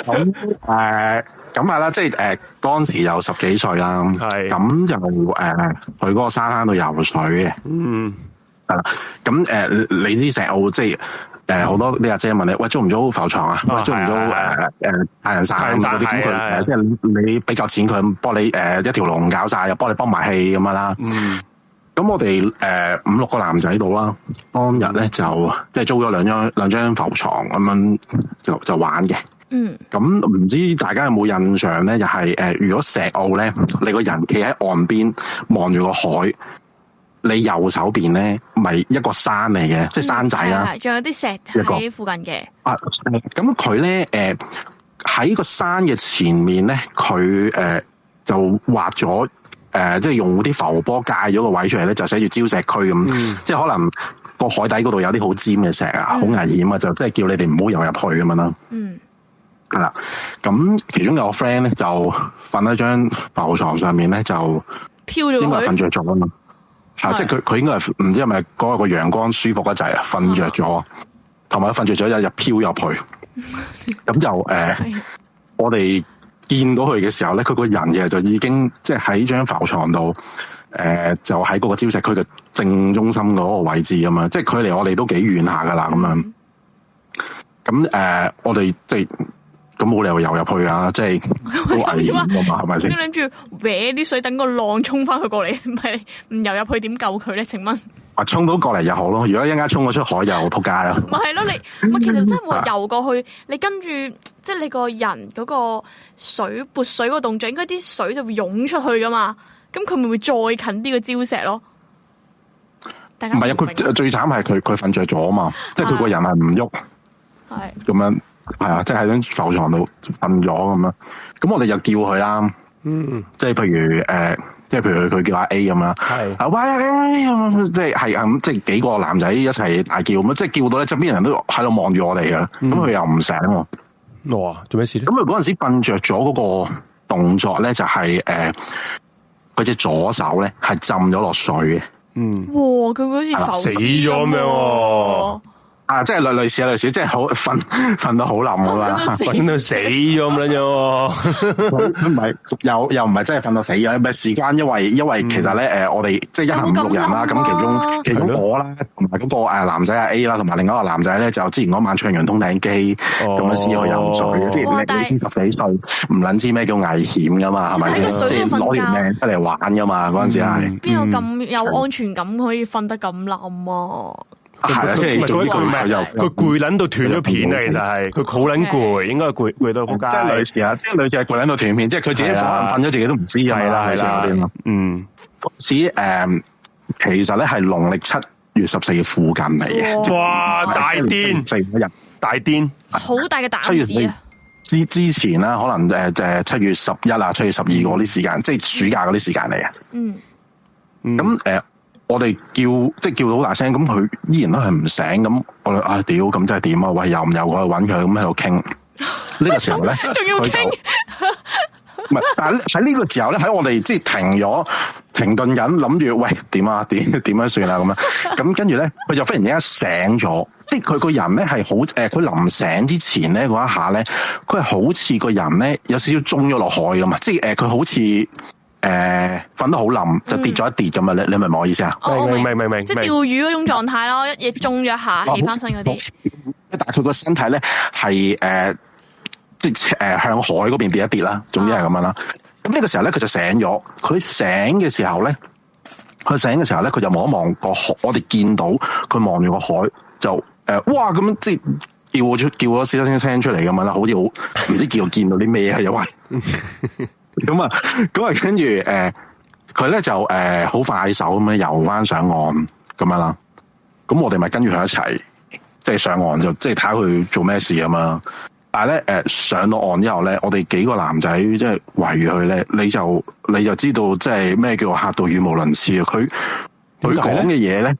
咁誒， [laughs] 咁係啦，即係誒、呃，當時十幾歲啦。係是。咁就誒、呃，去嗰個沙灘度游水嘅。嗯。係啦、嗯。咁誒，你知石澳即係。誒，好多你阿姐問你，喂，租唔租浮床啊？喂、哦，租唔租誒誒大岩咁啲？咁佢即係你俾夠錢，佢幫的你誒、呃、一條龍搞晒，又幫你幫埋氣咁樣啦。嗯。咁我哋誒、呃、五六個男仔喺度啦，當日咧就即係租咗兩張兩張浮床咁樣就就玩嘅。嗯。咁唔知大家有冇印象咧？又係誒，如果石澳咧，你個人企喺岸邊望住個海。你右手邊咧，咪一個山嚟嘅，嗯、即係山仔啦、啊。係，仲有啲石喺附近嘅。啊，咁佢咧，誒喺、呃、個山嘅前面咧，佢誒、呃、就畫咗誒，即係用啲浮波界咗個位出嚟咧，就寫住礁石區咁，嗯、即係可能個海底嗰度有啲好尖嘅石啊，好、嗯、危險啊，就即係叫你哋唔好游入去咁樣咯。嗯，係啦、嗯。咁其中有個 friend 咧，就瞓喺張浮床上面咧，就飄咗，因為瞓着咗啊嘛。啊！即係佢，佢應該係唔知係咪嗰個陽光舒服一劑啊，瞓着咗，同埋瞓着咗入入飄入去，咁 [laughs] 就誒，呃、 [laughs] 我哋見到佢嘅時候咧，佢個人嘅就已經即係喺張浮床度，誒、呃，就喺嗰個礁石區嘅正中心嗰個位置咁樣，即係佢離我哋都幾遠下噶啦，咁樣，咁、呃、誒，我哋即係。就是咁冇理由游入去 [laughs] 啊！即係好危險，係咪先？諗住搲啲水，等個浪沖翻佢過嚟，唔係唔游入去點救佢咧？請問啊，啊沖到過嚟又好咯，如果一陣間沖咗出海又撲街啦。咪係咯，你咪 [laughs] 其實真係冇游過去， [laughs] 你跟住即係你個人嗰個水撥水個動作，應該啲水就會湧出去噶嘛。咁佢咪會再近啲個礁石咯？大家唔係啊！佢最慘係佢佢瞓着咗啊嘛， [laughs] 即係佢個人係唔喐，係咁 [laughs] 樣。 [laughs] 係啊，即係喺張浮床度瞓咗咁樣，咁我哋就叫佢啦的、啊欸。嗯，即係譬如誒，即係譬如佢叫阿 A 咁樣。係。阿 Y，即係，係啊，即係幾個男仔一齊大叫咁，即係叫到咧，側邊人都喺度望住我哋嘅。咁佢、嗯、又唔醒喎、啊。哇、哦！做咩事？咁佢嗰陣時瞓着咗嗰個動作咧、就係，就係誒，佢隻左手咧係浸咗落水嘅。嗯。哇！佢好似浮吧死咗喎。啊！即係類類似啊，類似，即係好瞓瞓到好冧噶啦，瞓到死咁樣啫。唔係又又唔係真係瞓到死嘅，咪時間因為因為其實咧誒，嗯、我哋即係一行五六人啦，咁、啊、其中其中我啦，同埋嗰個誒男仔阿 A 啦，同埋另外一個男仔咧，就之前嗰晚唱游通頂機咁樣先去游水嘅，哦、即係未千十幾歲，唔捻是知咩叫危險噶嘛，係咪先？即係攞條命出嚟玩噶嘛，嗰陣、嗯、時係。邊、嗯、有咁有安全感可以瞓得咁冧啊？係啦，即係佢攰，又佢攰捻到斷咗片，其實係佢好捻攰，應該攰攰到仆街。即係女士啊，即係女仔攰捻到斷片，即係佢自己瞓瞓咗，自己都唔知啊嘛。女士嗰啲咯，嗯，似誒，其實咧係農曆七月十四附近嚟嘅。哇，大癲！四日大癲，好大嘅膽子啊！之之前啦，可能誒誒七月十一啊，七月十二嗰啲時間，即係暑假嗰啲時間嚟嘅。嗯，咁誒。我哋叫，即係叫到好大聲，咁佢依然都係唔醒，咁我哋啊，屌、哎，咁真係點啊？喂，又唔又，我去搵佢，咁喺度傾。呢、呢個時候咧，佢 [laughs] 聊就唔係，但係喺呢個時候咧，喺我哋即係停咗、停頓緊，諗住喂，點啊？點點樣算啊？咁樣，咁跟住咧，佢就忽然之間醒咗，即係佢個人咧係好，誒、呃，佢臨醒之前咧嗰一下咧，佢係好似個人咧有少少中咗落海咁啊，即係誒，佢、呃、好似。誒，瞓、呃、得好冧，就跌咗一跌咁啊，嗯！你你明唔明我意思啊？哦，明明明明，即係釣魚嗰種狀態咯，一嘢中咗下，呃，起翻身嗰啲，呃。但係佢個身體咧係誒，即係誒向海嗰邊跌一跌啦。總之係咁樣啦。咁呢、啊，個時候咧，佢就醒咗。佢醒嘅時候咧，佢醒嘅時候咧，佢就望一望個海。我哋見到佢望住個海，就誒、呃，哇！咁即係叫，叫出叫咗一聲聲出嚟咁樣啦，好似好唔知叫見到啲咩嘢又係。咁啊，咁啊，跟住誒，佢、呃、咧就誒好、呃、快手咁樣游翻上岸咁樣啦。咁我哋咪跟住佢一齊，即係上岸就即係睇下佢做咩事啊嘛。但係咧誒，上到岸之後咧，我哋幾個男仔即係圍住佢咧，你就你就知道即係咩叫嚇到語無倫次啊！佢佢講嘅嘢咧，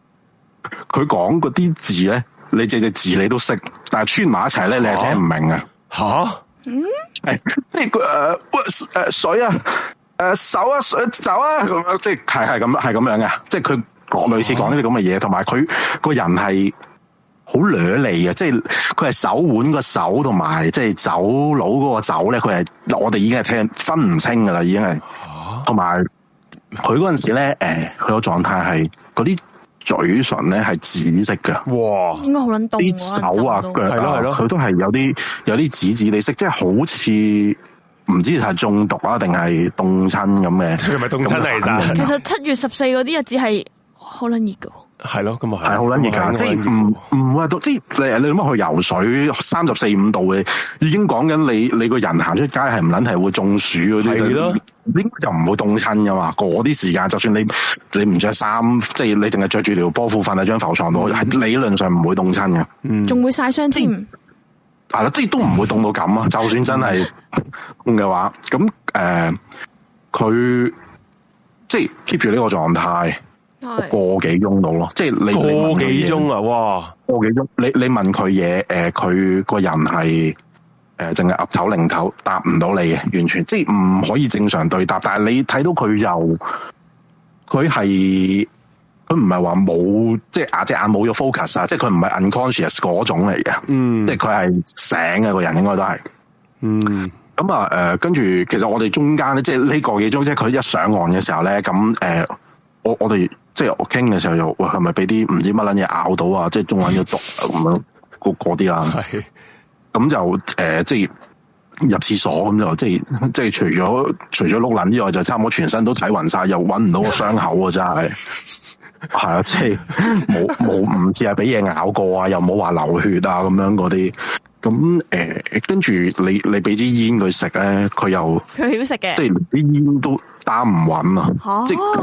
佢講嗰啲字咧，你只只字你都識，但係串埋一齊咧，你係聽唔明啊？吓、啊？嗯，係誒，誒、 [noise] 呃呃、水啊，誒、呃、手啊，水走啊，咁樣、啊啊啊、即係係係咁樣，係咁樣嘅，即係佢講類似講呢啲咁嘅嘢，同埋佢個人係好掠利嘅，即係佢係手腕個手同埋即係走佬嗰個走咧，佢係我哋已經係聽分唔清噶啦，已經係，同埋佢嗰陣時咧，誒佢個狀態係嗰啲。嘴唇呢係紫色㗎，哇！應該好撚凍。啲手啊腳啊，係咯係咯，佢都係有啲有啲紫紫哋色，即係好似唔知係中毒啊定係凍親咁嘅。佢係咪凍親嚟㗎？其實七月十四嗰啲日子係好撚熱嘅，係咯，咁啊係，係好撚熱㗎。即係唔唔會到，即係你你諗乜去游水？三十四五度嘅，已經講緊你你個人行出街係唔撚係會中暑嗰啲。應該就唔會凍親噶嘛，嗰啲時間就算你你唔着衫，即係你淨係着住條波褲瞓喺張浮床度，係理論上唔會凍親嘅。嗯，仲會曬傷添。係啦、嗯，即係都唔會凍到咁啊！嗯、就算真係咁嘅、嗯、話，咁誒，佢即係 keep 住呢個狀態，個對幾鐘度咯。即係你個幾鐘啊？哇，個幾鐘？你你問佢嘢，誒、呃，佢個人係。誒，淨係岌頭擰頭答唔到你嘅，完全即係唔可以正常對答。但係你睇到佢又，佢係佢唔係話冇，即係眼隻眼冇咗 focus 啊！即係佢唔係 unconscious 嗰種嚟嘅，嗯，即係佢係醒嘅個人應該，應該都係，嗯。咁啊，誒、呃，跟住其實我哋中間咧，即係呢個幾鐘，即係佢一上岸嘅時候咧，咁誒、呃，我我哋即係我傾嘅時候又，喂、欸，係咪俾啲唔知乜捻嘢咬到啊？即係中捻咗毒啊，咁 [laughs] 樣嗰啲啦。 [laughs] 咁就誒、呃，即係入廁所咁就，即係即係除咗除咗碌撚之外，就差唔多全身都睇勻晒，又揾唔到個傷口啊，真係，係啊？ [laughs] 即係冇冇唔知係俾嘢咬過啊？又冇話流血啊？咁樣嗰啲咁誒，跟住、呃、你你俾支煙佢食咧，佢又佢好食嘅，即係支煙都打唔穩啊！即係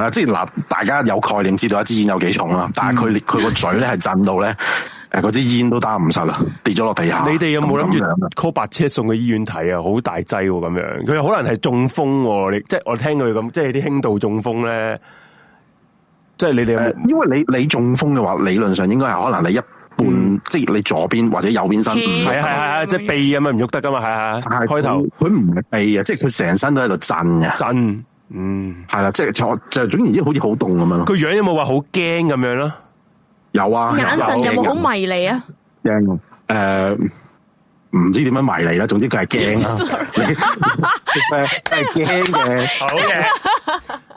啦，即係嗱，大家有概念知道一支煙有幾重啦，但係佢佢個嘴咧係震到咧。 [laughs] 嗰支煙都打唔實啦，跌咗落地下。你哋有冇諗住 call 白車送去醫院睇啊？好大劑咁、啊、樣，佢可能係中風、啊。你即係我聽佢咁，即係啲輕度中風咧，即係你哋、呃。因為你你中風嘅話，理論上應該係可能你一半，嗯、即係你左邊或者右邊身，係係係，即係鼻咁嘛，唔喐得噶嘛，係啊。開頭佢唔係鼻啊，即係佢成身都喺度震呀。震。嗯，係啦，即係坐就，就總言之好似好凍咁樣咯。佢樣有冇話好驚咁樣咯？有啊，眼神有冇好迷離啊？驚誒，唔知點樣迷離啦，總之佢係驚啊，即係驚嘅。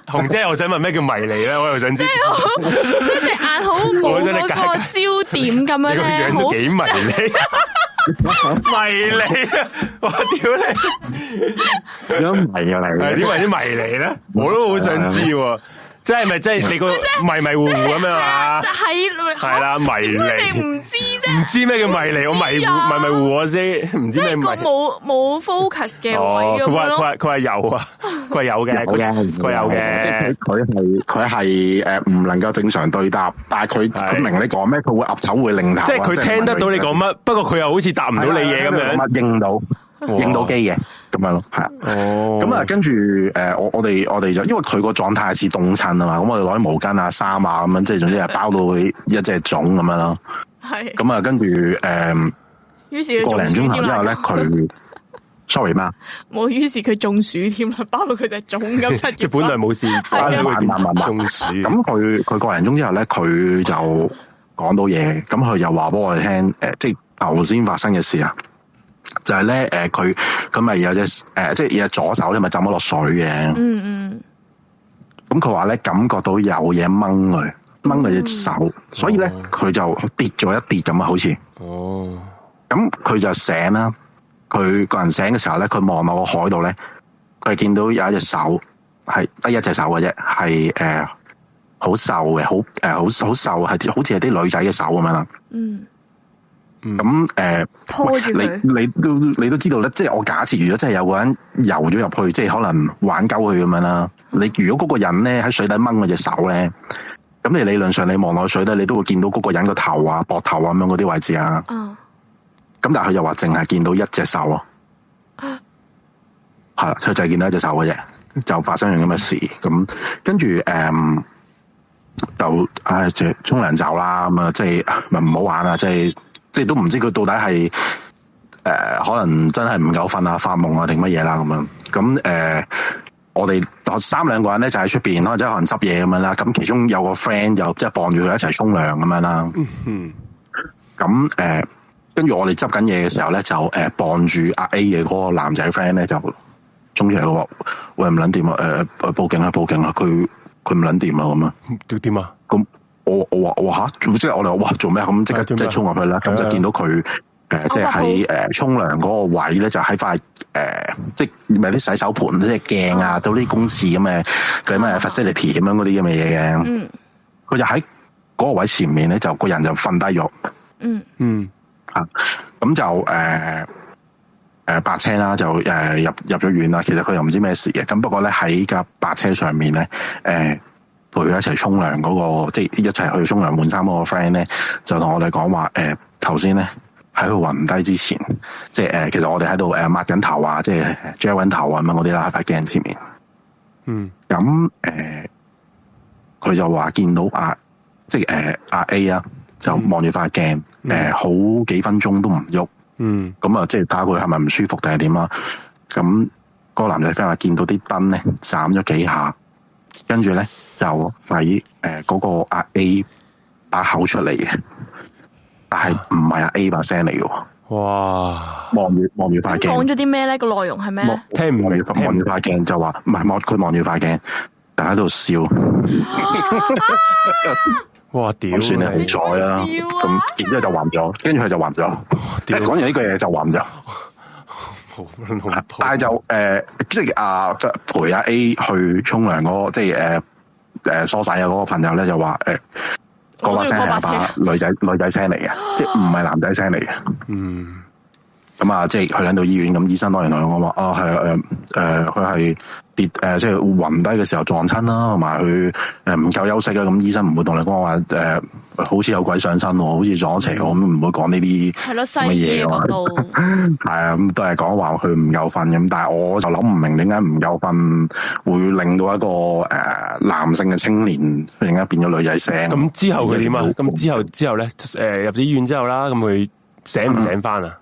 好，紅姐，我想問咩叫迷離咧？我又想知，即係隻眼好嗰個焦點咁樣咧，好迷離，迷離啊！我屌你，點迷嚟嘅？點為啲迷離咧？我都好想知。即係咪即係你個迷迷糊糊咁樣啊？係係啦，迷離。我哋唔知啫，唔知咩叫迷離，我迷迷迷糊我先，唔知咩唔，即係冇冇 focus 嘅位，佢話佢話佢話有啊，佢有嘅，佢有嘅，佢係佢係誒，唔能夠正常對答，但係佢佢明你講咩，佢會岌頭會擰頭。即係佢聽得到你講乜，不過佢又好似答唔到你嘢咁樣，應到。影到機嘅咁樣咯，係啊，咁啊，跟住誒，我我哋我哋就因為佢個狀態似凍親啊嘛，咁我哋攞啲毛巾啊、衫啊咁樣，即係總之係包到佢一隻粽咁樣咯。係，咁啊，跟住誒，於是個零鐘頭之後咧，佢，sorry 咩？冇，於是佢中暑添啦，包到佢隻粽咁七即本來冇事，慢慢慢中暑。咁佢佢個零鐘之後咧，佢就講到嘢，咁佢又話俾我哋聽，誒，即係頭先發生嘅事啊。就係咧，誒、呃，佢咁咪有隻誒、呃，即係有隻左手咧，咪浸咗落水嘅。嗯嗯。咁佢話咧，感覺到有嘢掹佢，掹佢隻手，嗯、所以咧佢就跌咗一跌，咁啊，好似。哦。咁佢、嗯、就醒啦，佢個人醒嘅時候咧，佢望埋個海度咧，佢係見到有一隻手，係得一隻手嘅啫，係誒、呃呃，好瘦嘅，好誒，好好瘦，係好似係啲女仔嘅手咁樣啦。嗯。咁誒，你你都你都知道咧，即、就、係、是、我假設，如果真係有個人游咗入去，即、就、係、是、可能玩鳩佢咁樣啦。嗯、你如果嗰個人咧喺水底掹嗰隻手咧，咁你理論上你望落水底，你都會見到嗰個人個頭啊、膊頭啊咁樣嗰啲位置啊。咁、嗯、但係佢又話淨係見到一隻手、嗯、隻手咯。啊。係啦，佢就係見到一隻手嘅啫，就發生樣咁嘅事。咁、嗯、跟住誒、嗯，就啊，就沖涼走啦。咁、就、啊、是，即係咪唔好玩啊，即、就、係、是。即都唔知佢到底係誒、呃，可能真係唔夠瞓啊、發夢啊定乜嘢啦咁樣。咁誒、呃，我哋三兩個人咧就喺出邊，可能即可能執嘢咁樣啦。咁其中有個 friend 就即係傍住佢一齊沖涼咁樣啦。咁誒、嗯哼，跟住、呃、我哋執緊嘢嘅時候咧，就誒傍住阿 A 嘅嗰個男仔 friend 咧就沖出嚟嘅話，喂，唔捻掂啊！誒、呃、報警啊！報警啊！」佢佢唔捻掂啊咁啊？點點啊？咁。我我話哇，即係我哋哇，做咩咁即刻即係衝入去啦。咁就見到佢誒，即係喺誒沖涼嗰個位咧，就喺塊誒，即係咪啲洗手盆，即係鏡啊，到啲公廁咁嘅佢咩 facility 咁樣嗰啲咁嘅嘢嘅。嗯，佢就喺嗰個位前面咧，就個人就瞓低咗。嗯嗯啊，咁就誒誒，白車啦，就誒入入咗院啦。其實佢又唔知咩事嘅。咁不過咧喺架白車上面咧，誒。佢一齊沖涼嗰個，即、就、係、是、一齊去沖涼換衫嗰個 friend 咧，就同我哋講話，誒、呃，頭先咧喺佢暈低之前，即係誒、呃，其實我哋喺度誒抹緊頭啊，即係 gel 緊頭啊咁樣，抹嗰啲啦，喺塊鏡前面。嗯，咁誒，佢、呃、就話見到阿、啊、即係誒阿 A 啊，就望住塊鏡，誒、嗯呃，好幾分鐘都唔喐。嗯，咁啊，即係打過去係咪唔舒服定係點啊？咁嗰、那個男仔 friend 話見到啲燈咧，眨咗幾下，跟住咧。就喺誒嗰個阿 A 把口出嚟嘅，但係唔係阿 A 把聲嚟嘅。哇！望住望住塊鏡，講咗啲咩咧？個內容係咩？聽唔明，望住塊鏡就話唔係望佢望住塊鏡，就喺度笑。哇！屌，算你好彩啦！咁然之後就還咗，跟住佢就還咗。講完呢句嘢就還咗。但係就誒，即係阿陪阿 A 去沖涼嗰個即係誒。誒，梳晒嘅嗰個朋友咧就話，誒、欸，把聲係把女仔女仔聲嚟嘅， [laughs] 即係唔係男仔聲嚟嘅。嗯。咁啊、嗯，即係去揾到醫院，咁醫生當然同佢講話，啊係誒誒，佢係、呃呃、跌誒、呃，即係暈低嘅時候撞親啦，同埋佢誒唔夠休息啦。咁、嗯、醫生唔會同你講話誒，好似有鬼上身喎，好似撞邪，嗯、我唔會講呢啲係咯細嘅嘢喎。係啊了，咁、那個嗯、都係講話佢唔夠瞓咁，但係我就諗唔明點解唔夠瞓會令到一個誒、呃、男性嘅青年，突然間變咗女仔醒？咁之後佢點啊？咁之後之後咧，誒、呃、入咗醫院之後啦，咁佢醒唔醒翻啊？嗯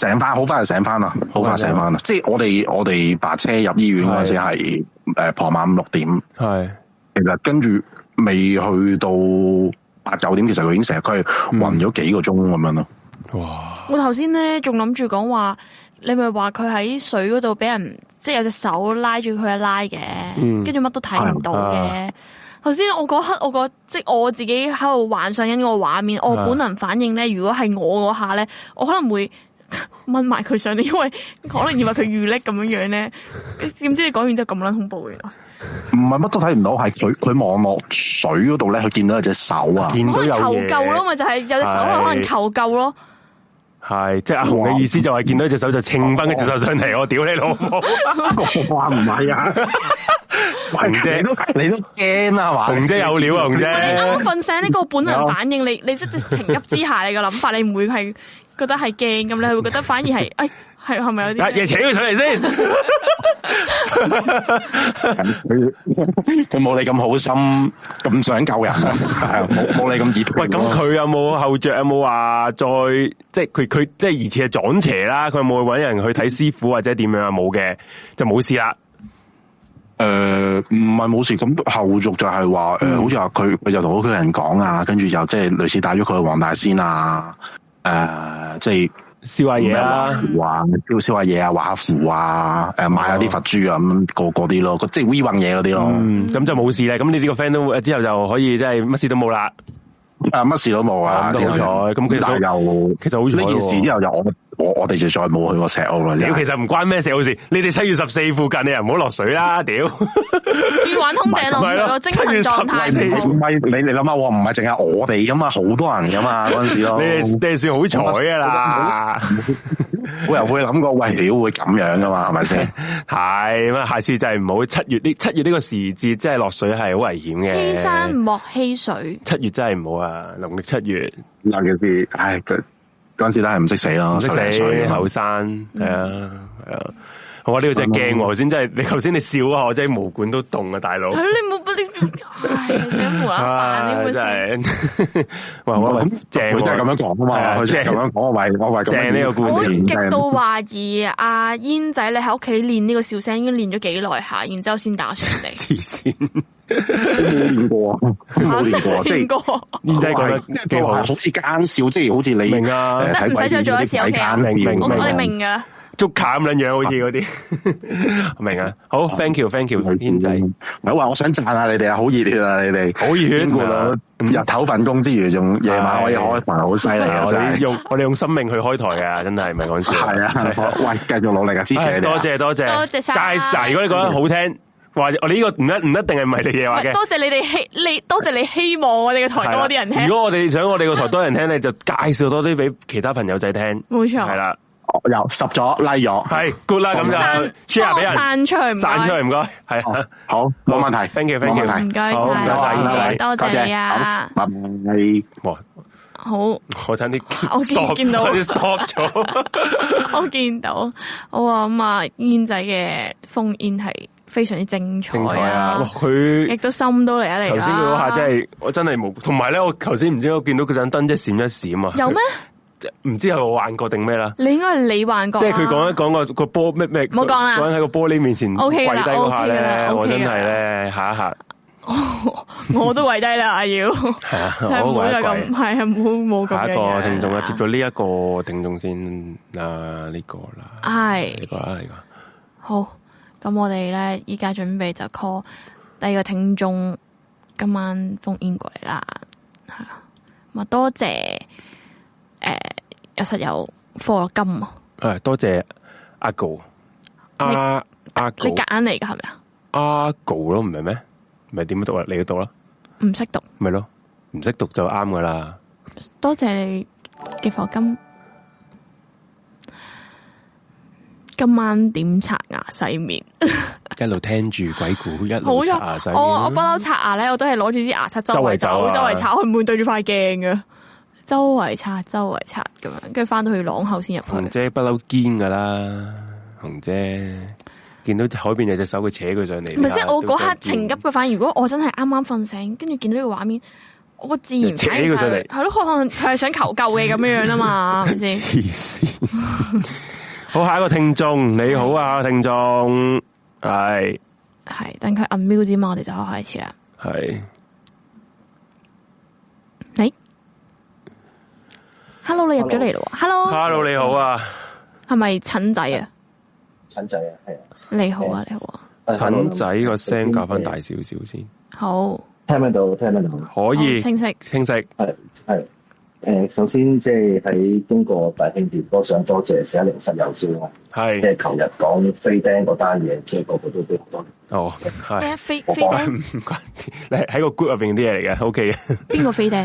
醒翻，好快就醒翻啦，醒醒醒好快醒翻啦。即係我哋我哋白車入醫院嗰陣時係誒的、呃、傍晚五六點，係的其實跟住未去到八九點，其實佢已經成日佢暈咗幾個鐘咁樣咯、嗯。哇！我頭先咧仲諗住講話，你咪話佢喺水嗰度俾人即係有隻手拉住佢一拉嘅，跟住乜都睇唔到嘅。頭先的我嗰刻我覺得即係我自己喺度幻想緊個畫面，的我本能反應咧，如果係我嗰下咧，我可能會。問埋佢上嚟，因為可能以為佢淤溺咁樣樣咧，點知，唔知你講完之後咁捻恐怖嘅？唔係乜都睇唔到，係水佢望望水嗰度咧，佢見到有隻手啊，見到求救咯，咪就係有隻手係可能求救咯。係、就係，即係阿紅嘅意思就係見到有隻手就稱崩隻手上嚟，我屌你老母！我話唔係啊，紅 [laughs] 姐都你都驚啊嘛？紅姐有料啊，紅姐姐你啱啱瞓醒，呢個本能反應， [laughs] 姐你你即係情急之下你想你，你嘅諗法，你唔會係。覺得係驚咁，你會會覺得反而係，誒、哎，係係咪有啲？嘢扯佢上嚟先。佢佢冇你咁好心，咁想救人、啊，冇冇你咁熱。喂，咁佢有冇後續？有冇話再即係佢佢即係疑似撞邪啦？佢有冇去揾人去睇師傅或者點樣啊？冇嘅、嗯，就冇事啦。誒、呃，唔係冇事，咁後續就係話，誒、呃，好似話佢佢就同屋企人講啊，跟住就即係類似帶咗佢去黃大仙啊。誒、呃，即係燒下嘢啊，畫燒燒下嘢啊，畫符啊，誒、啊啊呃，買下啲佛珠啊，咁、哦、個嗰啲咯，即係威運嘢嗰啲咯。咁、嗯、就冇事啦。咁你呢個 friend 都之後就可以，即係乜事都冇啦。啊，乜事都冇啊，好彩。咁佢又其實好呢件事之後又。我哋就再冇去過石澳啦！屌，其實唔關咩石澳事，你哋七月十四附近你又唔好落水啦！屌，要玩通頂個精神狀態。咪你你諗下，我唔係淨係我哋咁嘛好多人噶嘛嗰陣時咯。你哋算好彩啊啦！有有人會唔會諗過喂？屌會咁樣噶嘛？係咪先？係咁下次就係唔好七月呢？七月呢個時節即係落水係好危險嘅。欺山莫欺水，七月真係唔好啊！農曆七月嗱，件事、哎、唉。哎嗰陣時都係唔識死咯，唔識死，後生，係輕、嗯、啊，係啊。我呢個真係驚喎。頭先真係你頭先你笑啊，我真係毛管都凍啊，大佬。你冇不你係真係胡亂你冇聲。喂，我咁正，佢就係咁樣講啊嘛，佢真係咁樣講，我咪我咪正呢個故事。我極度懷疑阿煙仔你喺屋企練呢個笑聲，已經練咗幾耐下，然之後先打上嚟。黐線，冇練過啊，冇練過啊，即係煙仔係覺得幾好，好似奸笑，即係好似你喺鬼片啲鬼奸，明明明足卡咁樣樣，好似嗰啲，明啊，好，thank you，thank you，雷天仔，唔係話，我想讚下你哋啊，好熱血啊，你哋，好熱血，兼顧到入頭份工之餘仲夜晚可以開台，好犀利啊，真用我哋用生命去開台啊，真係，唔係講笑，係啊，喂，繼續努力啊，支持，多謝，多謝多謝晒，介紹，如果你講得好聽，話我你呢個唔一唔一定係唔係你嘢話嘅，多謝你哋希你，多謝你希望我哋嘅台多啲人聽，如果我哋想我哋嘅台多人聽咧，就介紹多啲俾其他朋友仔聽，冇錯，係啦。又濕咗拉咗，係 good 啦咁就 share 俾人散出去，散出去唔該，係好冇問題，thank you，thank you，唔該，唔該晒，多謝你啊。好，我差啲我見到 stop 咗，我見到我話啊，燕仔嘅封煙係非常之精彩啊，佢亦都心到嚟一嚟啦，頭先嗰下真係我真係冇同埋咧，我頭先唔知我見到嗰盞燈一閃一閃啊，有咩？唔知係我幻覺定咩啦？你應該係你幻覺。即係佢講一講個個波咩咩，唔好講啦。講喺個玻璃面前跪低嗰下咧，我真係咧，下一下，我都跪低啦，阿耀。係啊，我跪就咁，係啊，冇冇咁。下一個聽眾接咗呢一個聽眾先啊，呢個啦，係呢個啦，呢個。好，咁我哋咧依家準備就 call 第二個聽眾，今晚封煙鬼啦，係啊，咁啊多謝誒。其實有課金、哦、啊！誒，多謝阿 g o、啊、你阿阿哥 你夾硬嚟噶係咪啊？阿 g o 咯，唔係咩？唔係點樣讀啊？你讀啦，唔識讀咪咯，唔識讀就啱噶啦。多謝，謝你嘅課金。今晚點刷牙洗面？一路聽住鬼故，一路刷牙洗面。我我不嬲刷牙咧，我都係攞住啲牙刷周圍走，周圍炒，唔會對住塊鏡噶。周圍擦，周圍擦咁樣，跟住翻到去廊口先入去。紅姐不嬲堅噶啦，紅姐見到海邊有隻手，佢扯佢上嚟。唔係即係我嗰刻情急嘅，反應。如果我真係啱啱瞓醒，跟住見到呢個畫面，我自然係扯佢上嚟。係咯，可能佢係想求救嘅咁樣樣啊嘛，係咪先？好，下一個聽眾，你好啊，聽眾係係，等佢 A museum 我哋就可以開始啦。係。hello 你入咗嚟喎。hello，hello 你好啊，係咪陳仔啊？陳仔啊，係啊，你好啊，你好啊，陳仔個聲教翻大少少先，好，聽得到？聽得到？可以，清晰，清晰，係係，誒，首先即係喺中國大興電波，多想多謝，寫得淋濕有笑啊，係，即係琴日講飛釘嗰單嘢，即係個個都都好多，哦，係，飛飛釘唔關事，你喺個 group 入邊啲嘢嚟嘅，ok 嘅，邊個飛釘？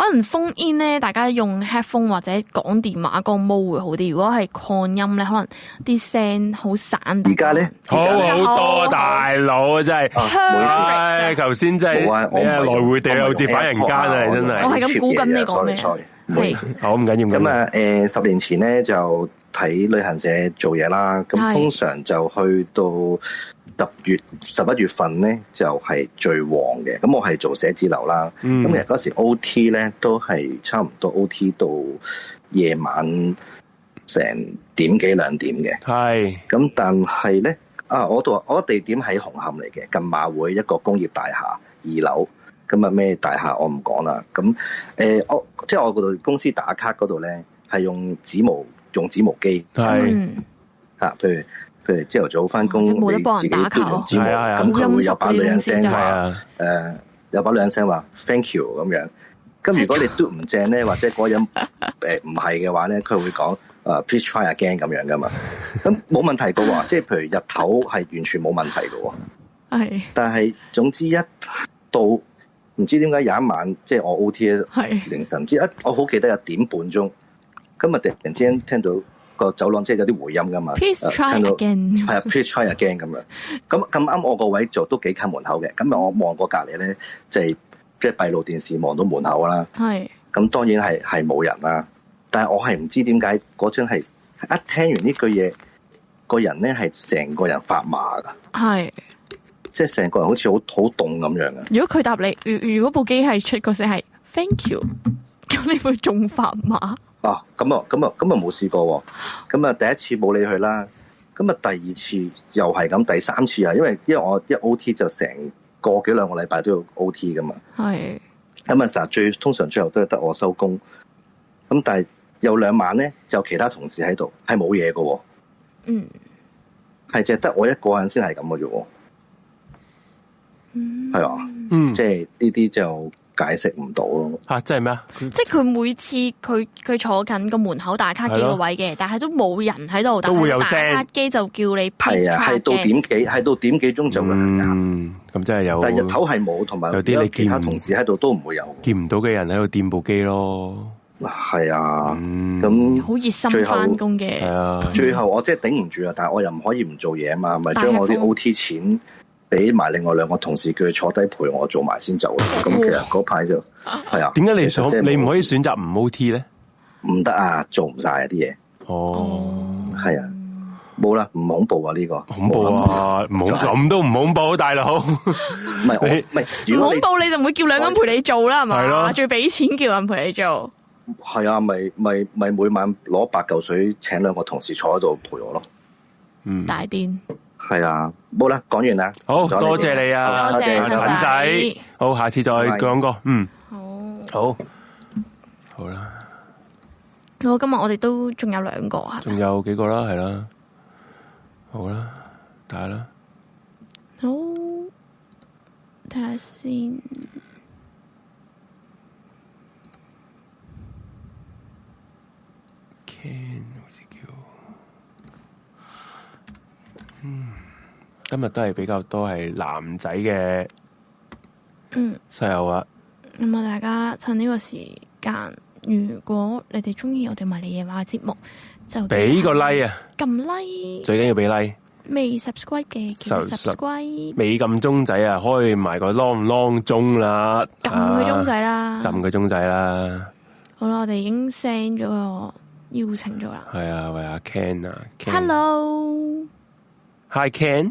可能封 In 咧，大家用 headphone 或者講電話個 mode 會好啲。如果係擴音咧，可能啲聲好散。而家咧好好多大佬啊，真係香啊！頭先真係你係來回地好似擺人間啊，真係。我係咁估緊你講咩？係好唔緊要。咁啊，誒，十年前咧就睇旅行社做嘢啦。咁通常就去到。十月十一月份咧就係、是、最旺嘅，咁我係做寫字樓啦，咁、嗯、其實嗰時 O T 咧都係差唔多 O T 到夜晚成點幾兩點嘅，係是，咁、嗯、但係咧啊，我度我的地點喺紅磡嚟嘅，近馬會一個工業大廈二樓，咁啊咩大廈我唔講啦，咁誒、呃、我即係我度公司打卡嗰度咧係用指模，用指模機，係是，吓、嗯，譬、啊、如朝頭早翻工，得打你自己都唔知喎，咁佢會有把女人聲話、啊，誒、呃，有把女人聲話，thank you 咁樣。咁如果你嘟唔正咧， [laughs] 或者嗰人誒唔係嘅話咧，佢會講，誒、呃、，please try again 咁樣噶嘛。咁冇問題噶， [laughs] 即係譬如日頭係完全冇問題噶。係。 [laughs] 但係總之一到唔知點解有一晚，即係我 O T 咧，凌晨，唔是知一，我好記得一點半鐘，今日突然之間聽到。個走廊即係有啲回音噶嘛 try again.、啊，聽到係啊 [laughs] ，please try again 咁樣，咁咁啱我個位坐都幾近門口嘅，咁我望過隔籬咧，即係即係閉路電視望到門口啦，係是，咁當然係係冇人啦、啊，但係我係唔知點解嗰張係一聽完呢句嘢，個人咧係成個人發麻噶，係是，即係成個人好似好好凍咁樣噶。如果佢答你，如果如果部機係出個聲係 thank you，咁你會仲發麻。啊，咁啊，咁啊，咁啊冇試過喎，咁啊第一次冇理佢啦，咁啊第二次又係咁，第三次啊，因為因為我一 OT 就成個幾兩個禮拜都要 OT 噶嘛，係是，咁啊成日最通常最後都係得我收工，咁但係有兩晚咧就有其他同事喺度係冇嘢噶，嗯，係淨係得我一個人先係咁噶啫，係啊，嗯，即係呢啲就。解釋唔到咯嚇，即係咩啊？即係佢每次佢佢坐緊個門口打卡機個位嘅，但係都冇人喺度打。都會有聲機就叫你批。係到點幾？係到點幾鐘就會。嗯，咁真係有。但係日頭係冇，同埋有啲你其他同事喺度都唔會有。見唔到嘅人喺度掂部機咯。嗱，係啊，咁好熱心返工嘅。係啊，最後我真係頂唔住啊！但係我又唔可以唔做嘢啊嘛，咪將我啲 O T 錢。俾埋另外兩個同事，叫佢坐低陪我做埋先走咁其實嗰排就係啊。點解你想你唔可以選擇唔 ot 咧？唔得啊，做唔晒啊，啲嘢。哦，係、嗯、啊，冇啦，唔恐怖啊，呢個恐怖啊，唔恐咁都唔恐怖，恐怖、啊，大佬。唔係，唔係，唔恐怖你就唔會叫兩個陪你做啦，係咪我？啊、最俾錢叫人陪你做。係啊，咪咪咪，每晚攞八嚿水，請兩個同事坐喺度陪我咯。嗯，大店。係啊，冇啦，講完啦，好多謝你啊，陳仔，好，下次再講過，嗯，好，好，好啦，我今日我哋都仲有兩個啊，仲有幾個啦，係啦，好啦，睇下啦，好睇下先，Ken。今日都係比較多係男仔嘅，嗯，細友啊，咁啊，大家趁呢個時間，如果你哋中意我哋迷你夜話嘅節目，就俾個 like 啊，撳 like，最緊要俾 like，未 subscribe 嘅，subscribe，未撳鐘仔啊，開埋個 long long 鐘啦，撳個鐘仔啦，撳個鐘仔啦，好啦，我哋已經 send 咗個邀請咗啦，係啊，喂阿 Ken 啊，Ken，Hello，Hi Ken。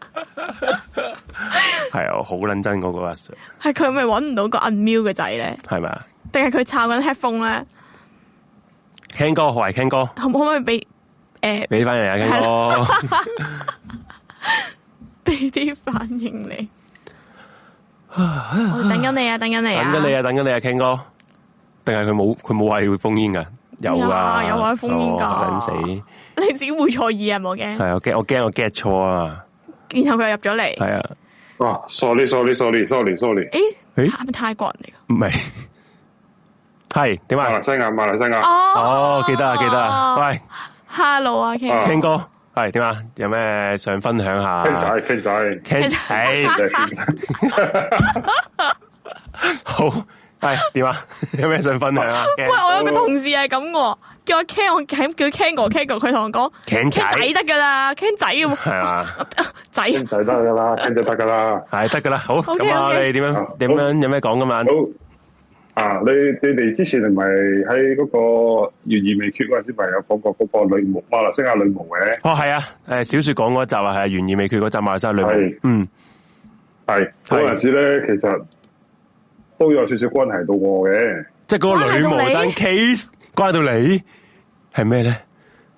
係、 [laughs] [laughs] 欸、啊，好捻真嗰個啊！係佢係咪揾唔到個 unmute 嘅掣咧？係咪啊？定係佢插緊 headphone 咧？King 哥，喂可唔可以俾誒？俾翻嚟啊，King 哥，俾啲反應你。我等緊你啊，等緊你、啊你、啊、 [laughs] 你啊，等緊你啊，等緊你啊，King 哥，定係佢冇佢冇話會封煙噶？有，有話啊，有話封煙噶。等死你，你自己會錯意啊！冇驚， [laughs] 係 [laughs] 我驚，我驚我 get 錯啊！然後佢又入咗嚟，係啊，哇，sorry，sorry，sorry，sorry，sorry，誒誒，係咪泰國人嚟噶？唔係，係點啊？馬來西亞，馬來西亞哦，記得啊，記得啊，喂，hello 啊，Ken 哥，係點啊？有咩想分享下？Ken 仔，Ken 仔，Ken 仔，好，係點啊？有咩想分享啊？喂，我有個同事係咁噶。叫我 k 我 n 我叫 Ken 哥 Ken 哥佢同我講 k 仔得噶啦 k 仔咁係啊，仔得噶啦 k 就得噶啦，係得噶啦。好咁啊，你點樣點樣有咩講噶嘛？好啊，你你哋之前係咪喺嗰個懸疑未決嗰陣時咪有講過嗰個女巫馬來西亞女巫嘅？哦，係啊，誒，小說講嗰集啊，係懸疑未決嗰集馬來西亞女巫，是嗯，係嗰陣時咧，其實都有少少關係到我嘅，即係嗰個女巫單 case。怪到你係咩？咧，呢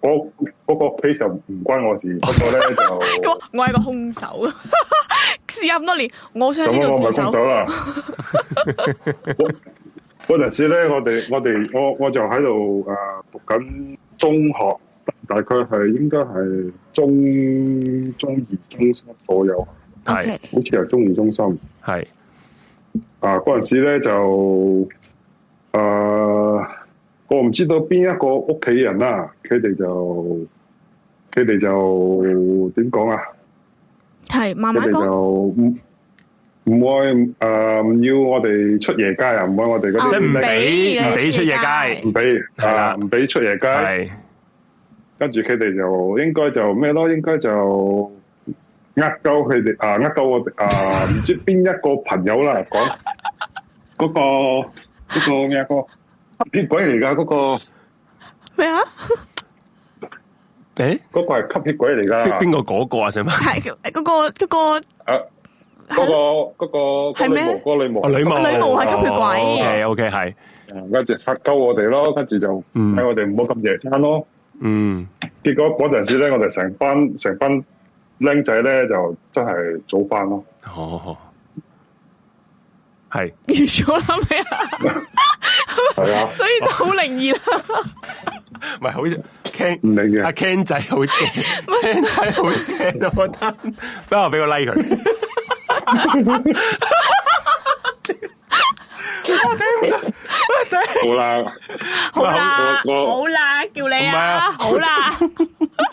我，嗰個 case 就唔關我事，不過咧就 [laughs] 我我係個兇手，試 [laughs] 咁多年，我想咁我唔係凶手啦。嗰陣時咧，我哋 [laughs] 我哋我我，我，我就喺度啊讀緊中學，大概係應該係中中二、中三左右，係，Okay. 好似係中二中、中三是。係啊，嗰陣時咧就誒。呃我唔知道邊一個屋企人啦，佢哋就佢哋就點講啊？係慢慢講。佢哋就唔唔會誒，唔要我哋出夜街啊！唔會我哋嗰啲，即係唔俾唔俾出夜街，唔俾係啦，唔俾出夜街。跟住佢哋就應該就咩咯？應該就呃到佢哋啊，呃到我哋啊，唔知邊一個朋友啦，講嗰個呢個咩啊哥血鬼吸血鬼嚟噶嗰個咩啊？誒， [laughs] 嗰、嗰個係吸血鬼嚟噶？邊個嗰個啊？係嘛？係嗰個嗰個誒，嗰個嗰個係咩？嗰，女巫女巫女巫係吸血鬼啊？O K 係，跟住吓夠我哋咯，跟住就喺我哋唔好咁夜餐咯。嗯，結果嗰陣時咧，我哋成班成班僆仔咧，就真係早翻咯。哦。係完咗諗咩啊？係啊 [laughs] 所以都好靈異啦。唔係好 c 唔靈嘅，阿 ken 仔好正 ken 仔好正， [laughs] [laughs] 我得、like，不如我俾個 like 佢。好啦，好啦，好啦，叫你啊，啊好啦。 [laughs]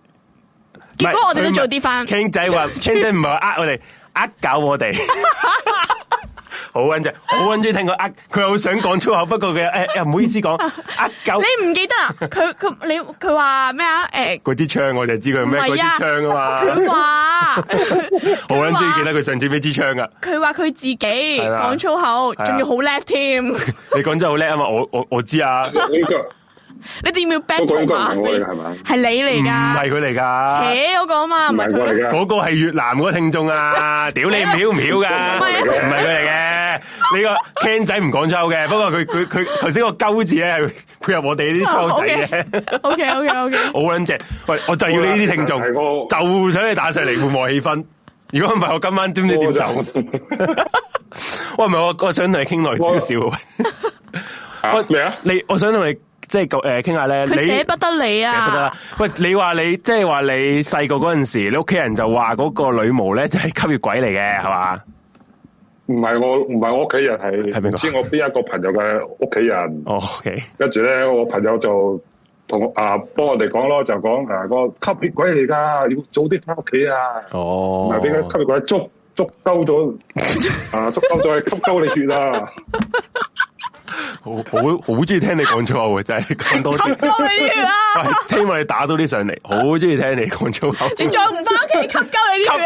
如果我哋都做啲返傾仔話，傾仔唔係呃我哋，呃狗我哋，好穩陣，好穩陣聽佢呃，佢好想講粗口，不過佢誒誒唔好意思講呃狗。你唔記得啊？佢佢你佢話咩啊？誒嗰支槍我就知佢咩支槍啊嘛。佢話好穩陣記得佢上次畀支槍噶。佢話佢自己講粗口，仲要好叻添。你講真好叻啊嘛！我我我知啊。.你知唔知要 back 講話先？係你嚟噶，唔係佢嚟噶。扯嗰個啊嘛，唔係佢嚟噶。嗰個係越南嗰個聽眾啊！屌你唔屌唔屌噶，唔係佢嚟嘅。你個 Ken 仔唔講粗嘅，不過佢佢佢頭先個鳩字咧，配合我哋呢啲湯仔嘅。O K O K O K，好撚正。喂，我就要你呢啲聽眾，就想你打上嚟互磨氣氛。如果唔係，我今晚知唔知點走？喂，唔係我我想同你傾耐少少。喂，咩啊？你我想同你。即係講誒，傾下咧，你捨不得啊你不得啊！得啦。喂，你話你即係話你細個嗰陣時，你屋企人就話嗰個女巫咧就係吸血鬼嚟嘅，係嘛？唔係我，唔係我屋企人，係唔誰知我邊一個朋友嘅屋企人。哦，跟住咧，我朋友就同啊幫我哋講咯，就講誒個吸血鬼嚟噶，要早啲返屋企啊。哦，唔係點解吸血鬼捉捉鳩咗 [laughs] 啊？捉鳩咗吸鳩你血啊！ [laughs] [laughs] 好好好中意聽你講粗口，真係講多啲點。吸鳩你啲啊！希望 [laughs] 你打多啲上嚟，好中意聽你講粗口。 [laughs] 你再唔翻屋企，吸鳩你啲啊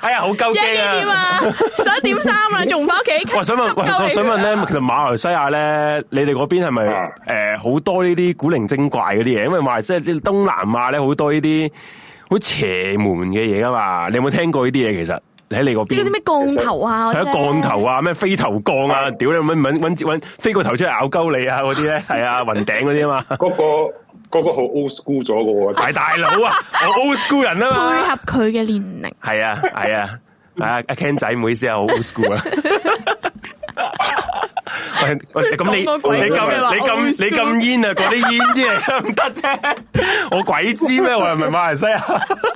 你！哎呀，好鳩驚啊！十一點三啦，仲唔翻屋企？我想問，我、啊、想問咧，其實馬來西亞咧，你哋嗰邊係咪誒好多呢啲古靈精怪嗰啲嘢？因為馬來西亞、東南亞咧，好多呢啲好邪門嘅嘢㗎嘛。你有冇聽過呢啲嘢？其實？你喺你個邊？睇啲咩降頭啊，睇下降頭啊，咩飛頭降啊，屌你，搵搵搵搵飛個頭出嚟咬鳩你啊，嗰啲咧，係啊，雲頂嗰啲啊嘛。嗰個嗰個好 old school 咗嘅係大佬啊，我 old school 人啊嘛。配合佢嘅年齡。係啊係啊，啊，阿 Ken 仔，唔好意思好 old school 啊。喂喂，咁你你咁你咁你咁煙啊？嗰啲煙真係。咁得啫，我鬼知咩？我又唔係馬來西亞。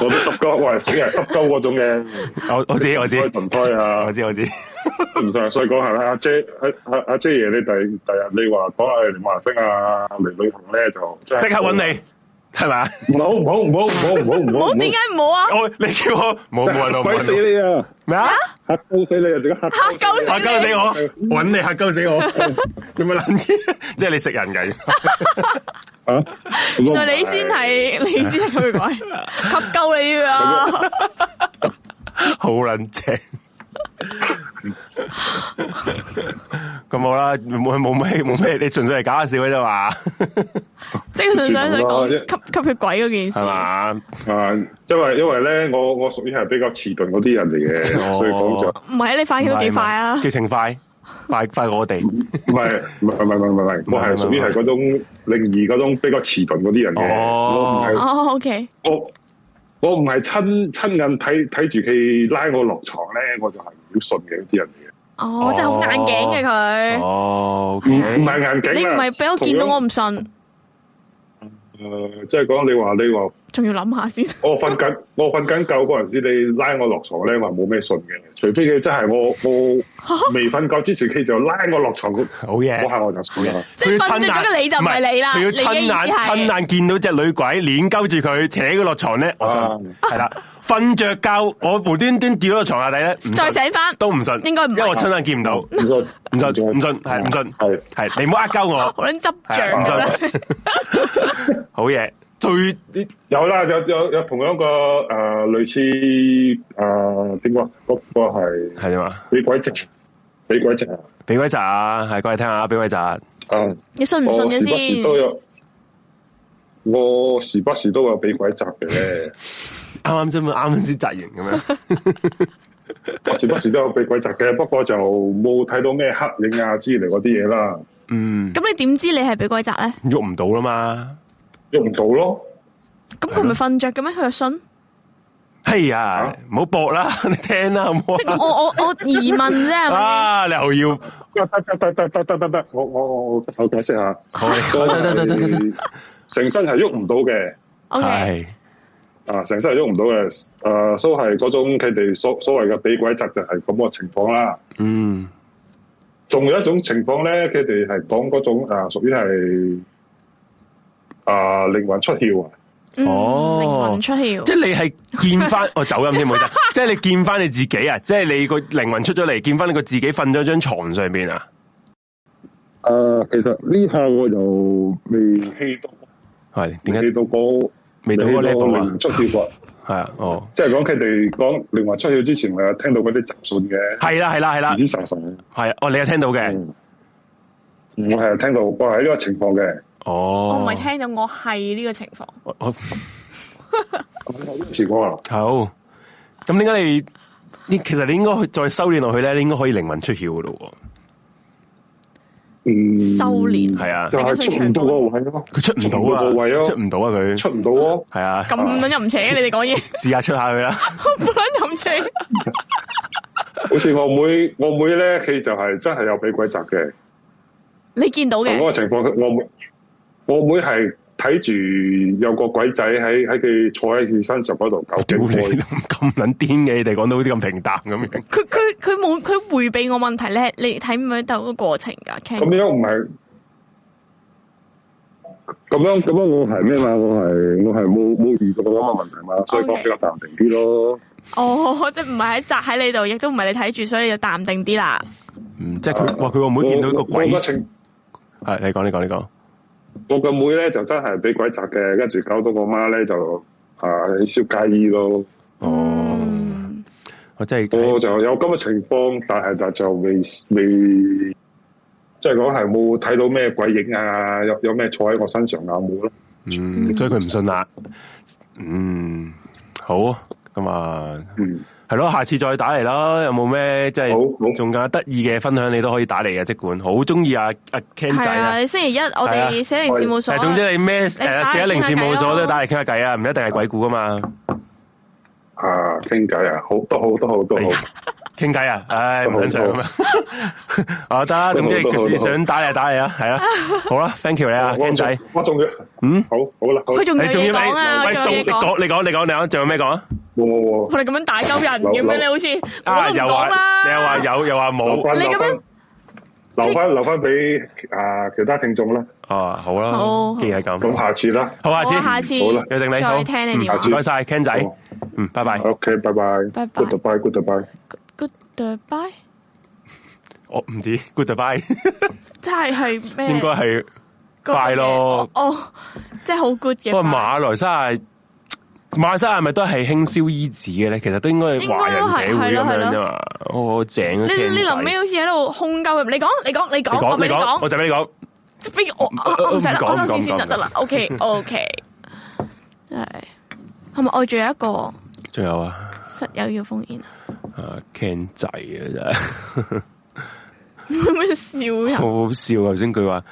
我都濕鳩，我係死人濕鳩嗰種嘅。 [laughs] 我我知我知，輪胎啊，我知我知，唔同啊。所以講下啦。阿 J 阿阿 J 爺，你第第日你話講下明星啊嚟旅行咧，就即刻揾你。係咪？唔好唔好唔好唔好唔好唔好！點解唔好啊？我你叫我唔好唔好啊！我鬼死你啊！咩啊？吓鳩死你啊！吓鳩死我！搵你吓鳩死我！有冇諗！即係你食人嘅。啊！原來你先係你先係鬼，吸鳩你啊！好撚正。咁好 [laughs] 啦，冇冇咩冇咩，你純粹係搞下笑啫嘛。即係純粹想講吸吸血鬼嗰件事嘛。啊吧，因為因為咧，我我屬於係比較遲鈍嗰啲人嚟嘅，哦、所以講就唔係你反應都幾快啊，劇情快快快我哋。唔係唔係唔係唔係唔係，我係屬於係嗰種靈異嗰種比較遲鈍嗰啲人嘅哦哦，OK。我我唔係親親眼睇睇住佢拉我落床咧，我就係唔要信嘅啲人嚟嘅。哦，即係好硬頸嘅佢。哦，唔唔係硬頸，你唔係俾我見到我唔信。誒，即係講你話，你話。仲要諗下先。我瞓緊，我瞓緊覺嗰陣時，你拉我落床咧，話冇咩信嘅。除非佢真係我我未瞓覺之前，佢就拉我落床。好嘢，我吓我就錯啦。即係瞓着咗你就唔係你啦。佢要親眼親眼見到隻女鬼鏈鳩住佢扯佢落床咧，我信。係啦，瞓着覺我無端端掉咗個床下底咧，再醒翻都唔信。應該唔因為我親眼見唔到，唔信，唔信，唔信，係唔信，係係你唔好呃鳩我，我捻執仗。好嘢。最有啦，有有有同樣個誒、呃、類似誒點講個係係嘛？俾、呃、鬼責，俾鬼責，俾鬼責，係過去聽下，俾鬼責啊！嗯、你信唔信嘅先？我時不時都有俾鬼責嘅，啱啱先？啱先責型嘅咩？ [laughs] [laughs] 我時不時都有俾鬼責嘅，不過就冇睇到咩黑影啊之類嗰啲嘢啦。嗯，咁你點知你係俾鬼責咧？喐唔到啦嘛！用唔到咯，嗯？咁佢咪瞓着咁咩？佢又嗎信？哎呀 Hey a,、啊，唔好搏啦，你聽啦，好唔好 [laughs] 即我我我疑問啫。 [laughs] 啊，又要得得得得得得得得，我我我我解釋下。好得得得得得得，成 [laughs] 身係喐唔到嘅。O Okay .啊，成身係喐唔到嘅。誒，都係嗰種佢哋所所謂嘅俾鬼砸就係咁個情況啦。嗯。仲有一種情況咧，佢哋係講嗰種誒，屬於係。啊！靈魂出竅啊！哦，靈魂出竅，即係你係見翻我走音先冇得，即係你見翻你自己啊！即係你個靈魂出咗嚟，見翻你個自己瞓咗張床上邊啊！誒，其實呢下我又未氣到，係點解？未到未到過靈魂出竅係啊！哦，即係講佢哋講靈魂出竅之前，我有聽到嗰啲集訊嘅，係啦係啦係啦，神係啊哦，你有聽到嘅，我係聽到，我係呢個情況嘅。我唔係聽到，我係呢個情況。我我，我好，咁點解你？其實你應該再修煉落去咧，你應該可以靈魂出竅噶咯。嗯，修煉係啊，佢出唔到啊，佢出唔到啊，佢出唔到啊，係啊。咁捻又唔扯。你哋講嘢？試下出下佢啦。我唔捻又唔請。好似我妹，我妹咧，佢就係真係有俾鬼責嘅。你見到嘅嗰個情況，我妹。我妹係睇住有個鬼仔喺喺佢坐喺佢身上嗰度搞驚我對你，咁撚癲嘅，你哋講到好似咁平淡咁樣，樣。佢佢佢冇佢回避我問題咧，你睇唔睇到個過程噶？咁樣唔係，咁樣咁樣我係咩嘛？我係我係冇冇遇到嗰啲咁嘅問題嘛，所以說比較淡定啲咯。哦、okay. oh，，即係唔係喺扎喺你度，亦都唔係你睇住，所以你就淡定啲啦，嗯。即係話佢我妹見到一個鬼，係、啊、你講你講你講。我個妹咧就真係俾鬼襲嘅，跟住搞到我媽咧就吓燒街衣咯。哦，嗯、我真係，我就有咁嘅情況，但係但就，就未未，即係講係冇睇到咩鬼影啊，有有咩坐喺我身上咬、啊、冇。咯。嗯，嗯，所以佢唔信啦。嗯，好，啊。咁啊、嗯。係咯，下次再打嚟咯。有冇咩即係仲加得意嘅分享，你都可以打嚟嘅。即管好中意啊阿、啊、Ken 仔啊！星期一我哋寫零事務所，啊、以總之你咩誒寫零事務所都打嚟傾下偈啊！唔好一定係鬼故噶嘛。啊，傾偈啊，好，都好，都好，都好，傾偈啊，唉，唔緊張咁樣啊，我得，總之想打你就打你啊，係啊，好啦，Thank you 你啊，靚仔，我仲要，嗯，好好啦，佢仲有講啊，仲有嘢講，你講，你講，你講，仲有咩講啊？冇冇冇，我哋咁樣大搞人，要唔要？你好似啊，又話，又話有，又話冇，你咁樣。留翻留翻俾啊其他聽眾啦。哦，好啦，既然係咁，咁下次啦。好，下次，好啦，約定你，好，聽你話。唔該晒，Ken 仔，嗯，拜拜。OK，拜拜。Goodbye，goodbye，good goodbye。我唔知，goodbye，真係係咩？應該係拜咯。哦，即係好 good 嘅。不過馬來西亞。馬莎係咪都係輕燒衣紙嘅咧？其實都應該係華人社會咁樣啫嘛，好正你你臨尾好似喺度控鳩，你講你講你講，我講，我就俾你講。不如我唔使啦，講多先就得啦。OK OK，係係咪？我仲有一個，仲有啊，室友要封煙啊，啊，Ken 仔啊，真係，有咩笑？好笑頭先佢話，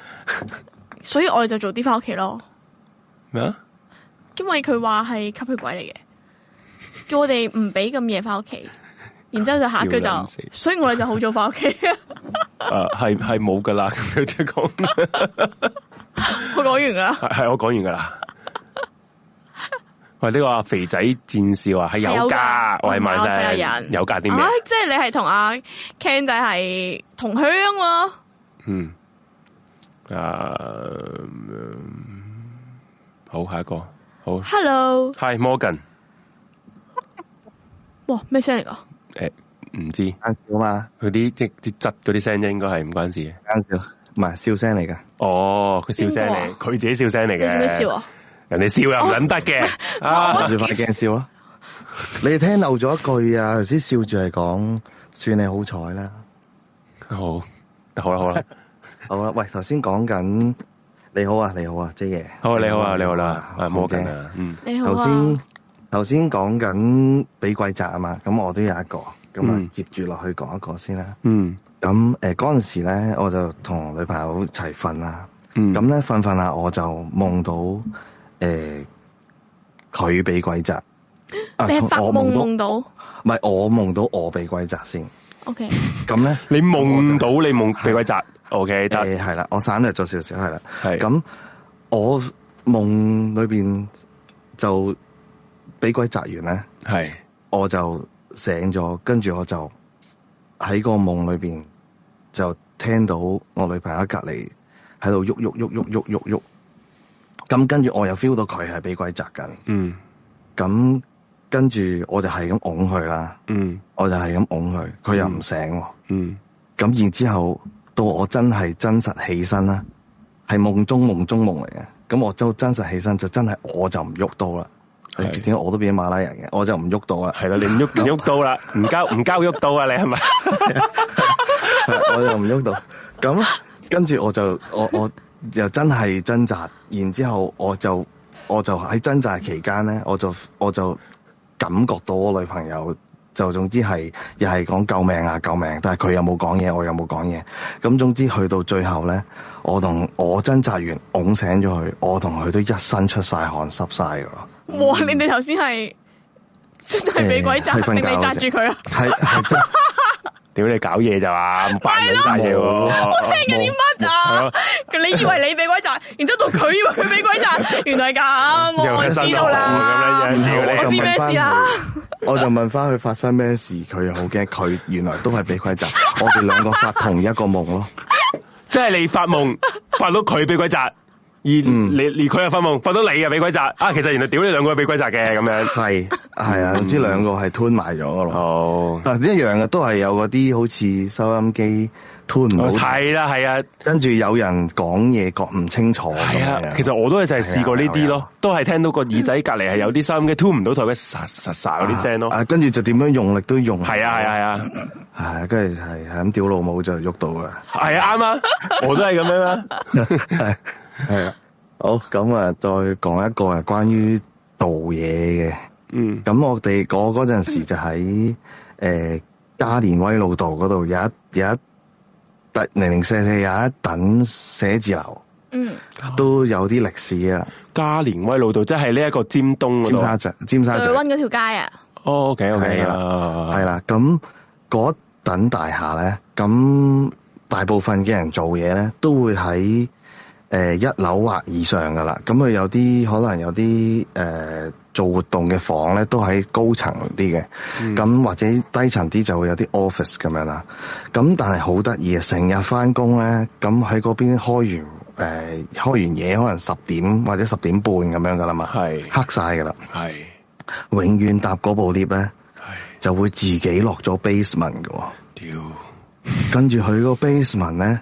所以我哋就早啲翻屋企咯。咩啊？因為佢話係吸血鬼嚟嘅，叫我哋唔俾咁夜翻屋企，然之後就下佢就，所以我哋就好早翻屋企。誒 [laughs] 、啊，係係冇噶啦，佢即講，我講完噶啦，係我講完噶啦。喂，呢、這個肥仔戰少話，係有噶，我係慢仔，有噶啲咩？即係你係同阿 Ken 仔係同鄉喎。嗯，啊，嗯、好下一個。Hello，Hi，Morgan，哇，咩聲嚟噶？誒，唔知，啱笑嘛？佢啲即啲窒嗰啲聲啫，應該係唔關事嘅，啱笑，唔係笑聲嚟噶，哦，佢笑聲嚟，佢自己笑聲嚟嘅，咩笑，啊，人哋笑又唔諗得嘅，笑住快鏡笑咯，你聽漏咗一句啊？頭先笑住係講，算你好彩啦，好，好啦，好啦，好啦，喂，頭先講緊。你好啊，你好啊，J 爺，Jay，好，好啊，你好啊，啊你好啦，啊，冇嘅姐，頭先頭先講緊俾鬼責啊貴嘛，咁我都有一個，咁啊接住落去講一個先啦，嗯，咁誒嗰陣時咧，我就同女朋友一齊瞓啦，咁咧瞓瞓啦，我就夢到誒佢俾鬼責，即係發夢夢到，唔、呃、係、啊、我夢到，到我俾鬼責先。O K，咁咧，Okay. 你夢到你夢被鬼砸，O K，得係啦，我省略咗少少係啦，係。咁是我夢裏邊就俾鬼砸完咧，係是，我就醒咗，跟住我就喺個夢裏邊就聽到我女朋友隔籬喺度喐喐喐喐喐喐喐，咁跟住我又 feel 到佢係被鬼砸緊，嗯，咁。跟住我就係咁㧬佢啦，嗯，我就係咁㧬佢，佢又唔醒、啊，嗯，咁然之後到我真係真實起身啦，係夢中夢中夢嚟嘅。咁我就真實起身就真係我就唔喐到啦。點解是、欸、我都變咗馬拉人嘅，我就唔喐到啦。係啦，你唔喐，喐 [laughs] 到啦，唔交唔交喐到啊！ [laughs] 你係咪？ [laughs] [laughs] [laughs] 我又唔喐到咁，跟住我就我我又真係掙扎，然之後我就我就喺掙扎期間咧，我就我就。我就感覺到我女朋友就總之係又係講救命啊，救命，但係佢又冇講嘢，我又冇講嘢，咁總之去到最後呢，我同我掙扎完，拱醒咗佢，我同佢都一身出晒汗濕晒噶啦。哇！嗯、你哋頭先係。真係俾鬼抓定你俾抓住佢啊！屌你搞嘢就話，係咯，我聽緊啲乜啊？你以為你俾鬼抓，然之後到佢以為佢俾鬼抓，原來咁，我就知道啦。我知咩事啊？我就問翻佢發生咩事，佢又好驚。佢原來都係俾鬼抓，我哋兩個發同一個夢咯。即係你發夢發到佢俾鬼抓。而你，而佢又發夢，發到你又俾鬼責。啊，其實原來屌你兩個俾鬼責嘅咁樣，係係啊，總之兩個係吞埋咗咯。哦，一樣嘅，都係有嗰啲好似收音機吞唔到。係啦係啊，跟住有人講嘢講唔清楚。係啊，其實我都係就係試過呢啲咯，都係聽到個耳仔隔籬係有啲收音機吞唔到台嘅沙沙沙嗰啲聲咯。啊，跟住就點樣用力都用。係啊係啊係啊，係跟住係咁屌老母就喐到啦。係啊啱啊，我都係咁樣啊。係 [laughs] 啊，好咁啊！再講一個係關於做嘢嘅，嗯，咁我哋嗰嗰陣時就喺誒、 [laughs] 呃、加連威老道嗰度有一有一零零四四有一等寫字樓，嗯，都有啲歷史啊。加連威老道即係呢一個尖東、尖沙咀、尖沙咀灣嗰條街啊。O K，o k 係啦，咁嗰等大廈咧，咁大部分嘅人做嘢咧，都會喺。誒、呃，一樓或以上噶啦，咁佢有啲可能有啲誒、呃、做活動嘅房咧，都喺高層啲嘅，咁、嗯、或者低層啲就會有啲 office 咁樣啦。咁但係好得意啊，成日返工咧，咁喺嗰邊開完誒、呃、開完嘢，可能十點或者十點半咁樣噶啦嘛，是 黑晒噶啦，係是 永遠搭嗰部 lift 咧，是 就會自己落咗 basement 嘅。屌丟， [laughs] 跟住佢個 basement 咧，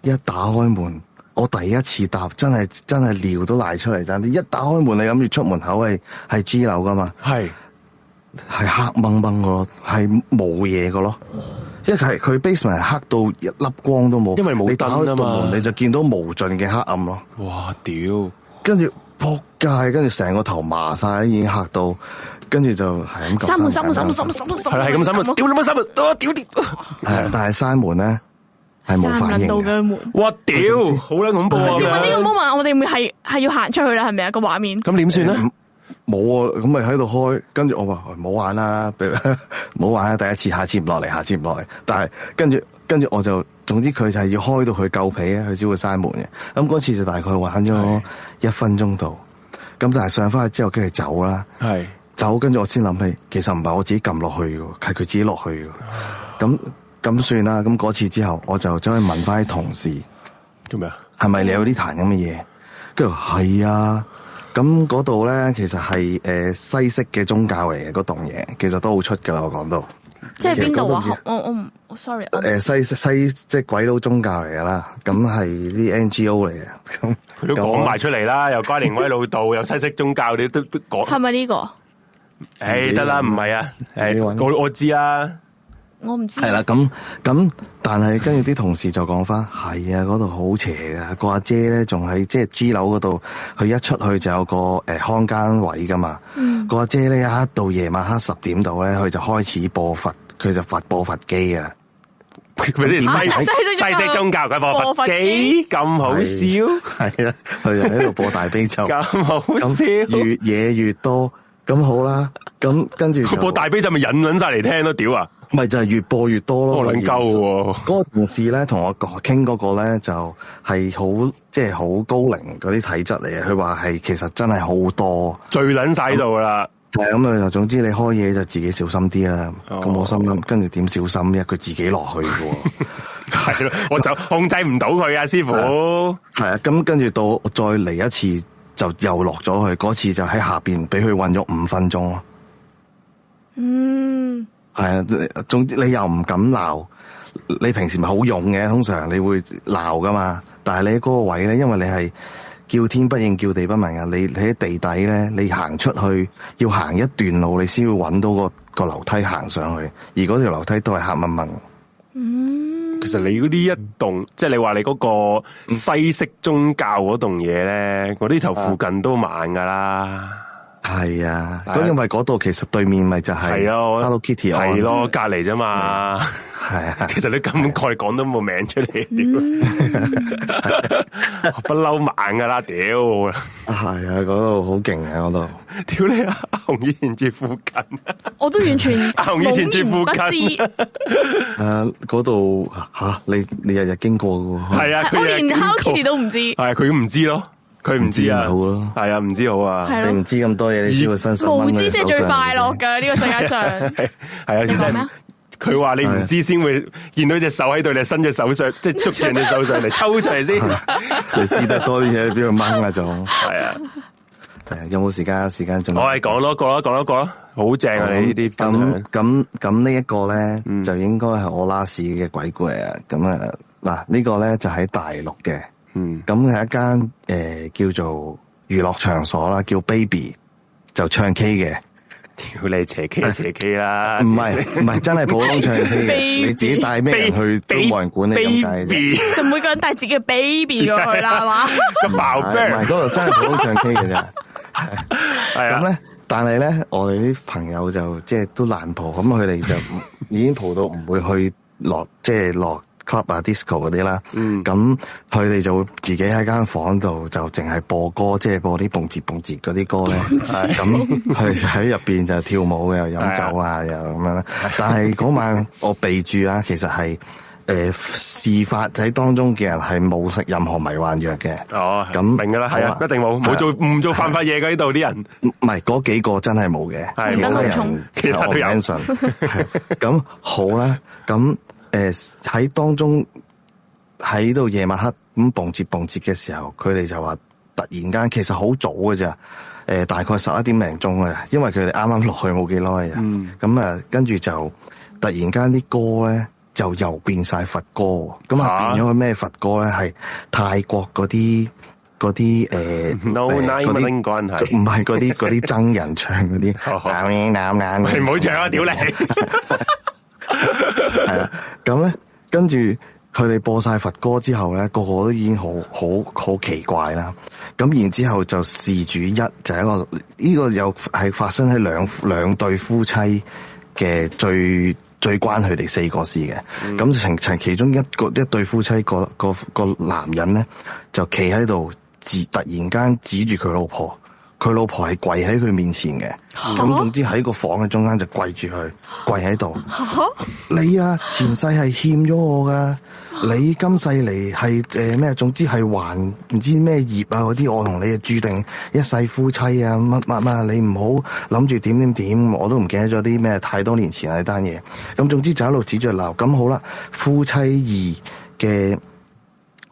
一打開門。我第一次搭真係真係尿都瀨出嚟，但係一打開門，你諗住出門口係係 G 樓噶嘛，係係黑掹掹個，係冇嘢個咯。因為佢 basement 係黑到一粒光都冇，因為冇燈啊，你打開度門，你就見到無盡嘅黑暗咯。哇屌！跟住仆街，跟住成個頭麻晒，已經嚇到，跟住就係咁。咁係咁屌你媽，多屌係，但係閂門咧。係冇反應到嘅。哇屌，好鬼之恐怖啊的的！moment，的我哋咪係係要行出去啦，係咪啊？個畫面咁點算咧？冇啊！咁咪喺度開，跟住我話冇玩啦，唔好玩啊！第一次，下次唔落嚟，下次唔落嚟。但係跟住跟住，我就總之佢就係要開到佢夠皮咧，佢先會閂門嘅。咁嗰次就大概玩咗一分鐘度。咁的但係上翻去之後，跟住走啦，係走。跟住的我先諗起，其實唔係我自己撳落去嘅，係佢自己落去嘅。咁唉。咁算啦，咁嗰次之後，我就走去問翻啲同事做咩？係咪你有啲彈咁嘅嘢？跟住係啊，咁嗰度咧，其實係誒西式嘅宗教嚟嘅，嗰棟嘢其實都好出噶啦。我講到，即係邊度啊？我我唔，sorry，誒西西即係鬼佬宗教嚟噶啦，咁係啲 NGO 嚟嘅，咁佢都講埋出嚟啦，又關連威老道，又西式宗教，你都都講係咪呢個？誒得啦，唔係啊，誒我知啊。我唔知、啊，係咁咁，但係跟住啲同事就講返，係 [laughs] 啊，嗰度好邪啊。個阿姐呢，仲喺即係豬樓嗰度，佢一出去就有個、呃、康間位㗎嘛。嗯、個阿姐呢，一到夜晚黑十點度呢，佢就開始播佛，佢就發播佛機㗎喇。佢畀啲細聲宗教㗎，播佛機？幾咁好笑？係啦，佢就喺度播大悲咒。咁 [laughs] 好笑？越夜越多，咁好啦。咁跟住，佢播大悲就咪引卵晒嚟聽都屌啊。咪就係越播越多咯，我諗夠喎。嗰個同事咧，同我傾嗰個咧，就係好即係好高齡嗰啲體質嚟嘅。佢話係其實真係好多，最撚晒度啦。係咁啊！就總之你開嘢就自己小心啲啦。咁、哦、我心諗，跟住點小心咧？佢自己落去喎，係咯， [laughs] [laughs] [laughs] 我就控制唔到佢啊，師傅。係啊，咁跟住到再嚟一次，就又落咗去。嗰次就喺下邊俾佢運咗五分鐘咯。嗯。係啊，總之你又唔敢鬧，你平時咪好勇嘅，通常你會鬧噶嘛。但係你喺嗰個位咧，因為你係叫天不應叫地不聞啊，你喺地底咧，你行出去要行一段路，你先會搵到個個樓梯行上去，而嗰條樓梯都係黑掹掹。嗯，其實你呢一棟，嗯、即係你話你嗰個西式宗教嗰棟嘢咧，嗰啲頭附近都猛噶啦。係啊，咁因為嗰度其實對面咪就係，係啊，Hello Kitty，係咯，隔籬啫嘛，係啊。其實你咁概講都冇名出嚟，不嬲猛噶啦，屌！係啊，嗰度好勁啊，嗰度。屌你阿阿紅以前住附近，我都完全阿紅以前住附近。誒，嗰度吓你你日日經過噶喎，係啊，我連 Hello Kitty 都唔知，係佢都唔知咯。佢唔知啊，知好咯，係啊，唔知好啊，了你唔知咁多嘢，你先會伸手。無知先最快樂㗎。呢、這個世界上。係啊， [laughs] [laughs] [laughs] 佢話你唔知先會見到隻手喺度，你伸隻手上， [laughs] 即係捉住你手上嚟 [laughs] 抽出嚟先。 [laughs] 知你知得 [laughs] [laughs] [laughs] [laughs] [laughs] 多啲嘢，畀佢掹啊？仲係、嗯嗯、啊？係啊？有冇時間？有時間仲我係講多個咯，講多個咯，好正啊！呢啲咁咁咁呢一個咧，就應該係我拉屎嘅鬼故嚟啊！咁啊嗱，呢個咧就喺大陸嘅。嗯，咁係一間誒、呃、叫做娛樂場所啦，叫 Baby 就唱 K 嘅，屌你邪 K 啦，邪 K 啦，唔係唔係真係普通唱 K Baby 你自己帶咩人去都冇人管你咁解，就每個人帶自己嘅 Baby 過去啦，係嘛 [laughs] 是，咁爆柄，嗰度真係普通唱 K 嘅咋，係咁咧，但係咧我哋啲朋友就即係都難蒲，咁佢哋就已經蒲到唔會去落，即係落。Club 啊、Disco 嗰啲啦，咁佢哋就自己喺間房度就淨係播歌，即係播啲蹦節蹦節嗰啲歌咧，咁佢喺入邊就跳舞嘅，飲酒啊，又咁樣啦。但係嗰晚我備注啊，其實係誒事發喺當中嘅人係冇食任何迷幻藥嘅。哦，咁明噶啦，係啊，一定冇，冇做唔做犯法嘢嘅呢度啲人，唔係嗰幾個真係冇嘅，其他人都有。咁好啦，咁。誒，喺當中喺度夜晚黑咁蹦接蹦接嘅時候，佢哋就話突然間其實好早㗎咋，誒大概十一點零鐘啊，因為佢哋啱啱落去冇幾耐啊，咁啊跟住，就突然間啲歌咧就又變晒佛歌，咁啊變咗個咩佛歌咧係泰國嗰啲嗰啲誒，no n i n 係唔係嗰啲嗰啲僧人唱嗰啲，冚唥佢你唔好唱啊屌你！係啊，咁咧， [laughs] 跟住佢哋播晒佛歌之後咧，個個都已經好好好奇怪啦。咁然之後就事主一就係、是、一個呢、呢個又係發生喺兩兩對夫妻嘅最最關佢哋四個事嘅。咁陳、嗯、其中一個一對夫妻、嗰個個、嗰個男人咧就企喺度指，突然間指住佢老婆。佢老婆係跪喺佢面前嘅，咁、啊、總之喺個房嘅中間就跪住佢，跪喺度。啊你啊前世係欠咗我噶，啊、你今世嚟係誒咩？總之係還唔知咩業啊嗰啲，那些我同你啊注定一世夫妻啊乜乜乜，你唔好諗住點點點，我都唔記得咗啲咩太多年前嗰單嘢。咁總之就一路指住鬧。咁好啦，夫妻二嘅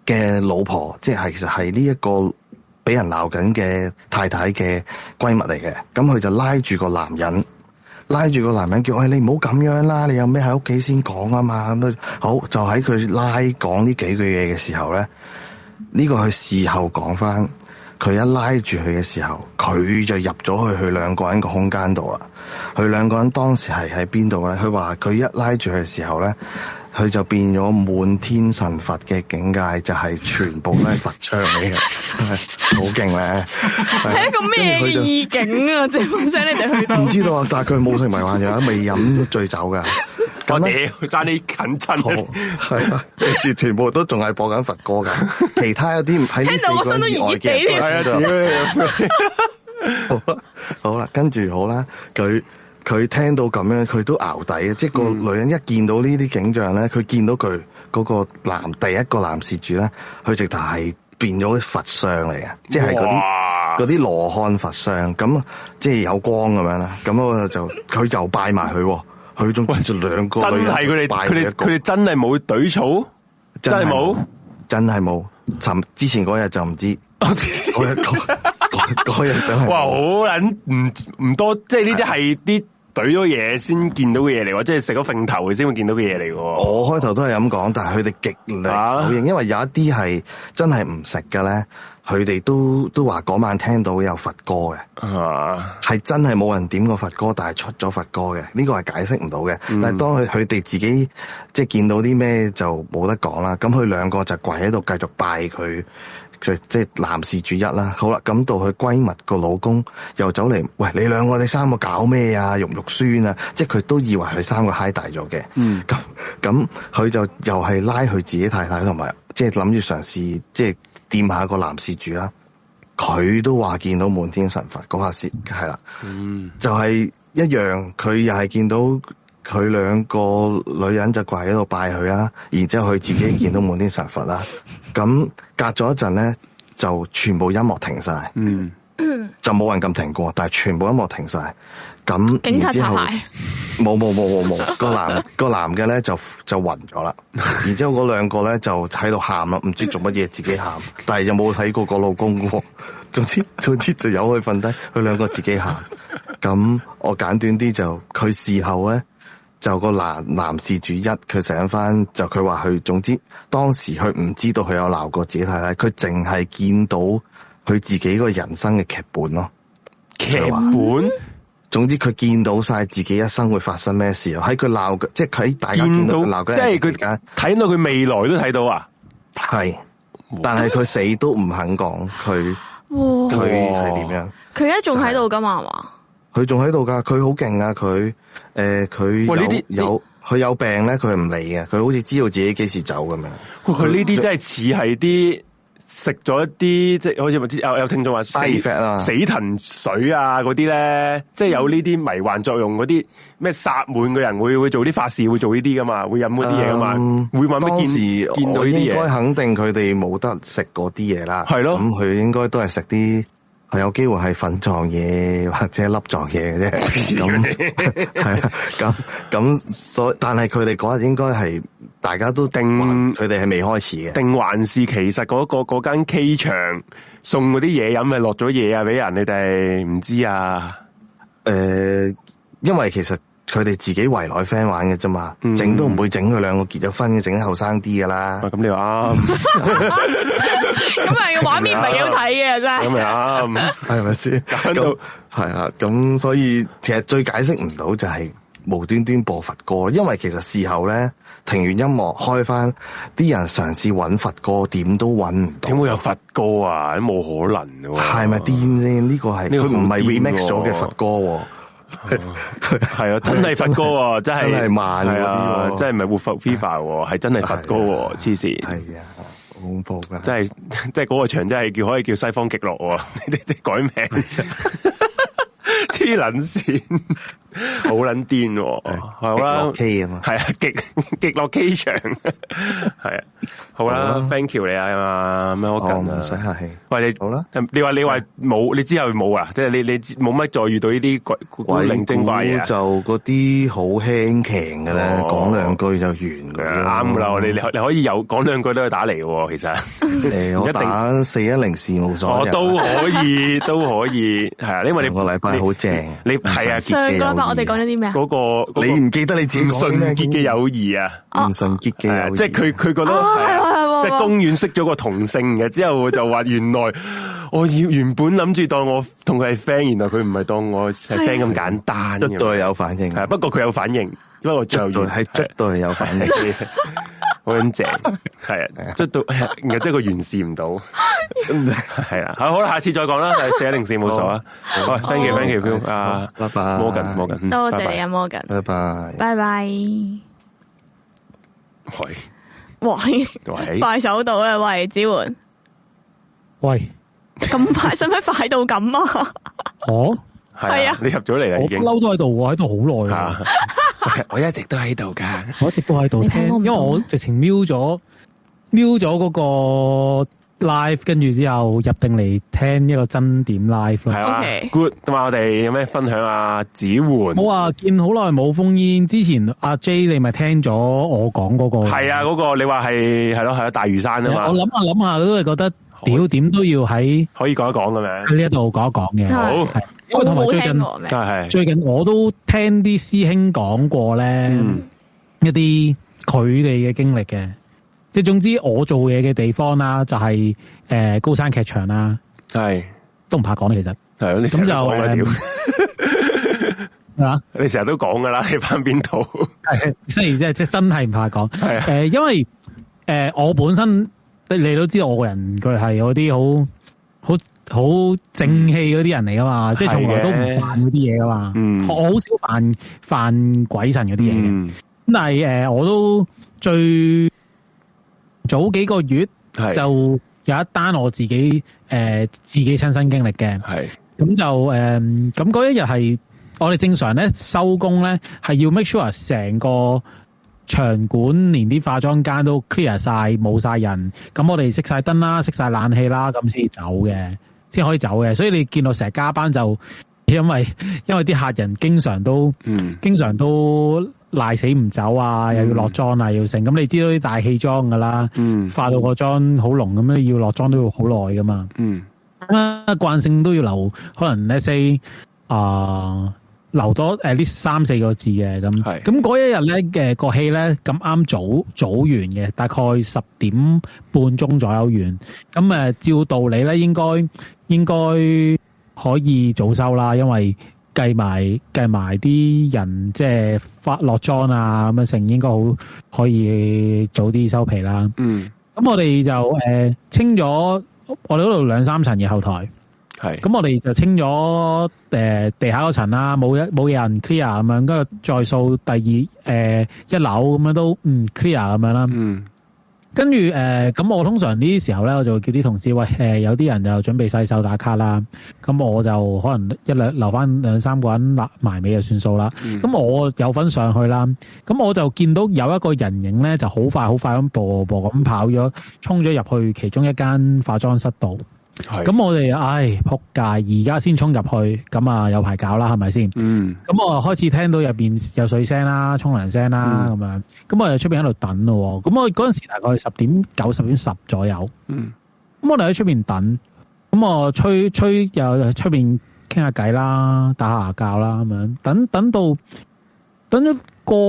嘅老婆，即係其實係呢一個。俾人鬧緊嘅太太嘅閨蜜嚟嘅，咁佢就拉住個男人，拉住個男人叫：，哎，你唔好咁樣啦，你有咩喺屋企先講啊嘛！咁好就喺佢拉講呢幾句嘢嘅時候咧，呢個佢事後講翻，佢一拉住佢嘅時候，佢、這個，就入咗去佢兩個人個空間度啦。佢兩個人當時係喺邊度咧？佢話佢一拉住佢嘅時候咧。佢就變咗滿天神佛嘅境界，就係、是、全部都係佛唱嚟嘅，好勁咧！係一個咩意境啊？即係我請你哋去到。唔知道啊， [laughs] 但係佢冇食迷幻藥，未飲醉酒噶。嘢 [laughs] 么，屌，揸你近親。好，係、 [laughs] 啊，接全部都仲係播緊佛歌噶，其他一啲唔係。聽到我身都熱嘅，係啊？好啦，跟住好啦，佢。佢聽到咁樣，佢都淆底，即即個女人一見到呢啲景象咧，佢見到佢嗰個男，第一個男事主咧，佢直頭係變咗啲佛像嚟嘅，哇即係嗰啲嗰啲羅漢佛像。咁即係有光咁樣啦。咁我就佢就拜埋佢，佢仲住兩個女，係佢哋佢哋佢哋真係冇懟草，真係冇，真係冇。之前嗰日就唔知嗰日嗰日真係 [laughs] 哇，好撚唔唔多，即係呢啲係啲。懟咗嘢，先見到嘅嘢嚟，或者食咗份頭先會見到嘅嘢嚟喎。我開頭都係咁講，但係佢哋極力否認，啊、因為有一啲係真係唔食嘅咧，佢哋都都話嗰晚聽到有佛歌嘅，係、啊、真係冇人點過佛歌，但係出咗佛歌嘅，呢個係解釋唔到嘅。嗯、但係當佢佢哋自己即係見到啲咩就冇得講啦。咁佢兩個就跪喺度繼續拜佢。佢即係男士主一啦，好啦，咁到佢閨蜜個老公又走嚟，喂，你兩個你三個搞咩啊？肉唔肉酸啊？即係佢都以為佢三個嗨大咗嘅，嗯，咁咁佢就又係拉佢自己太太同埋，即係諗住嘗試，即係掂下個男士主啦。佢都話見到滿天神佛，嗰下先係啦，嗯，就係一樣，佢又係見到。佢兩個女人就跪喺度拜佢啦，然之後佢自己見到滿天神佛啦。咁 [laughs] 隔咗一陣咧，就全部音樂停晒，嗯，就冇人咁停過，但係全部音樂停晒。咁然後之後冇冇冇冇冇個男個男嘅咧就就暈咗啦。 [laughs] 然之後嗰兩個咧就喺度喊啦，唔知做乜嘢自己喊。 [laughs] 但係又冇睇過個老公喎。 [laughs] 總之總之就由佢瞓低，佢兩個自己喊。咁 [laughs] 我簡短啲就佢事後咧。就個男男事主一，佢醒翻，就佢話佢，總之當時佢唔知道佢有鬧過自己太太，佢淨係見到佢自己個人生嘅劇本咯。劇本，總之佢見到晒自己一生會發生咩事喺佢鬧嘅，即係佢喺大家見到鬧嘅，即係佢睇到佢未來都睇到啊！係，但係佢死都唔肯講佢，佢係點樣？佢而家仲喺度噶嘛？就是佢仲喺度噶，佢好勁啊！佢誒，佢、呃、有喂有佢有病咧，佢唔理嘅，佢好似知道自己幾時走咁樣。佢呢啲真係似係啲食咗啲，即係好似有聽眾話死石啊、死，啊死藤水啊嗰啲咧，即係有呢啲迷幻作用嗰啲咩殺滿嘅人會，會會做啲法事，會做呢啲噶嘛，會飲嗰啲嘢噶嘛，會問乜件事見到呢啲嘢。我應該肯定佢哋冇得食嗰啲嘢啦，係咯。咁佢、嗯、應該都係食啲。係有機會係粉狀嘢或者粒狀嘢嘅啫，咁係啦，咁咁 [laughs] [laughs] 所，但係佢哋嗰日應該係大家都定，佢哋係未開始嘅定，還是其實嗰、嗰個嗰間 K 場送嗰啲嘢飲咪落咗嘢啊，俾人你哋唔知啊？誒，因為其實佢哋自己圍內 friend 玩嘅啫嘛，整、嗯、都唔會整佢兩個結咗婚嘅整後生啲㗎啦。咁你話。 [laughs] 咁啊，畫面唔係好睇嘅真咁咪啱係咪先？搞到係啊，咁所以其實最解釋唔到就係無端端播佛歌，因為其實事後咧停完音樂開翻，啲人嘗試揾佛歌，點都揾唔到。點會有佛歌啊？冇可能係係咪癲先？呢個係佢唔係 remix 咗嘅佛歌，係啊，真係佛歌，真係慢啲，真係唔係活佛 f 非喎，係真係佛歌，黐線，係啊。恐怖噶，真係即係嗰個場真係叫可以叫西方極樂，你哋即係改名，黐捻線。好撚癲，係啦，極落 K 場係啊，好啦，thank you 你啊嘛，咁啊，唔使客氣，喂你好啦，你話你話冇，你之後冇啊，即係你你冇乜再遇到呢啲鬼鬼靈精怪嘢，就嗰啲好輕強嘅咧，講兩句就完㗎，啱噶啦，你你可以有講兩句都去打嚟嘅，其實，一定四一零事務所，我都可以都可以係啊，因為你個禮拜好正，你係啊。我哋講咗啲咩啊？嗰個你唔記得你自己唔純潔嘅友誼啊？唔純潔嘅，即係佢佢覺得，即係公園識咗個同性嘅，之後我就話原來我原原本諗住當我同佢係 friend，原來佢唔係當我係 friend 咁簡單，絕對有反應啊！不過佢有反應，不過我最後完係絕對有反應。好正，係啊，即係到，即係佢完善唔到，係啊，好啦，下次再講啦，四一零四冇錯啊，thank you，thank you，拜拜，Morgan，多謝你啊，Morgan，拜拜，拜拜，喂，喂，快手到啦，喂，子媛，喂，咁快，使唔使快到咁啊？哦，係啊，你入咗嚟啊，我嬲都喺度，喺度好耐啊。我一直都喺度噶，我一直都喺度聽，聽因為我直情瞄咗瞄咗嗰個 live，跟住之後入定嚟聽一個真點 live 啦。係啊，good，同埋，我哋有咩分享啊？指煥，我話見好耐冇封煙，之前阿 J 你咪聽咗我講嗰、那個，係啊，嗰、那個你話係係咯，係啊，啊，大嶼山啊嘛。我諗下諗下，都係覺得屌點都要喺，可以講一講嘅咩？喺呢一度講一講嘅，好。同埋最近，最近我都聽啲師兄講過咧，一啲佢哋嘅經歷嘅。即係總之，我做嘢嘅地方啦，就係誒高山劇場啦，係都唔怕講。其實係你咁就係嘛？你成日都講噶啦，你返邊度？係雖然即係即係真係唔怕講。係誒，因為誒我本身你你都知我個人佢係有啲好好。好正氣嗰啲人嚟噶嘛，嗯、即係從來都唔犯嗰啲嘢噶嘛。嗯、我好少犯犯鬼神嗰啲嘢嘅，咁、嗯、但係誒、呃，我都最早幾個月就有一單我自己誒、呃、自己親身經歷嘅。咁的就誒，咁、呃、嗰一日係我哋正常咧收工咧，係要 make sure 成個場館連啲化妝間都 clear 晒冇晒人，咁我哋熄晒燈啦，熄晒冷氣啦，咁先走嘅。先可以走嘅，所以你見到成日加班就因為因為啲客人經常都、嗯、經常都賴死唔走啊，又要落妝啊，要成咁。你知道啲大氣妝㗎啦，嗯、化到個妝好濃咁樣，要落妝都要好耐㗎嘛。咁啊、嗯，嗯、慣性都要留，可能 let's say 啊。留多誒呢三四個字嘅咁，咁嗰一日咧，嘅、個戲咧咁啱早早完嘅，大概十點半鐘左右完。咁誒、呃、照道理咧，應該應該可以早收啦，因為計埋計埋啲人即係發落妝啊咁樣，成應該好可以早啲收皮啦。嗯，咁我哋就誒、呃、清咗我哋嗰度兩三層嘅後台。係，咁是我哋就清咗誒地下嗰層啦，冇一冇人 clear 咁樣，跟住再掃第二誒、呃、一樓咁樣都嗯 clear 咁樣啦。嗯，跟住誒，咁、呃、我通常呢啲時候咧，我就叫啲同事喂，誒、呃、有啲人就準備洗手打卡啦，咁我就可能一兩留翻兩三個人埋尾就算數啦。咁、嗯、我有份上去啦，咁我就見到有一個人影咧，就好快好快咁步步咁跑咗，衝咗入去其中一間化妝室度。咁是我哋唉撲街，而家先沖入去，咁啊有排搞啦，係咪先？嗯。咁我就開始聽到入邊有水聲啦，沖涼聲啦，咁樣。嗯。咁我喺出邊喺度等咯。咁我嗰陣時大概十點九、十點十左右。嗯。咁我哋喺出邊等，咁我吹吹又喺出邊傾下偈啦，打下牙鉸啦咁樣。等等到等咗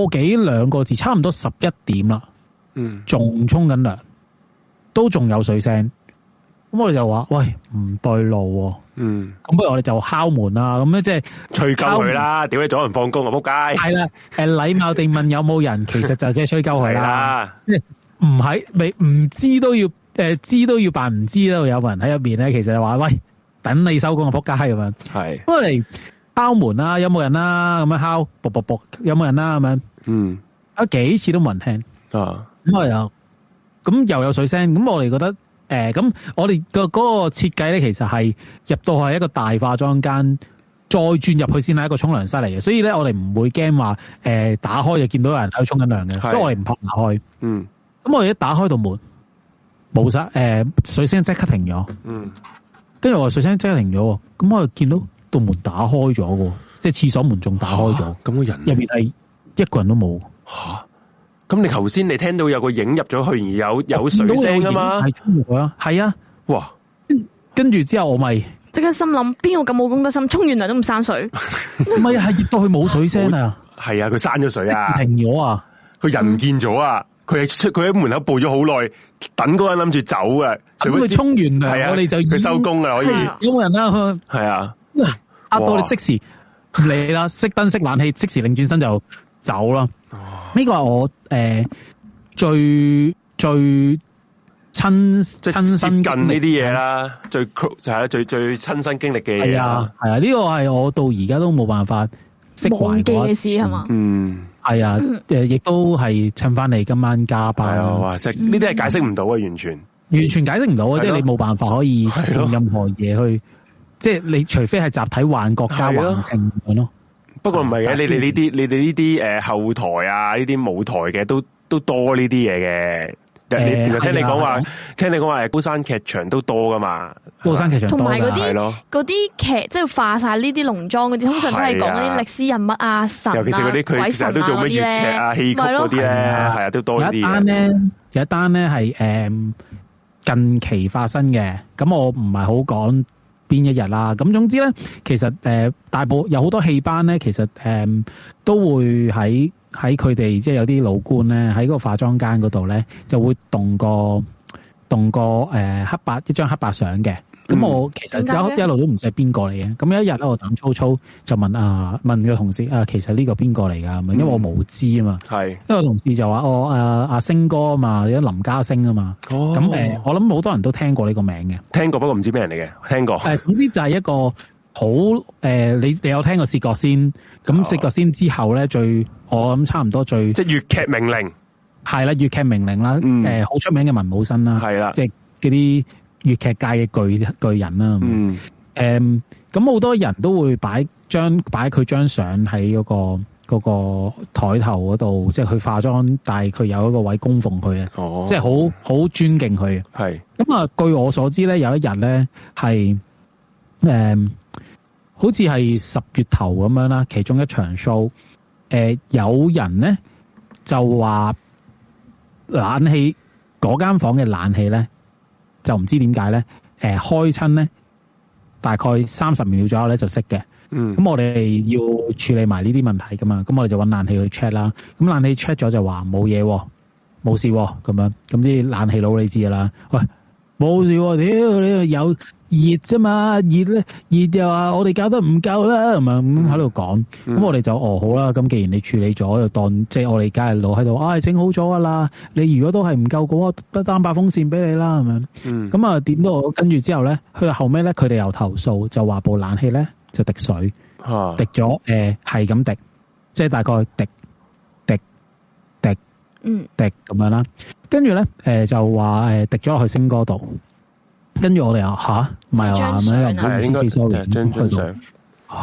個幾兩個字，差唔多十一點啦。嗯。仲沖緊涼，都仲有水聲。咁我哋就話喂唔對路，嗯，咁不如我哋就敲門啦，咁咧即係吹鳩佢啦，屌你阻人放工啊仆街！係啦，誒禮貌地問有冇人，其實就即係吹鳩佢啦，唔喺未唔知都要誒知都要扮唔知啦，有冇人喺入邊咧？其實就話喂，等你收工啊仆街咁樣，係，不如敲門啦，有冇人啦？咁樣敲，搏搏搏，有冇人啦？咁樣，嗯，啊幾次都冇人聽，咁我又咁又有水聲，咁我哋覺得。誒，咁、呃、我哋個嗰個設計咧，其實係入到去一個大化妝間，再轉入去先係一個沖涼室嚟嘅，所以咧我哋唔會驚話，誒打開就見到有人喺度沖緊涼嘅，所以我哋唔怕打開。嗯，咁我哋一打開道門，冇晒，誒、呃、水聲即刻停咗。嗯，跟住我話水聲即刻停咗，咁我見到道門打開咗喎，即係廁所門仲打開咗。咁個、啊、人入面係一個人都冇。啊咁你頭先你聽到有個影入咗去，而有有水聲噶嘛？係到有係啊！係啊！哇！跟住之後我咪即刻心諗：邊個咁冇公德心？沖完涼都唔閂水。唔係係熱到佢冇水聲啊！係啊，佢閂咗水啊，停咗啊，佢人唔見咗啊！佢出佢喺門口步咗好耐，等嗰個人諗住走噶。佢沖完涼，我哋就佢收工噶可以。有冇人啦？係啊，阿多你即時唔理啦，熄燈熄冷氣，即時擰轉身就走啦。呢個係我誒，最最親，即係親近呢啲嘢啦，最就最最親身經歷嘅嘢啦，係啊，呢個係我到而家都冇辦法釋懷嘅事係嘛？嗯，係啊，誒，亦都係趁翻嚟今晚加班啊，即係呢啲係解釋唔到嘅，完全，完全解釋唔到嘅。即係你冇辦法可以用任何嘢去，即係你除非係集體幻覺加環咯。不過唔係嘅，你哋呢啲，你哋呢啲誒後台啊，呢啲舞台嘅都都多呢啲嘢嘅。其實聽你講話，聽你講話高山劇場都多噶嘛，高山劇場同埋嗰啲嗰啲劇即係化晒呢啲濃妝嗰啲，通常都係講啲歷史人物啊神啊鬼神啊嗰啲咧。咪係啊，都多一啲。有一單咧，有一單咧係誒近期發生嘅，咁我唔係好講。邊一日啦，啊？咁總之咧，其實誒、呃，大埔有好多戲班咧，其實誒、呃、都會喺喺佢哋即係有啲老倌咧，喺個化妝間嗰度咧，就會動個動個誒、呃、黑白一張黑白相嘅。咁我其實一一路都唔知係邊個嚟嘅，咁有一日咧，我膽粗粗就問阿問個同事啊，其實呢個邊個嚟噶？咁因為我冇知啊嘛。係，因為同事就話我誒，阿星哥啊嘛，阿林家星啊嘛。咁誒，我諗好多人都聽過呢個名嘅。聽過，不過唔知咩人嚟嘅。聽過。誒，總之就係一個好誒，你你有聽過薛覺先？咁薛覺先之後咧，最我諗差唔多最即係粵劇名伶係啦，粵劇名伶啦，誒好出名嘅文武生啦，係啦，即嗰啲。粵劇界嘅巨巨人啦、啊，誒、嗯，咁好、嗯、多人都會擺張擺佢張相喺嗰、嗰個嗰、嗰個台頭嗰度，即係去化妝，但係佢有一個位供奉佢哦，即係好好尊敬佢。係咁啊！據我所知咧，有一日咧係，誒、嗯，好似係十月頭咁樣啦，其中一場 show，誒、呃，有人咧就話冷氣嗰間房嘅冷氣咧。就唔知點解咧？誒開親咧，大概三十秒左右咧就熄嘅。嗯，咁我哋要處理埋呢啲問題噶嘛？咁我哋就搵冷氣去 check 啦。咁冷氣 check 咗就話冇嘢，冇事咁、啊、樣。咁啲冷氣佬你知噶啦。喂、哎，冇事喎、啊！屌、哎、你有。熱啫嘛，熱咧，熱就話我哋搞得唔夠啦，咁樣咁喺度講，咁我哋就哦好啦，咁既然你處理咗，就當即係、就是、我哋家佬喺度，啊、哎、整好咗噶啦，你如果都係唔夠嘅話，得擔把風扇俾你啦，咁、嗯、樣，咁啊點都跟住之後咧，佢後尾咧佢哋又投訴，就話部冷氣咧就滴水，啊、滴咗誒係咁滴，即、就、係、是、大概滴滴滴，滴咁、嗯、樣啦，跟住咧誒就話誒、呃、滴咗落去星哥度。跟住我哋又吓，唔係、啊、又攬咧，又公司收錢去到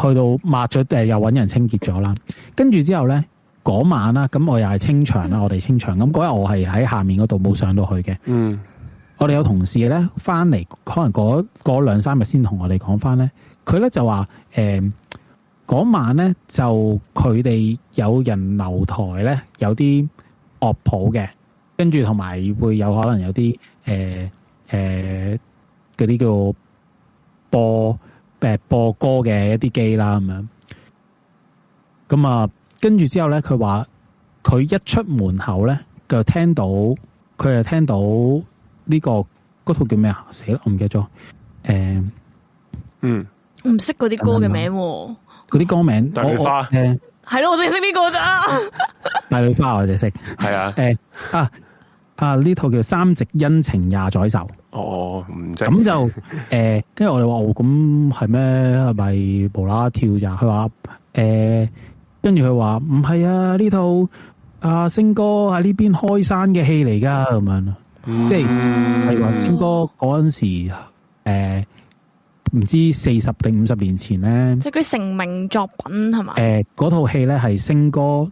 去到抹咗，誒又揾人清潔咗啦。跟住之後咧，嗰晚啦，咁我又係清場啦，我哋清場。咁嗰日我係喺下面嗰度冇上到去嘅。嗯，我哋有同事咧翻嚟，可能嗰嗰兩三日先同我哋講翻咧。佢咧就話嗰、呃、晚咧就佢哋有人留台咧，有啲樂譜嘅，跟住同埋會有可能有啲誒誒。呃呃嗰啲叫播誒播歌嘅一啲機啦咁樣，咁啊跟住之後咧，佢話佢一出門口咧，就聽到佢又聽到呢、這個嗰套叫咩？欸嗯嗯、啊？死啦！我唔記得咗誒，嗯，我唔識嗰啲歌嘅名，嗰啲歌名大女花係係咯，我淨係識呢個咋，大女花我哋識係啊，誒啊啊呢套叫三夕恩情廿載愁。哦，唔，咁就誒，跟、呃、住我哋話哦，咁係咩？係咪無啦啦跳咋？佢話誒，跟住佢話唔係啊，呢套阿星哥喺呢邊開山嘅戲嚟㗎，咁樣，即係係話星哥嗰陣時誒，唔、呃、知四十定五十年前咧，即係佢成名作品係嘛？誒，嗰套戲咧係星哥誒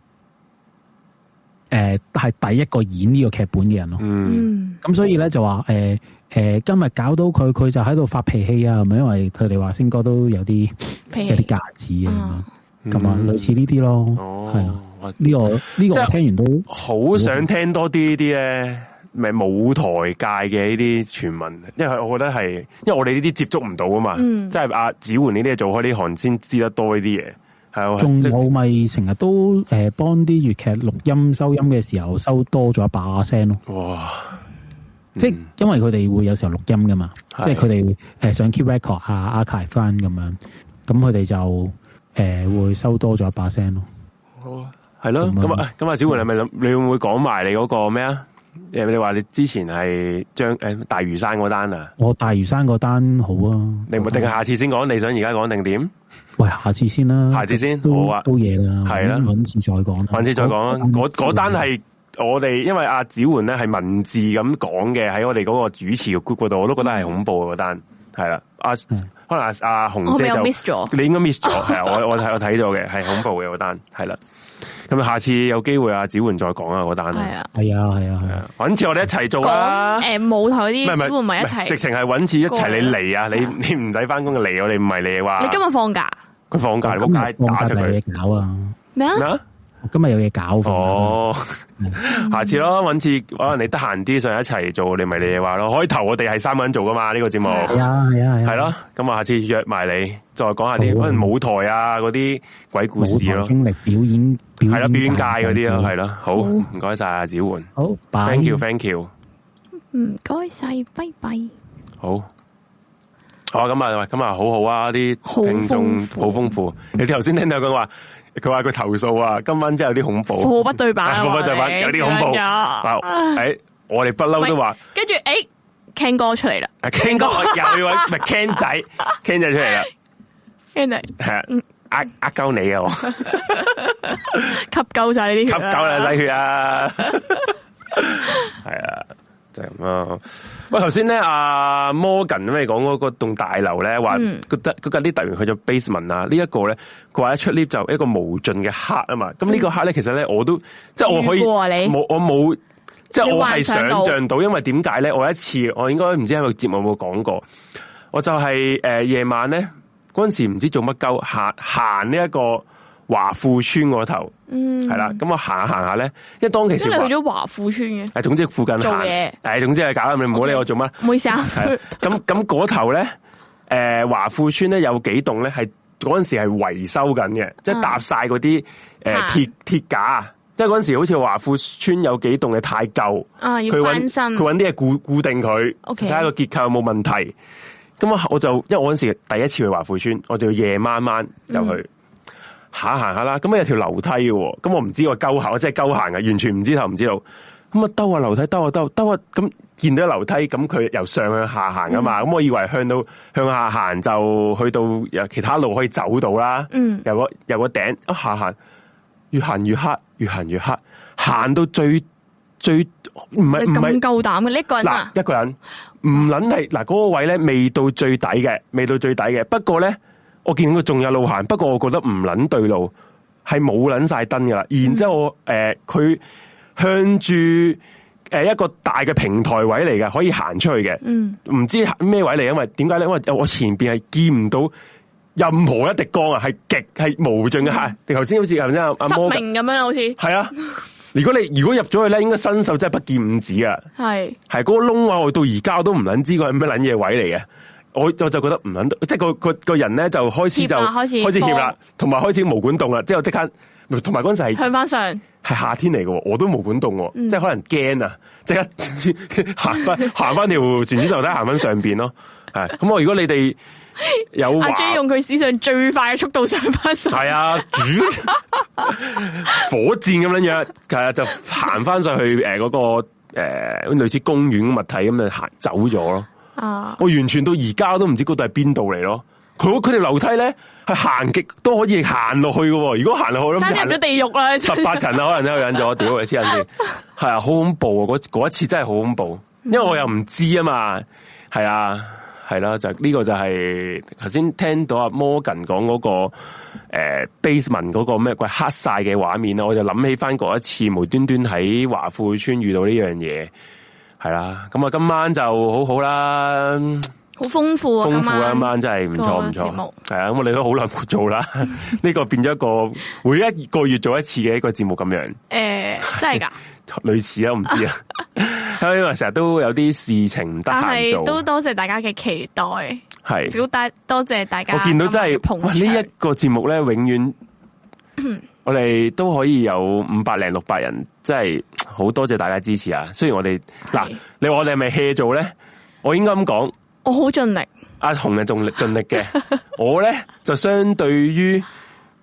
係、呃、第一個演呢個劇本嘅人咯，嗯，咁、嗯、所以咧就話誒。呃誒、呃，今日搞到佢，佢就喺度發脾氣啊！係咪因為佢哋話星哥都有啲氣有啲架子啊？咁啊，嗯、類似呢啲咯。哦，係啊，呢個呢個，即個我聽完都好想聽多啲呢啲咧，咪舞台界嘅呢啲傳聞，因為我覺得係，因為我哋呢啲接觸唔到啊嘛。嗯、即係阿、啊、子媛呢啲做開呢行先知得多呢啲嘢，係啊。仲我咪成日都誒幫啲粵劇錄音收音嘅時候收多咗一把聲咯。哇！即係因為佢哋會有時候錄音噶嘛，即係佢哋誒想 keep record 下 archive 翻咁樣，咁佢哋就誒會收多咗一把聲咯。好啊，係咯，咁啊咁啊，小吳你咪諗，你會唔會講埋你嗰個咩啊？你話你之前係將誒大嶼山嗰單啊？我大嶼山嗰單好啊。你唔係定下次先講？你想而家講定點？喂，下次先啦。下次先好啊，都夜啦。係啦，揾次再講，揾次再講。嗰嗰單係。我哋因為阿子煥咧係文字咁講嘅，喺我哋嗰個主持嘅 group 嗰度，我都覺得係恐怖嗰單，係啦。阿可能阿紅姐就 miss 咗，你應該 miss 咗，係啊，我我睇我睇到嘅係恐怖嘅嗰單，係啦。咁下次有機會阿子煥再講啊，嗰單係啊，係啊，係啊，搵次我哋一齊做啊。誒，舞台啲子煥唔係一齊，直情係搵次一齊你嚟啊！你你唔使翻工就嚟，我哋唔係你話。你今日放假？佢放假，我唔打出嚟搞啊！咩啊？今日有嘢搞，哦，嗯、下次咯，搵次可能你得閒啲，上一齊做，你咪你話咯。開頭我哋係三個人做噶嘛，呢、這個節目係啊係啊係，係咯。咁啊，下次約埋你，再講下啲可能舞台啊，嗰啲鬼故事咯，經歷表演，係啦，表演界嗰啲咯，係咯好。好，唔該晒，阿子煥，好，thank you，thank you，唔該晒，拜拜。Bye bye 好，哦、好啊，咁啊，好好啊，啲聽眾好豐富。豐富你哋頭先聽到佢話。佢話佢投訴啊，今晚真係有啲恐怖，貨不對板，貨不對板，有啲恐怖。嗱，誒，我哋不嬲都話，跟住誒，Ken 哥出嚟啦，Ken 哥又要咪 Ken 仔，Ken 仔出嚟啦，Ken 仔係啊，呃呃鳩你啊，吸夠晒，呢啲，吸夠晒血啊，係啊。啊！喂，頭先咧，阿、啊、Morgan 咁樣講嗰嗰棟大樓咧，話覺得佢近啲突然去咗 basement 啊，這個、呢一個咧，佢話一出 lift 就一個無盡嘅黑啊嘛，咁、嗯、呢個黑咧，其實咧我都即係我可以冇我冇，即係我係想象到，你你到因為點解咧？我有一次我應該唔知喺個節目有冇講過，我就係誒夜晚咧嗰陣時唔知做乜鳩行行呢一個。華富村嗰頭，嗯係啦，咁我行下行下咧，因為當其時去咗華富村嘅、啊，係總之附近行，誒事、哎，總之係搞咁樣，唔好理我做乜。唔好意思，係咁咁嗰頭咧，誒、呃，華富村咧有幾棟咧係嗰陣時係維修緊嘅，嗯、即係搭晒嗰啲誒鐵鐵架啊，即嗰陣時好似華富村有幾棟嘅太舊啊，要佢搵啲嘢固固定佢，睇下個結構有冇問題。咁我我就因為我嗰陣時第一次去華富村，我就要夜晚晚入去。嗯行行下啦，咁啊有條樓梯嘅，咁我唔知我夠行，我真係夠行嘅，完全唔知頭唔知路。咁啊兜下樓梯，兜下兜，兜下咁見到樓梯，咁佢由上向下行㗎嘛，咁、嗯、我以為向到向下行就去到其他路可以走到啦。嗯，由個由個頂下行，越行越黑，越行越黑，行到最最唔係唔係夠膽嘅，呢一個人、啊、一個人唔捻係嗱嗰個位咧，未到最底嘅，未到最底嘅，不過咧。我見到佢仲有路行，不過我覺得唔捻對路，係冇捻晒燈噶啦。然之後我誒，佢、嗯呃、向住誒一個大嘅平台位嚟嘅，可以行出去嘅。唔、嗯、知咩位嚟，因為點解咧？因為我前邊係見唔到任何一滴光極、嗯、啊，係極係無盡嘅。你頭先好似係咪先啊？失明咁樣好似、啊。係啊 [laughs] ，如果你如果入咗去咧，應該伸手真係不見五指啊。係係嗰個窿位，我到而家都唔捻知佢係咩捻嘢位嚟嘅。我就覺得唔肯，即係個個個人咧就開始就開始怯啦，同埋了開始毛管動啦，即係即刻，同埋嗰陣係上翻 [laughs] 上係夏天嚟嘅，我都毛管動喎。即係可能驚啊！即刻行翻行翻條旋轉樓梯行翻上邊咯，係咁我如果你哋有話，阿 J 用佢史上最快嘅速度上翻上，係啊，主 [laughs] 火箭咁樣樣，係啊，就行翻上去誒嗰個誒、呃、類似公園物體咁樣行走咗咯。啊、我完全到而家都唔知嗰度係邊度嚟咯，佢佢哋樓梯咧係行極都可以行落去嘅，如果行落去咁，真係入咗地獄啦！十八層啦，可能都有引咗，屌你黐人哋係啊，好 [laughs] 恐怖！啊。嗰一次真係好恐怖，因為我又唔知啊嘛，係啊，係啦、啊，就呢、呢個就係頭先聽到阿 Morgan 講嗰、嗰個誒、呃、basement 嗰個咩鬼黑晒嘅畫面啦，我就諗起翻嗰一次無端端喺華富村遇到呢樣嘢。係啦，咁啊今晚就好好啦，好豐富，啊。豐富啊！今晚真係唔錯唔錯，節目，係啊！咁我哋都好耐冇做啦，呢個變咗一個每一個月做一次嘅一個節目咁樣。誒，真係噶？類似啊，我唔知啊，因為成日都有啲事情唔得閒做，都多謝大家嘅期待，係表達多謝大家。我見到真係，哇！呢一個節目咧，永遠。我哋都可以有五百零六百人，即係好多謝大家支持啊！雖然我哋嗱是，你話我哋係咪 hea 做咧？我應該咁講，我好盡力，阿盡力。阿紅咧，盡盡力嘅。我咧就相對於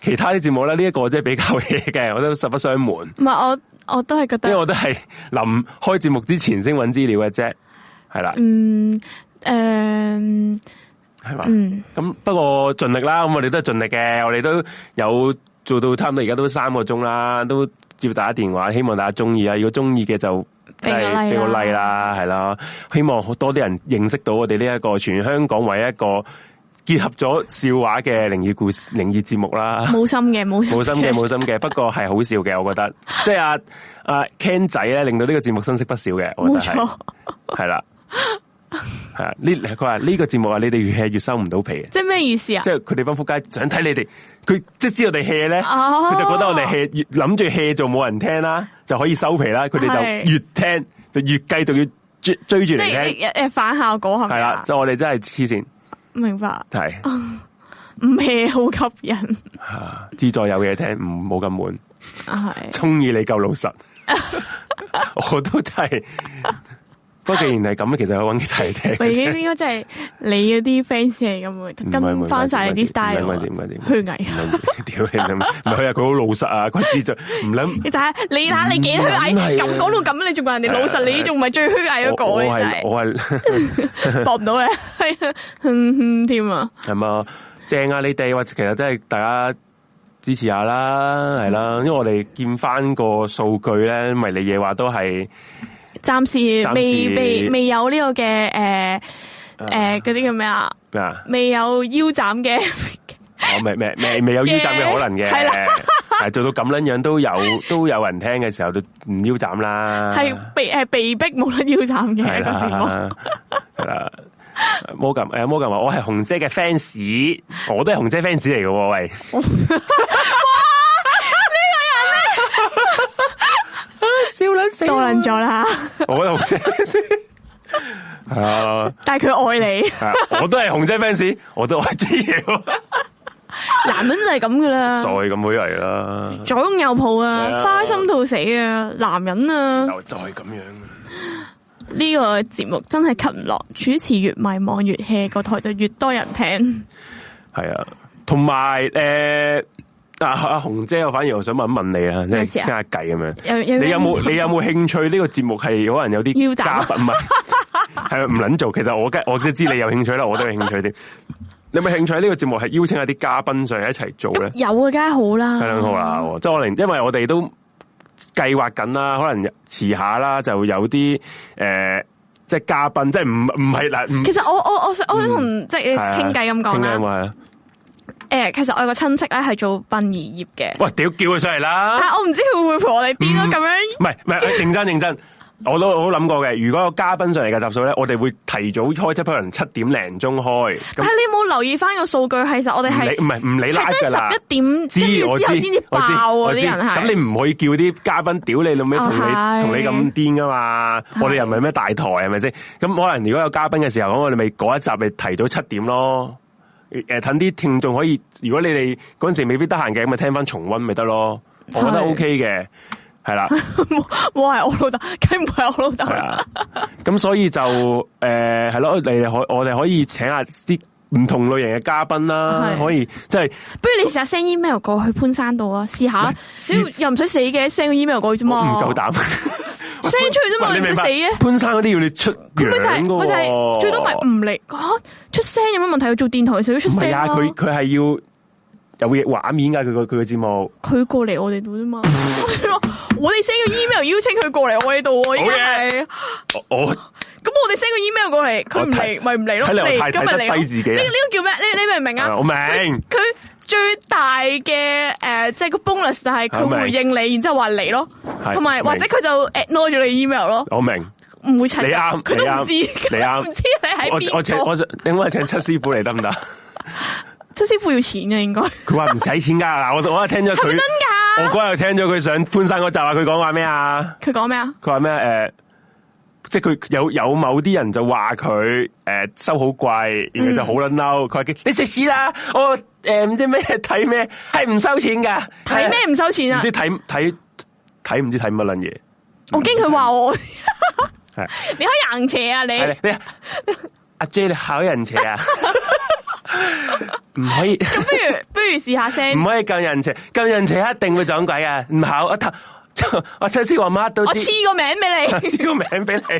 其他啲節目咧，呢、這、一個即係比較 hea 嘅，我都實不相瞞。唔係我，我都係覺得，因為我都係臨開節目之前先揾資料嘅啫，係啦、嗯。嗯，誒吧，係嘛？嗯，咁不過盡力啦。咁我哋都係盡力嘅，我哋都有。做到差唔多，而家都三個鐘啦，都要打下電話。希望大家中意啊。如果中意嘅就俾個俾個 like 啦，係啦。希望多啲人認識到我哋呢一個全香港唯一一個結合咗笑話嘅靈異故事、靈異節目啦。冇心嘅，冇冇心嘅，冇心嘅。 [laughs] 不過係好笑嘅，我覺得。即係阿阿 Ken 仔咧，令到呢個節目增色不少嘅，我覺得係啦。係，呢佢話呢個節目啊，你哋越吃越收唔到皮嘅。即係咩意思啊？即係佢哋班撲街想睇你哋，佢即係知我哋吃 e 咧，佢就覺得我哋吃，e 越諗住吃就冇人聽啦，就可以收皮啦。佢哋就越聽就越繼續要追住嚟聽，誒，反效果係咪係啦。就我哋真係黐線，明白係唔吃好吸引吓，自助有嘢聽唔冇咁悶，係中意你夠老實，我都係。不過既然係咁，其實我揾嘅睇睇。我已經應該即係你嗰啲 fans 係咁，跟翻晒你啲 style。唔該，唔該，虛偽，屌你！唔係佢啊，佢好老實啊，佢唔諗。你睇下，你睇下，你幾虛偽？咁講到咁，你仲話人哋老實？你仲唔係最虛偽嗰個？我係，我係搏唔到嘅，係，嗯，添啊。係嘛，正啊！你哋其實真係大家支持下啦，係啦，因為我哋見翻個數據咧，迷你嘢話都係。暫時未暫時未未，未有呢個嘅誒誒嗰啲叫咩啊？未有腰斬嘅，我未未未未有腰斬嘅可能嘅，係啦的，啊、做到咁樣樣都有 [laughs] 都有人聽嘅時候都唔腰斬啦，係被係、呃、被逼冇論腰斬嘅係啦，摩根誒、呃、摩根話我係紅姐嘅 fans，我都係紅姐 fans 嚟嘅，喂。 [laughs] 跳卵死墮卵咗啦！我係紅姐 fans 係啊，但係佢愛你，我都係紅姐 fans，我都愛朱爺，男人就係咁噶啦再咁會嚟啦，左擁右抱啊，啊花心到死啊，男人啊，就再咁樣、啊。呢個節目真係吸唔落，主持越迷惘越 hea，個台就越多人聽。係啊，同埋誒。欸阿阿紅姐，我反而我想問一問你啊，即係傾下計咁樣。你有冇你有冇興趣呢個節目係可能有啲嘉賓唔係啊，唔捻做？其實我我都知你有興趣啦，我都有興趣啲。你有冇興趣呢個節目係邀請一啲嘉賓上嚟一齊做咧？有啊，梗係好啦。好啊，即係可能因為我哋都計劃緊啦，可能遲下啦，就有啲誒，即係嘉賓，即係唔唔係嗱。其實我我我想我想同即係傾偈咁講。誒、欸，其實我有個親戚咧係做殯儀業嘅。喂，屌，叫佢上嚟啦！啊，我唔知佢會唔會陪我哋癲咯，咁、嗯、樣。唔係唔係，認真認真，我都我都諗過嘅。如果有嘉賓上嚟嘅集數咧，我哋會提早開七，七可能七點零鐘開。但係你冇留意翻個數據，其實我哋係唔係唔理拉噶啦。十一點、啊、知爆知，我知。咁你唔可以叫啲嘉賓屌你，老味同你同你咁癲噶嘛？的我哋又唔係咩大台，係咪先？咁可能如果有嘉賓嘅時候，我我哋咪嗰一集咪提早七點咯。誒、呃，等啲聽眾可以，如果你哋嗰陣時未必得閒嘅，咁咪聽翻重溫咪得咯，是 我覺得 OK 嘅，係啦的。冇係了 [laughs] 我老豆，梗唔係我老豆了。咁 [laughs] 所以就誒，係、呃、咯，你哋可我哋可以請下啲。唔同類型嘅嘉賓啦、啊，是可以即係，就是、不如你成日 send email 過去潘山度啊，試下，試又唔使死嘅，send 個 email 過去啫嘛。唔夠膽，send 出去啫嘛，潘你唔會死嘅。潘山嗰啲要你出佢佢、啊、就是、就嘅、是，最多咪唔嚟吓，出、啊、聲有乜問題？做電台嘅時候出聲。啊，佢佢係要有畫面噶、啊，佢個佢個節目。佢過嚟我哋度啫嘛， [laughs] [laughs] 我哋 send 個 email 邀請佢過嚟我哋度，因為、oh yeah.，我。Oh, oh. 咁我哋 send 個 email 過嚟，佢唔嚟咪唔嚟咯。今日嚟，呢呢個叫咩？你你明唔明啊？我明。佢最大嘅誒，即係個 bonus 就係佢回應你，然之後話嚟咯。係同埋或者佢就 ignore 咗你 email 咯。我明。唔會請你啱，佢都唔知。你啱，唔知你喺邊我請我另外請七師傅嚟得唔得？七師傅要錢嘅應該。佢話唔使錢噶嗱，我我聽咗佢真噶。我嗰日聽咗佢上潘生嗰集啊，佢講話咩啊？佢講咩啊？佢話咩誒？即係佢有有某啲人就話佢誒收好貴，然後就好撚嬲。佢話、嗯、你食屎啦！我誒唔、呃、知咩睇咩，係唔收錢噶？睇咩唔收錢啊？唔知睇睇睇唔知睇乜撚嘢？我驚佢話我， [laughs] [laughs] 你可以人邪啊你，你？ [laughs] 啊？阿 J，你考人邪啊？唔 [laughs] 可以。咁不如不如試下聲，唔可以救人邪，救人邪一定會撞鬼啊！唔考我上次話媽都知，我黐個名俾你，黐個名俾你，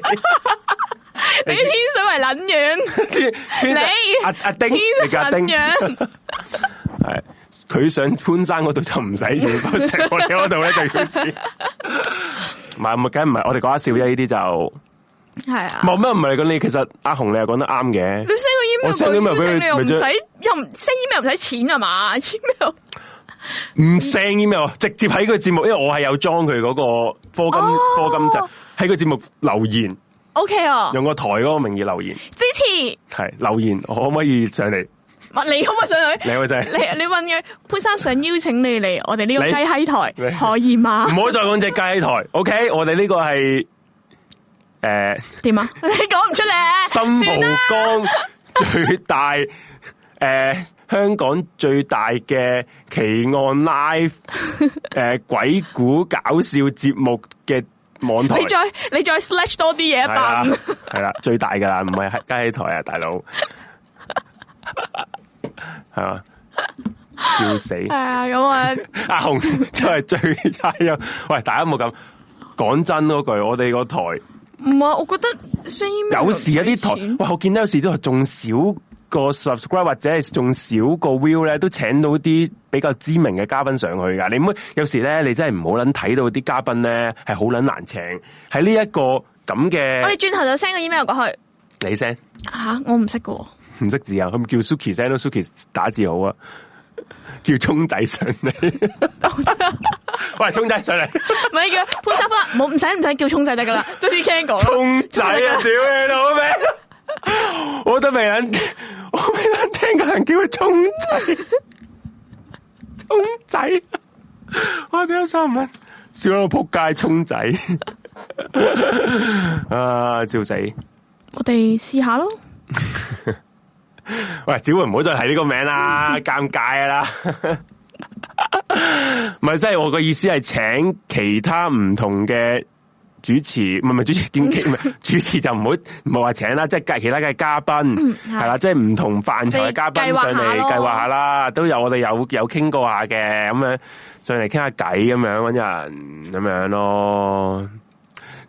你天水圍撚樣？你阿阿丁丁係佢上潘山嗰度就唔使錢，我喺你嗰度咧就要錢。唔係梗唔係？我哋講一笑啫，呢啲就係啊。冇咩唔係咁，你其實阿紅你又講得啱嘅。你 send 個 email，我 send email 俾你，唔使又 send email 唔使錢係嘛？email 唔聲啲咩？直接喺個節目，因為我係有裝佢嗰個科金，科金就喺個節目留言。O K 喎，用個台嗰個名義留言支持係留言，可唔可以上嚟？你可唔可以上去？你偉仔，你你問佢潘生想邀請你嚟，我哋呢個雞喺台可以嘛？唔好再講隻雞喺台。O K，我哋呢個係誒點啊？你講唔出嚟？新無江最大誒。香港最大嘅奇案 live 誒、 [laughs] 呃、鬼故搞笑節目嘅網台， [laughs] 你再你再 slash 多啲嘢吧，係啦了， [laughs] 最大噶啦，唔係雞戲台啊，大佬係笑死，係 [laughs] 啊，咁 [laughs] 啊，阿紅 [laughs] [laughs] 真係最差呀，喂，大家冇咁講真嗰句，我哋個台唔係，我覺得有，有時一啲台，我見到有時都係仲少。個 subscribe 或者係仲少個 view 咧，都請到啲比較知名嘅嘉賓上去噶。你唔好有時咧，你真係唔好捻睇到啲嘉賓咧係好捻難請。喺呢一個咁嘅，我哋轉頭就 send 個 email 過去。你發 send 吓、啊？我唔識個，唔識字啊？咁叫 Suki send 到 Suki 打字好啊。叫冲仔上嚟， [laughs] [laughs] 喂，冲仔上嚟，唔 [laughs] 係叫潘生哥，冇唔使唔使叫冲仔得噶啦，都先聽講。冲仔啊，屌你、啊、 [laughs] 老味， [laughs] 我都俾人。 [laughs] 我俾人聽個人叫佢聰仔，聰仔，我哋想三蚊，笑到仆街，聰仔，啊，趙仔，我哋試下咯。喂，只文唔好再睇呢個名啦，尷尬啦。唔係，即係我個意思係請其他唔同嘅。主持唔係係主持點擊主持就唔好冇好話請啦，即係其他嘅嘉賓係啦，即係唔同範疇嘅嘉賓上嚟計劃下啦，都有我哋有有傾過下嘅咁樣上嚟傾下偈咁樣揾人咁樣咯，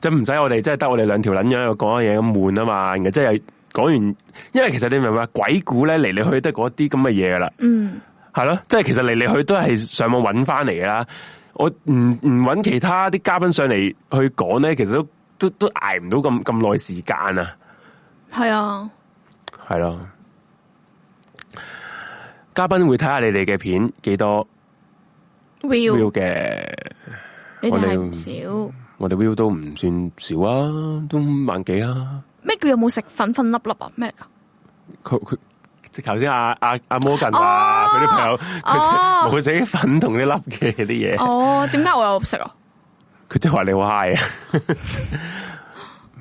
即係唔使我哋即係得我哋兩條撚樣又講下嘢咁悶啊嘛，而家真係講完，因為其實你明唔明啊？鬼故咧嚟嚟去都係嗰啲咁嘅嘢噶啦，嗯，係咯，即係其實嚟嚟去都係上網揾翻嚟噶啦。我唔，唔揾其他啲嘉賓上嚟去講咧，其實都都都捱唔到咁咁耐時間啊，係啊，啊！係啊，係咯。嘉賓會睇下你哋嘅片幾多 view 嘅，我哋唔少。我哋 view 都唔算少啊，都萬幾啊。咩叫有冇食粉粉粒粒啊？咩嚟噶？佢佢。即頭先阿阿阿 Morgan 話佢啲朋友佢冇整粉同啲粒嘅啲嘢。哦，點解我有食啊？佢即係話你好嗨啊！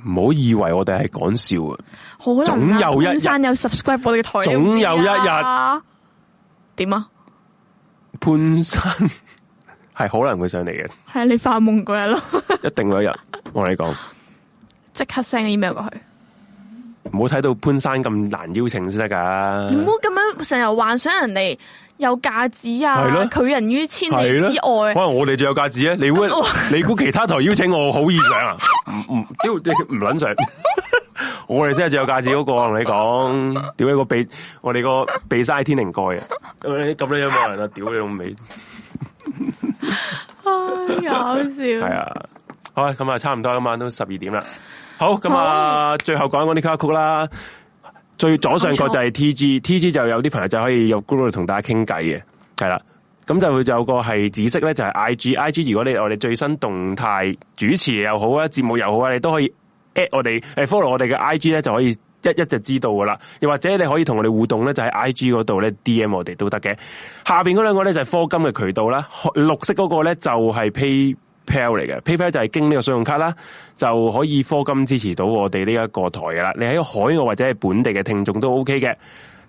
唔好以為我哋係講笑啊！好，總有一日潘生有 subscribe 我哋嘅台總有一日點啊？潘生係可能會上嚟嘅。係啊，你發夢嗰日咯。 [laughs] 一定有一日，我同你講，即刻 send email 過去。唔好睇到潘生咁難邀請先得噶，唔好咁樣成日幻想人哋有架子啊，的拒人於千里之外。可能我哋最有架子啊，你估那我 你估其他台邀請我好易上啊？唔唔， [laughs] 唔卵上， [laughs] [laughs] 我哋真係最有架子嗰、嗰個。我同你講，屌一個鼻，我哋個鼻晒天靈蓋啊！咁你咁有冇人啊？屌你老味，搞笑。係 [laughs] 啊，好啦，咁啊，差唔多今晚都十二點啦。好咁啊！最後講講啲卡曲啦。最左上角就係 T G，T 錯 G 就有啲朋友就可以用 g o o g l e 同大家傾偈嘅，係啦。咁就會，就有個係紫色咧，就係、是、I G，I G 如果你我哋最新動態主持又好啊，節目又好啊，你都可以 at 我哋誒、呃、follow 我哋嘅 I G 咧，就可以一一就知道噶啦。又或者你可以同我哋互動咧，就喺 I G 嗰度咧 D M 我哋都得嘅。下邊嗰兩個咧就係科金嘅渠道啦，綠色嗰個咧就係 Pay。PayPal 嚟嘅，PayPal 就係經呢個信用卡啦，就可以科金支持到我哋呢、OK、一個台嘅啦。你喺海外或者係本地嘅聽眾都 OK 嘅。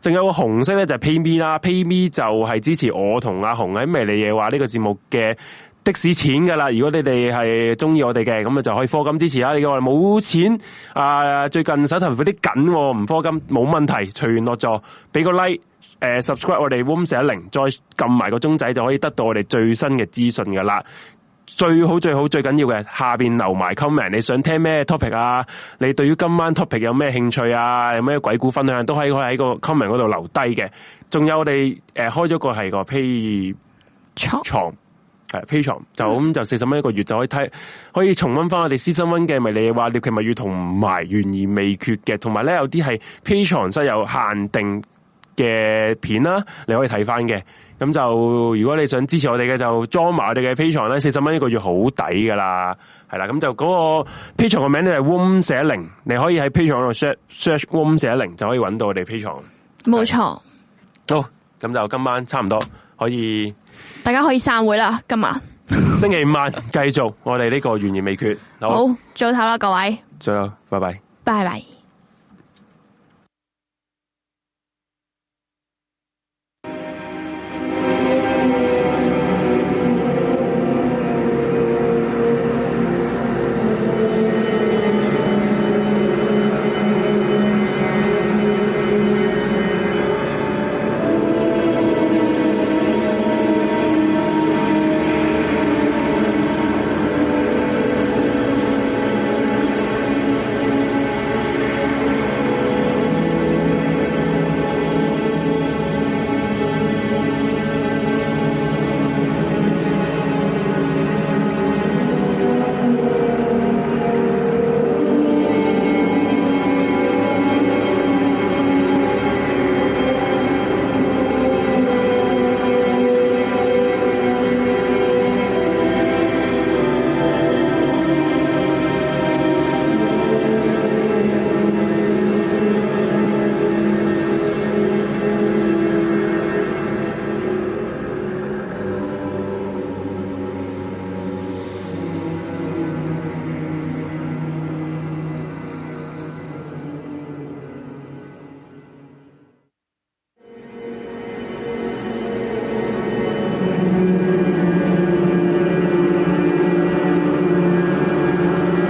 仲有個紅色咧就係 PayMe 啦，PayMe 就係支持我同阿熊喺迷你嘢話呢個節目嘅的,的士錢噶啦。如果你哋係中意我哋嘅，咁啊就可以科金支持啦。你話冇錢、uh, 有啊？最近手頭有啲緊，唔科金冇問題，隨緣落座，俾個 like，誒 subscribe 我哋 room 四一零，再撳埋個鐘仔就可以得到我哋最新嘅資訊噶啦。最好最好最緊要嘅下邊留埋 comment，你想聽咩 topic 啊？你對於今晚 topic 有咩興趣啊？有咩鬼故分享、啊、都可以喺個 comment 嗰度留低嘅。仲有我哋誒開咗個係個 Patreon，係 Patreon 就咁就四十蚊一個月就可以睇，可以重温翻我哋 season one 嘅。迷你話獵奇物語同埋懸而未決嘅，同埋咧有啲係 Patreon 室有限定嘅片啦，你可以睇翻嘅。咁就如果你想支持我哋嘅就裝埋我哋嘅 Patreon 啦，四十蚊一個月好抵噶啦，係啦，咁就嗰個 Patreon 嘅名咧係 Warm 寫一零，你可以喺 Patreon 度 search search Warm 寫一零就可以搵到我哋 Patreon，冇錯，好，咁就今晚差唔多可以，大家可以散會啦，今晚星期五晚繼續我哋呢個懸疑未決，好早唞啦，各位，早，拜拜，拜拜。